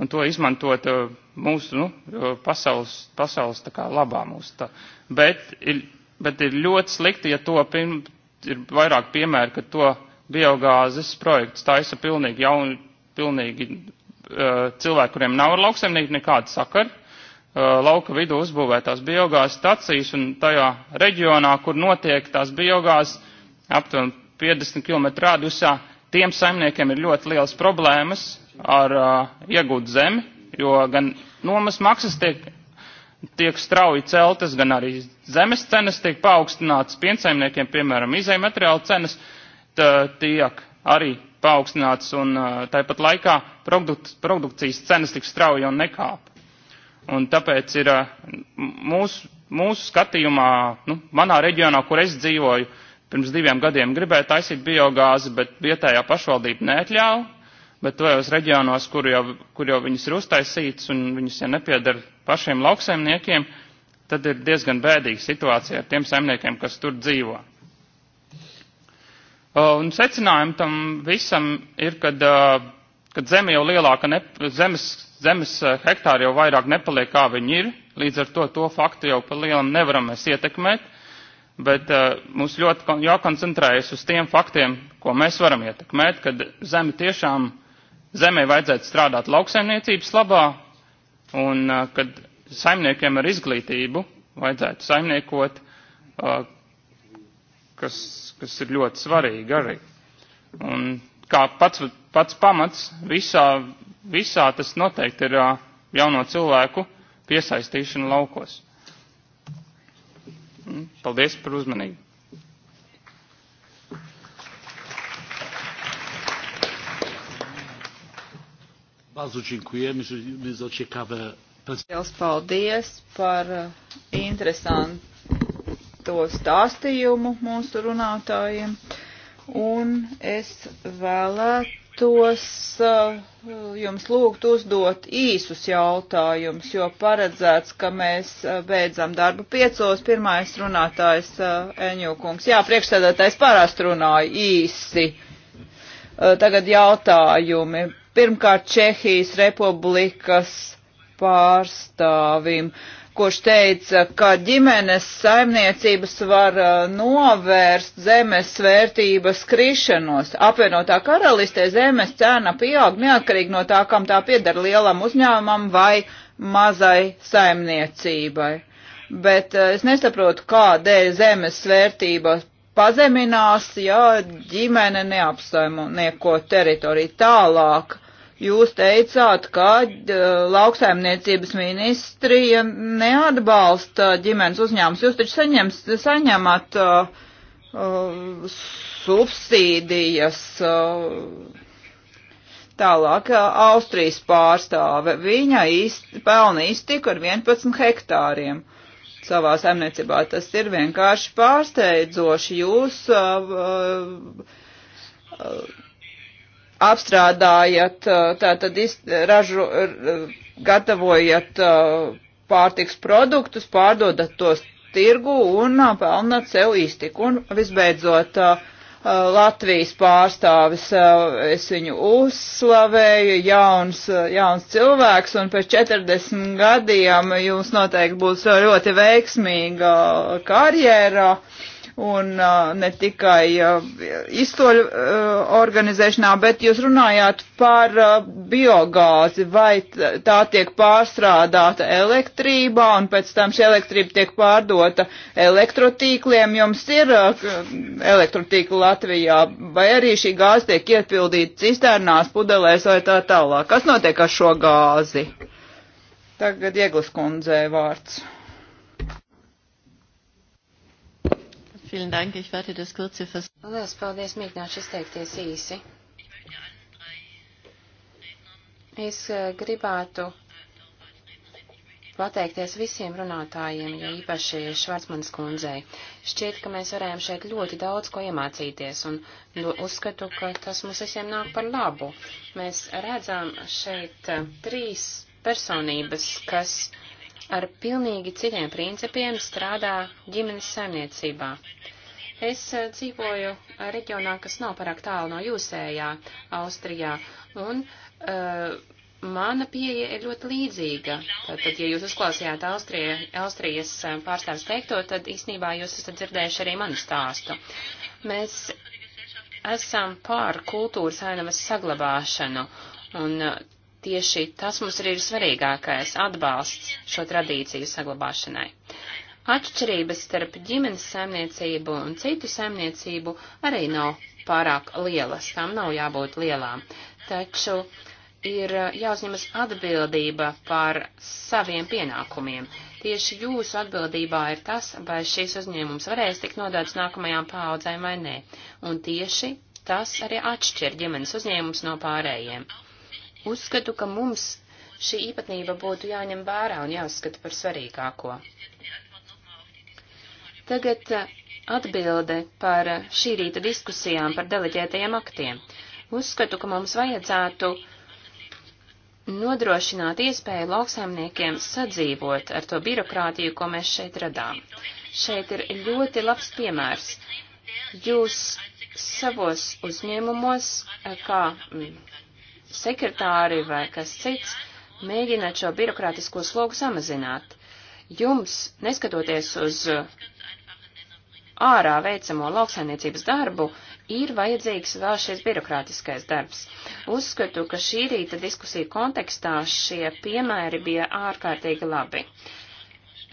un to izmantot eh, mūsu nu, eh, pasaules, pasaules tā kā labā mūsu. Tā. Bet, ir, bet ir ļoti slikti, ja to pirm, ir vairāk piemēru, ka to biogāzes projekts taisa pilnīgi jaunu, pilnīgi Uh, cilvēki, kuriem nav ar lauksaimnieku nekāda sakara, uh, lauka vidū uzbūvētās biogāzes stacijas un tajā reģionā, kur notiek tās biogāzes, aptuveni 50 km radiusā, tiem saimniekiem ir ļoti liels problēmas ar uh, iegūt zemi, jo gan nomas maksas tiek, tiek strauji celtas, gan arī zemes cenas tiek paaugstinātas piensaimniekiem, piemēram, izējumateriāla cenas tiek arī paaugstināts un tāpat laikā produkt, produkcijas cenas tik strauji un nekāp. Un tāpēc ir mūsu, mūsu skatījumā, nu, manā reģionā, kur es dzīvoju, pirms diviem gadiem gribēja taisīt biogāzi, bet vietējā pašvaldība neatļāva, bet tojos reģionos, kur jau, kur jau viņas ir uztaisītas un viņas ja nepiedara pašiem lauksaimniekiem, tad ir diezgan bēdīga situācija ar tiem saimniekiem, kas tur dzīvo. Uh, un secinājumi tam visam ir, kad, uh, kad zeme jau lielāka, ne, zemes, zemes uh, hektāri jau vairāk nepaliek, kā viņi ir, līdz ar to to faktu jau pa lielam nevaram mēs ietekmēt, bet mums ļoti jākoncentrējas uz tiem faktiem, ko mēs varam ietekmēt, kad zeme tiešām, zemē vajadzētu strādāt lauksaimniecības labā, un kad saimniekiem ar izglītību vajadzētu saimniekot, kas, kas ir ļoti svarīga arī. Un kā pats, pats pamats visā, visā tas noteikti ir jauno cilvēku piesaistīšana laukos. Paldies par uzmanību.
Bardzo dziękujemy za ciekawe Liels
paldies par interesantu to stāstījumu mūsu runātājiem. Un es vēlētos uh, jums lūgt uzdot īsus jautājumus, jo paredzēts, ka mēs uh, beidzam darbu piecos. Pirmais runātājs uh, Eņūkungs. Jā, priekšsēdētājs parasti runāja īsi. Tagad jautājumi. Pirmkārt, Čehijas republikas pārstāvim. Uh, kurš teica, ka ģimenes saimniecības var uh, novērst zemes vērtības krišanos. Apvienotā karalistē zemes cena pieaug neatkarīgi no tā, kam tā pieder lielam uzņēmumam vai mazai saimniecībai. Bet uh, es nesaprotu, kādēļ zemes vērtība pazeminās, ja ģimene neapsaimnieko teritoriju tālāk Jūs teicāt, ka lauksaimniecības ministrija neatbalsta ģimenes uzņēmums. Jūs taču saņems, saņemat uh, uh, subsīdijas. Uh, Tālāk uh, Austrijas pārstāve, viņa īst, pelna iztiku ar 11 hektāriem savā saimniecībā. Tas ir vienkārši pārsteidzoši. Jūs uh, uh, apstrādājat, uh, tātad ražu, gatavojat uh, pārtiks produktus, pārdodat tos tirgu un uh, pelnat sev iztiku. Un visbeidzot, Latvijas pārstāvis, es viņu uzslavēju, jauns, jauns cilvēks, un pēc 40 gadiem jums noteikti būs ļoti veiksmīga karjera. Uh, un uh, ne tikai uh, izsoļu uh, organizēšanā, bet jūs runājāt par biogāzi, vai tā tiek pārstrādāta elektrībā un pēc tam šī elektrība tiek pārdota elektrotīkliem. Jums ir elektrotīkli Latvijā, vai arī šī gāze tiek iepildīta cisternās, pudelēs vai tā tālāk. Kas notiek ar šo gāzi? Tagad
Ieglas kundzei vārds. Vielen Dank, ich werde das kurze versuchen. Lielas paldies, mēģināšu izteikties īsi. Es eh, gribētu pateikties visiem runātājiem, jo īpaši Švarcmanas kundzei. Šķiet, ka mēs varējām šeit ļoti daudz ko iemācīties, un nu, uzskatu, ka tas mums visiem nāk par labu. Mēs redzam šeit eh, trīs personības, kas ar pilnīgi citiem principiem strādā ģimenes saimniecībā. Es e, dzīvoju reģionā, kas nav parāk tālu no jūsējā Austrijā, un uh, mana pieeja ir ļoti līdzīga. Tad, ja jūs uzklausījāt Austrija, Austrijas e, pārstāvis teikto, tad īsnībā jūs esat dzirdējuši arī manu stāstu. Mēs esam pār kultūras ainavas saglabāšanu, un tieši tas mums arī ir svarīgākais - atbalsts šo tradīciju saglabāšanai. Atšķirības starp ģimenes saimniecību un citu saimniecību arī nav pārāk lielas, tām nav jābūt lielām, taču ir uh, jāuzņemas atbildība par saviem pienākumiem. Tieši jūsu atbildībā ir tas, vai šīs uzņēmums varēs tikt nodots nākamajām paaudzēm vai nē, un tieši tas arī atšķir ģimenes uzņēmums no pārējiem. Uzskatu, ka mums šī īpatnība būtu jāņem vērā un jāuzskata par svarīgāko. Tagad eh, atbilde par šī rīta diskusijām par deleģētajiem aktiem. Uzskatu, ka mums vajadzētu nodrošināt iespēju lauksaimniekiem sadzīvot ar to birokrātiju, ko mēs šeit radām. Šeit ir ļoti labs piemērs. Jūs savos uzņēmumos, eh, kā mm, sekretāri vai kas cits, mēģināt šo birokrātisko slogu samazināt. Jums, neskatoties uz ārā veicamo lauksainiecības darbu, ir vajadzīgs vēl šis birokrātiskais darbs. Uzskatu, ka šī rīta diskusija kontekstā šie piemēri bija ārkārtīgi labi. Uh,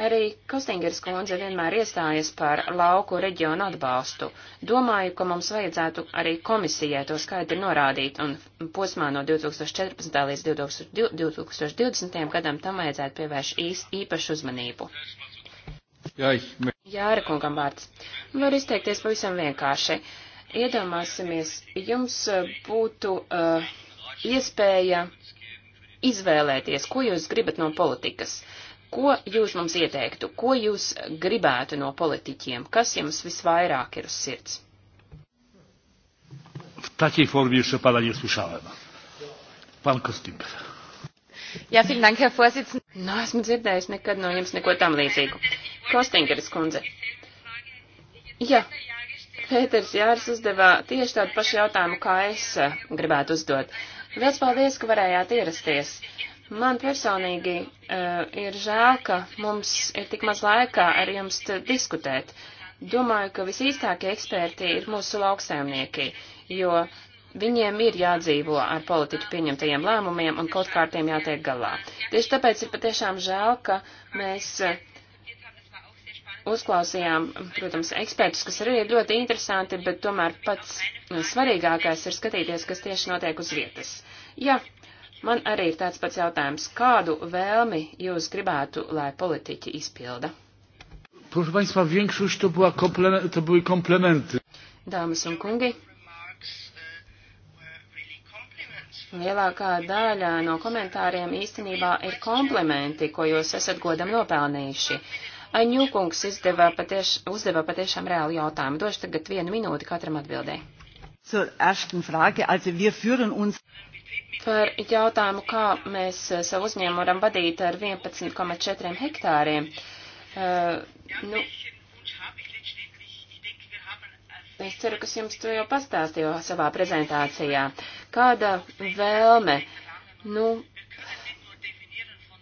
Arī Kostingers kundze vienmēr iestājas par lauku reģionu atbalstu. Domāju, ka mums vajadzētu arī komisijai to skaidri norādīt, un posmā no 2014. līdz 2020. gadam tam vajadzētu pievērst īpašu uzmanību. Jāra kungam vārds. Var izteikties pavisam vienkārši. Iedomāsimies, jums eh, būtu uh, iespēja izvēlēties, ko jūs gribat no politikas. Uh, Ko jūs mums ieteiktu? Ko jūs gribētu no politiķiem? Kas jums visvairāk ir uz sirds?
W takiej formie jeszcze pana nie słyszałem. Pan Kostinger.
Jā, vielen Dank, Herr Vorsitzender. Nu, esmu dzirdējis nekad no jums neko tam līdzīgu. Kostingeris kundze. Jā, Pēters Jārs uzdevā tieši tādu pašu jautājumu, kā es gribētu uzdot. Liels paldies, ka varējāt ierasties. Uh, Man personīgi uh, ir žēl, ka mums ir tik maz laikā ar jums diskutēt. Domāju, ka visīstākie eksperti ir mūsu lauksaimnieki, jo Viņiem ir jādzīvo ar politiķu pieņemtajiem lēmumiem un kaut kā ar tiem jātiek galā. Tieši tāpēc ir patiešām žēl, ka mēs eh, uzklausījām, protams, ekspertus, kas arī ir ļoti interesanti, bet tomēr pats eh, svarīgākais ir skatīties, kas tieši notiek uz vietas. Ja Man arī ir tāds pats jautājums. Kādu vēlmi jūs gribētu, lai politiķi izpilda?
Proszę Państwa, większość to, była komple to były komplementy.
Dāmas un kungi, lielākā daļa no komentāriem īstenībā ir komplementi, ko jūs esat godam nopelnījuši. Aņūkungs izdevā patieš, uzdevā patiešām reāli jautājumu. Došu tagad vienu minūti katram atbildē par jautājumu, kā mēs eh, savu uzņēmumu varam vadīt ar 11,4 hektāriem. Uh, nu, es ceru, ka es jums to jau pastāstīju savā prezentācijā. Kāda vēlme? Nu,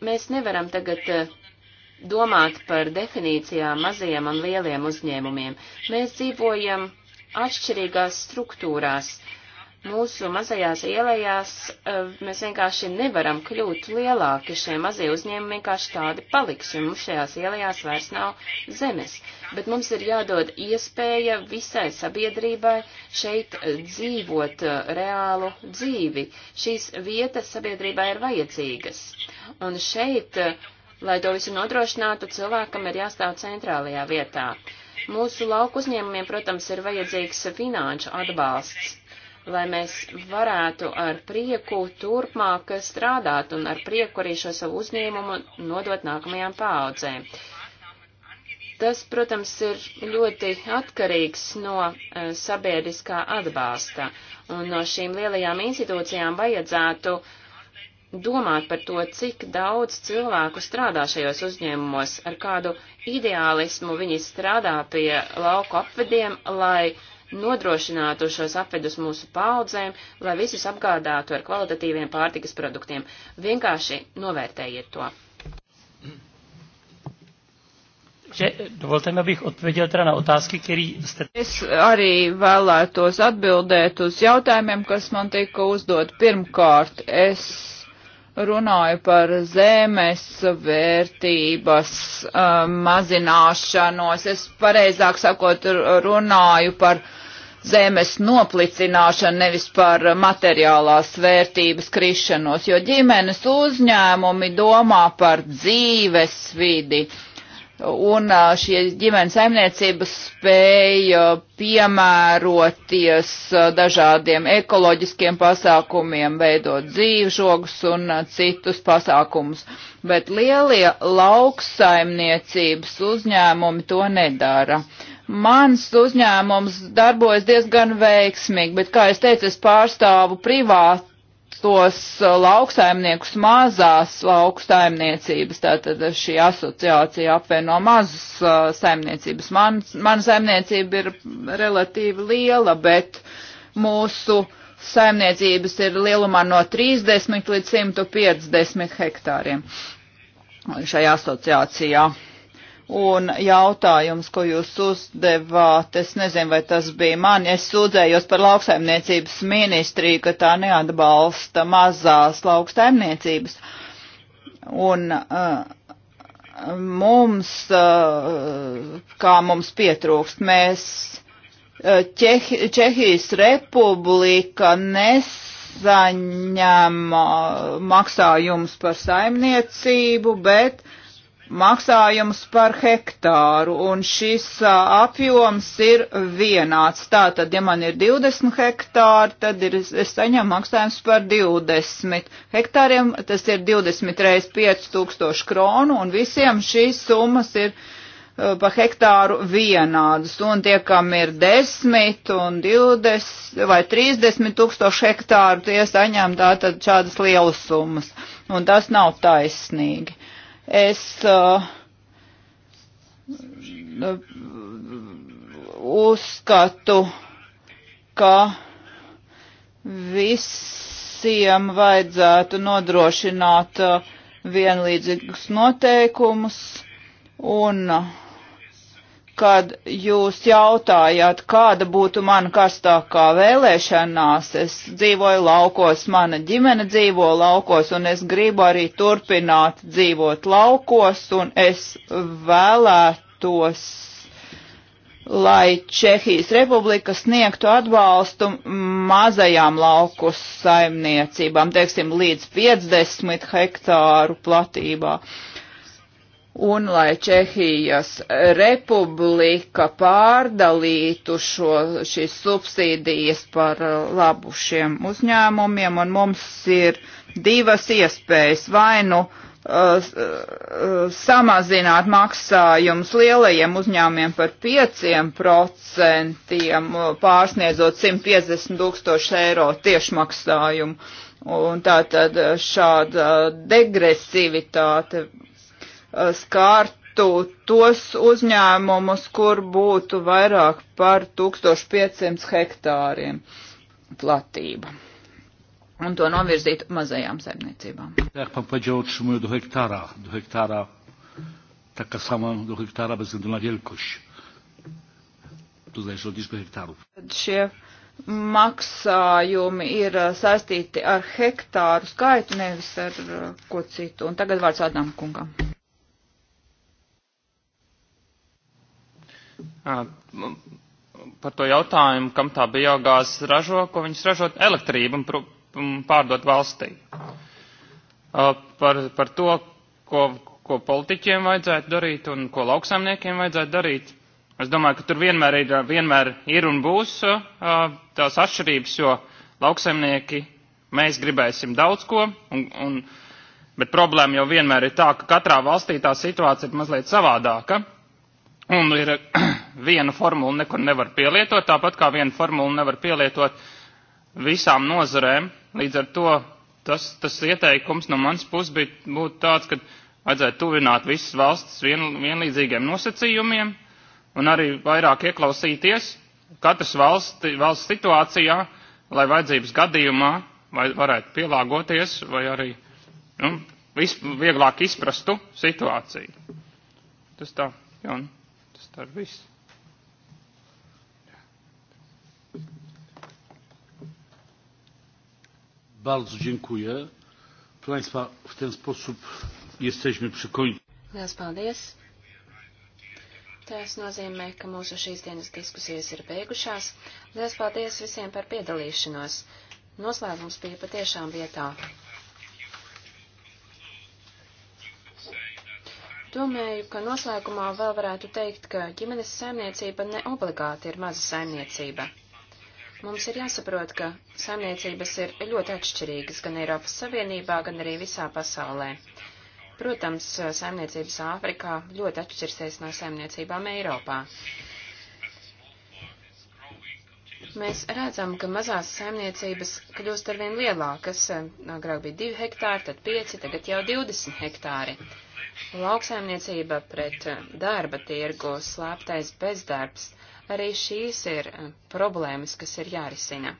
mēs nevaram tagad eh, domāt par definīcijām mazajiem un lieliem uzņēmumiem. Mēs dzīvojam atšķirīgās struktūrās. Uh, mūsu mazajās ielējās e, mēs vienkārši nevaram kļūt lielāki. Šie mazie uzņēmumi vienkārši tādi paliks, jo mums šajās ielējās vairs nav zemes. Bet mums ir jādod iespēja visai sabiedrībai šeit e, dzīvot e, reālu dzīvi. Šīs vietas sabiedrībai ir vajadzīgas. Un šeit, lai to visu nodrošinātu, cilvēkam ir jāstāv centrālajā vietā. Mūsu lauku uzņēmumiem, protams, ir vajadzīgs finanšu atbalsts lai mēs varētu ar prieku turpmāk strādāt un ar prieku arī šo savu uzņēmumu nodot nākamajām paaudzēm. Tas, protams, ir ļoti atkarīgs no e, sabiedriskā atbalsta, un no šīm lielajām institūcijām vajadzētu domāt par to, cik daudz cilvēku strādā šajos uzņēmumos, ar kādu ideālismu viņi strādā pie lauku apvediem, lai uh, nodrošinātu šos apvedus mūsu paudzēm, lai visus apgādātu ar kvalitatīviem pārtikas produktiem. Vienkārši novērtējiet to.
Dovolte mi, abych odpověděl teda na otázky, který jste...
Es arī vēlētos atbildēt uz jautājumiem, kas man tika uzdot. Pirmkārt, es runāju par zemes vērtības um, mazināšanos. Es pareizāk sakot runāju par zemes noplicināšanu, nevis par materiālās vērtības krišanos, jo ģimenes uzņēmumi domā par dzīves vidi. Un šīs ģimenes saimniecības spēja piemēroties dažādiem ekoloģiskiem pasākumiem, veidot dzīvžogus un citus pasākumus. Bet lielie lauksaimniecības uzņēmumi to nedara. Uh, Mans uzņēmums darbojas diezgan veiksmīgi, bet, kā es teicu, es pārstāvu privātu tos lauksaimniekus mazās lauksaimniecības, tātad šī asociācija apvieno mazas uh, saimniecības. Man, mana saimniecība ir relatīvi liela, bet mūsu saimniecības ir lielumā no 30 līdz 150 hektāriem šajā asociācijā. Uh, Un jautājums, ko jūs uzdevāt, es nezinu, vai tas bija man, es sūdzējos par lauksaimniecības ministriju, ka tā neatbalsta mazās lauksaimniecības. Un uh, mums, uh, kā mums pietrūkst, mēs uh, Čeh Čehijas republika nes saņem uh, maksājumus par saimniecību, bet maksājumus par hektāru, un šis a, apjoms ir vienāds. Tātad, ja man ir 20 hektāri, tad ir, es saņemu maksājumus par 20 hektāriem, tas ir 20 reiz 5000 kronu, un visiem šīs summas ir a, pa hektāru vienādas, un tie, kam ir 10 un 20 vai 30 tūkstoši hektāru, tie saņem tātad šādas lielas summas, un tas nav taisnīgi. Uh, Es uh, uzskatu, ka visiem vajadzētu nodrošināt uh, vienlīdzīgus noteikumus un uh, kad jūs jautājāt, kāda būtu mana karstākā vēlēšanās, es dzīvoju laukos, mana ģimene dzīvo laukos, un es gribu arī turpināt dzīvot laukos, un es vēlētos, lai Čehijas republika sniegtu atbalstu mazajām lauku saimniecībām, teiksim, līdz 50 hektāru platībā. Uh, un lai Čehijas republika pārdalītu šo, šīs subsīdijas par uh, labu šiem uzņēmumiem, un mums ir divas iespējas vainu uh, uh, samazināt maksājumus lielajiem uzņēmumiem par 5% uh, pārsniedzot 150 tūkstoši eiro tiešmaksājumu. Un tā tad šāda degresivitāte skārtu tos uzņēmumus, kur būtu vairāk par 1500 hektāriem platība. Un to novirzīt mazajām saimniecībām.
Jak pan powiedział, otrzymują do hektara. Do hektara taka sama do hektara bez względu na wielkość. Tu zależy od liczby hektarów.
Šie maksājumi ir e, saistīti ar hektāru skaitu, nevis ar e, ko citu. Un tagad vārds Adam kungam.
Nu, par to jautājumu, kam tā biogāze ražo, ko viņas ražo elektrību un pārdot valstī. Par, par to, ko, ko politiķiem vajadzētu darīt un ko lauksaimniekiem vajadzētu darīt. Es domāju, ka tur vienmēr ir, vienmēr ir un būs tās atšķirības, jo lauksaimnieki mēs gribēsim daudz ko, un, un, bet problēma jau vienmēr ir tā, ka katrā valstī tā situācija ir mazliet savādāka. Un ir vienu formulu nekur nevar pielietot, tāpat kā vienu formulu nevar pielietot visām nozarēm. Līdz ar to tas, tas ieteikums no manas puses bija, būtu tāds, ka vajadzētu tuvināt visas valstis vien, vienlīdzīgiem nosacījumiem un arī vairāk ieklausīties katras valsti, valsts situācijā, lai vajadzības gadījumā vai varētu pielāgoties vai arī nu, vis, vieglāk izprastu situāciju. Tas tā, jā. Nu. Tad viss.
Bardzo dziękuję. Proszę Państwa, w ten sposób jesteśmy przy końcu.
Lielas paldies! Tas nozīmē, ka mūsu šīs dienas diskusijas ir beigušās. Lielas paldies visiem par piedalīšanos. Noslēgums bija patiešām vietā. Domāju, ka noslēgumā vēl varētu teikt, ka ģimenes saimniecība ne obligāti ir maza saimniecība. Mums ir jāsaprot, ka saimniecības ir ļoti atšķirīgas gan Eiropas Savienībā, gan arī visā pasaulē. Protams, saimniecības Āfrikā ļoti atšķirsies no saimniecībām Eiropā. Mēs redzam, ka mazās saimniecības kļūst arvien lielākas, agrāk bija 2 hektāri, tad 5, tagad jau 20 hektāri. Lauksaimniecība pret eh, darba tirgu, slēptais bezdarbs, arī šīs ir eh, problēmas, kas ir jārisina.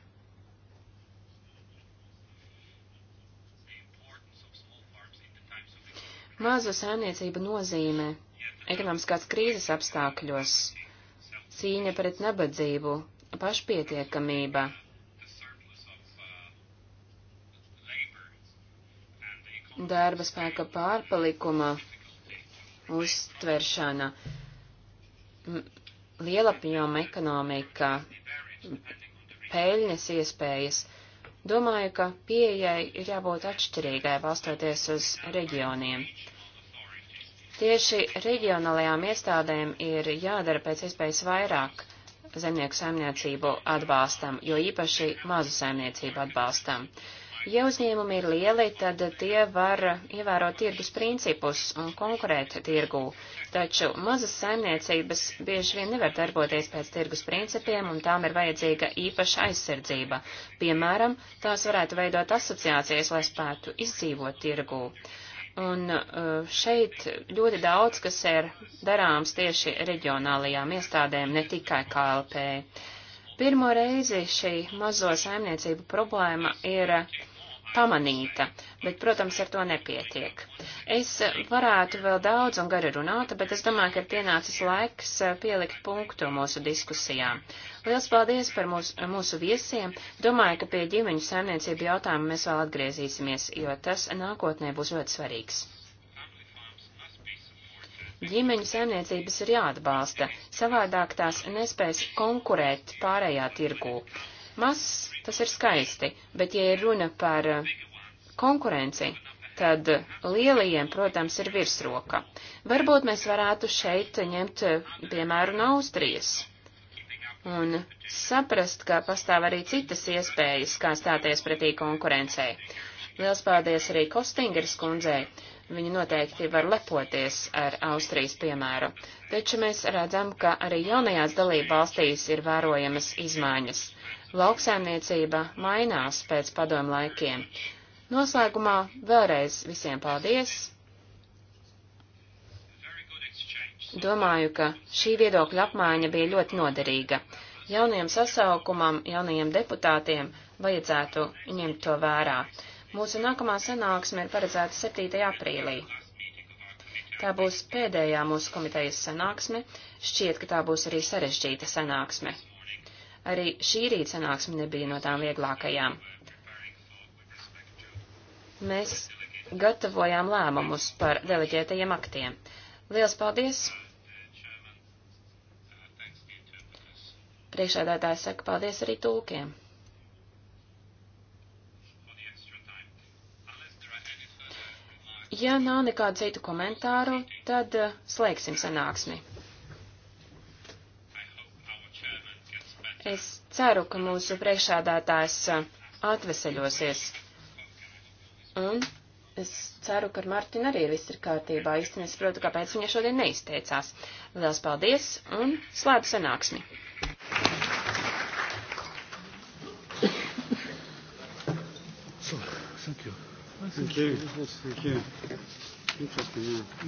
Maza saimniecība nozīme ekonomiskās krīzes apstākļos, cīņa pret nabadzību, pašpietiekamība. Darba spēka pārpalikuma uztveršana. Lielapjoma ekonomika, peļņas iespējas. Domāju, ka pieejai ir jābūt atšķirīgai, balstoties uz reģioniem. Tieši reģionālajām iestādēm ir jādara pēc iespējas vairāk zemnieku saimniecību atbalstam, jo īpaši mazu saimniecību atbalstam. Uh, Ja uzņēmumi ir lieli, tad tie var ievērot tirgus principus un konkurēt tirgū, taču mazas saimniecības bieži vien nevar darboties pēc tirgus principiem, un tām ir vajadzīga īpaša aizsardzība. Piemēram, tās varētu veidot asociācijas, lai spētu izdzīvot tirgū. Un uh, šeit ļoti daudz, kas ir darāms tieši reģionālajām iestādēm, ne tikai KLP. Pirmo reizi šī mazo saimniecību problēma ir pamanīta, bet, protams, ar to nepietiek. Es varētu vēl daudz un gari runāt, bet es domāju, ka ir pienācis laiks eh, pielikt punktu mūsu diskusijām. Liels paldies par mūs, mūsu viesiem. Domāju, ka pie ģimeņu saimniecību jautājumu mēs vēl atgriezīsimies, jo tas nākotnē būs ļoti svarīgs. Ģimeņu saimniecības ir jāatbalsta, savādāk tās nespēs konkurēt pārējā tirgū mazs, tas ir skaisti, bet ja ir runa par eh, konkurenci, tad lielajiem, protams, ir virsroka. Varbūt mēs varētu šeit ņemt piemēru no Austrijas un saprast, ka pastāv arī citas iespējas, kā stāties pretī konkurencei. Liels paldies arī Kostingers kundzei. Viņa noteikti var lepoties ar Austrijas piemēru, taču mēs redzam, ka arī jaunajās dalība valstīs ir vērojamas izmaiņas. Lauksaimniecība mainās pēc padomu laikiem. Noslēgumā vēlreiz visiem paldies. Domāju, ka šī viedokļa apmaiņa bija ļoti noderīga. Jaunajam sasaukumam, jaunajiem deputātiem vajadzētu ņemt to vērā. Mūsu nākamā sanāksme ir paredzēta 7. aprīlī. Tā būs pēdējā mūsu komitejas sanāksme, šķiet, ka tā būs arī sarežģīta sanāksme. Arī šī rīta sanāksme nebija no tām vieglākajām. Mēs gatavojām lēmumus par deleģētajiem aktiem. Liels paldies! Priekšādātājs saka paldies arī tūkiem. Ja nav nekādu citu komentāru, tad slēgsim sanāksmi. Es ceru, ka mūsu priekšādātājs uh, atveseļosies. Un es ceru, ka ar Martinu arī viss ir kārtībā. Īstenībā es saprotu, kāpēc viņa šodien neizteicās. Lielas paldies un slēdzu sanāksmi!
So, thank you. Thank you. Thank you. Interesting, yeah.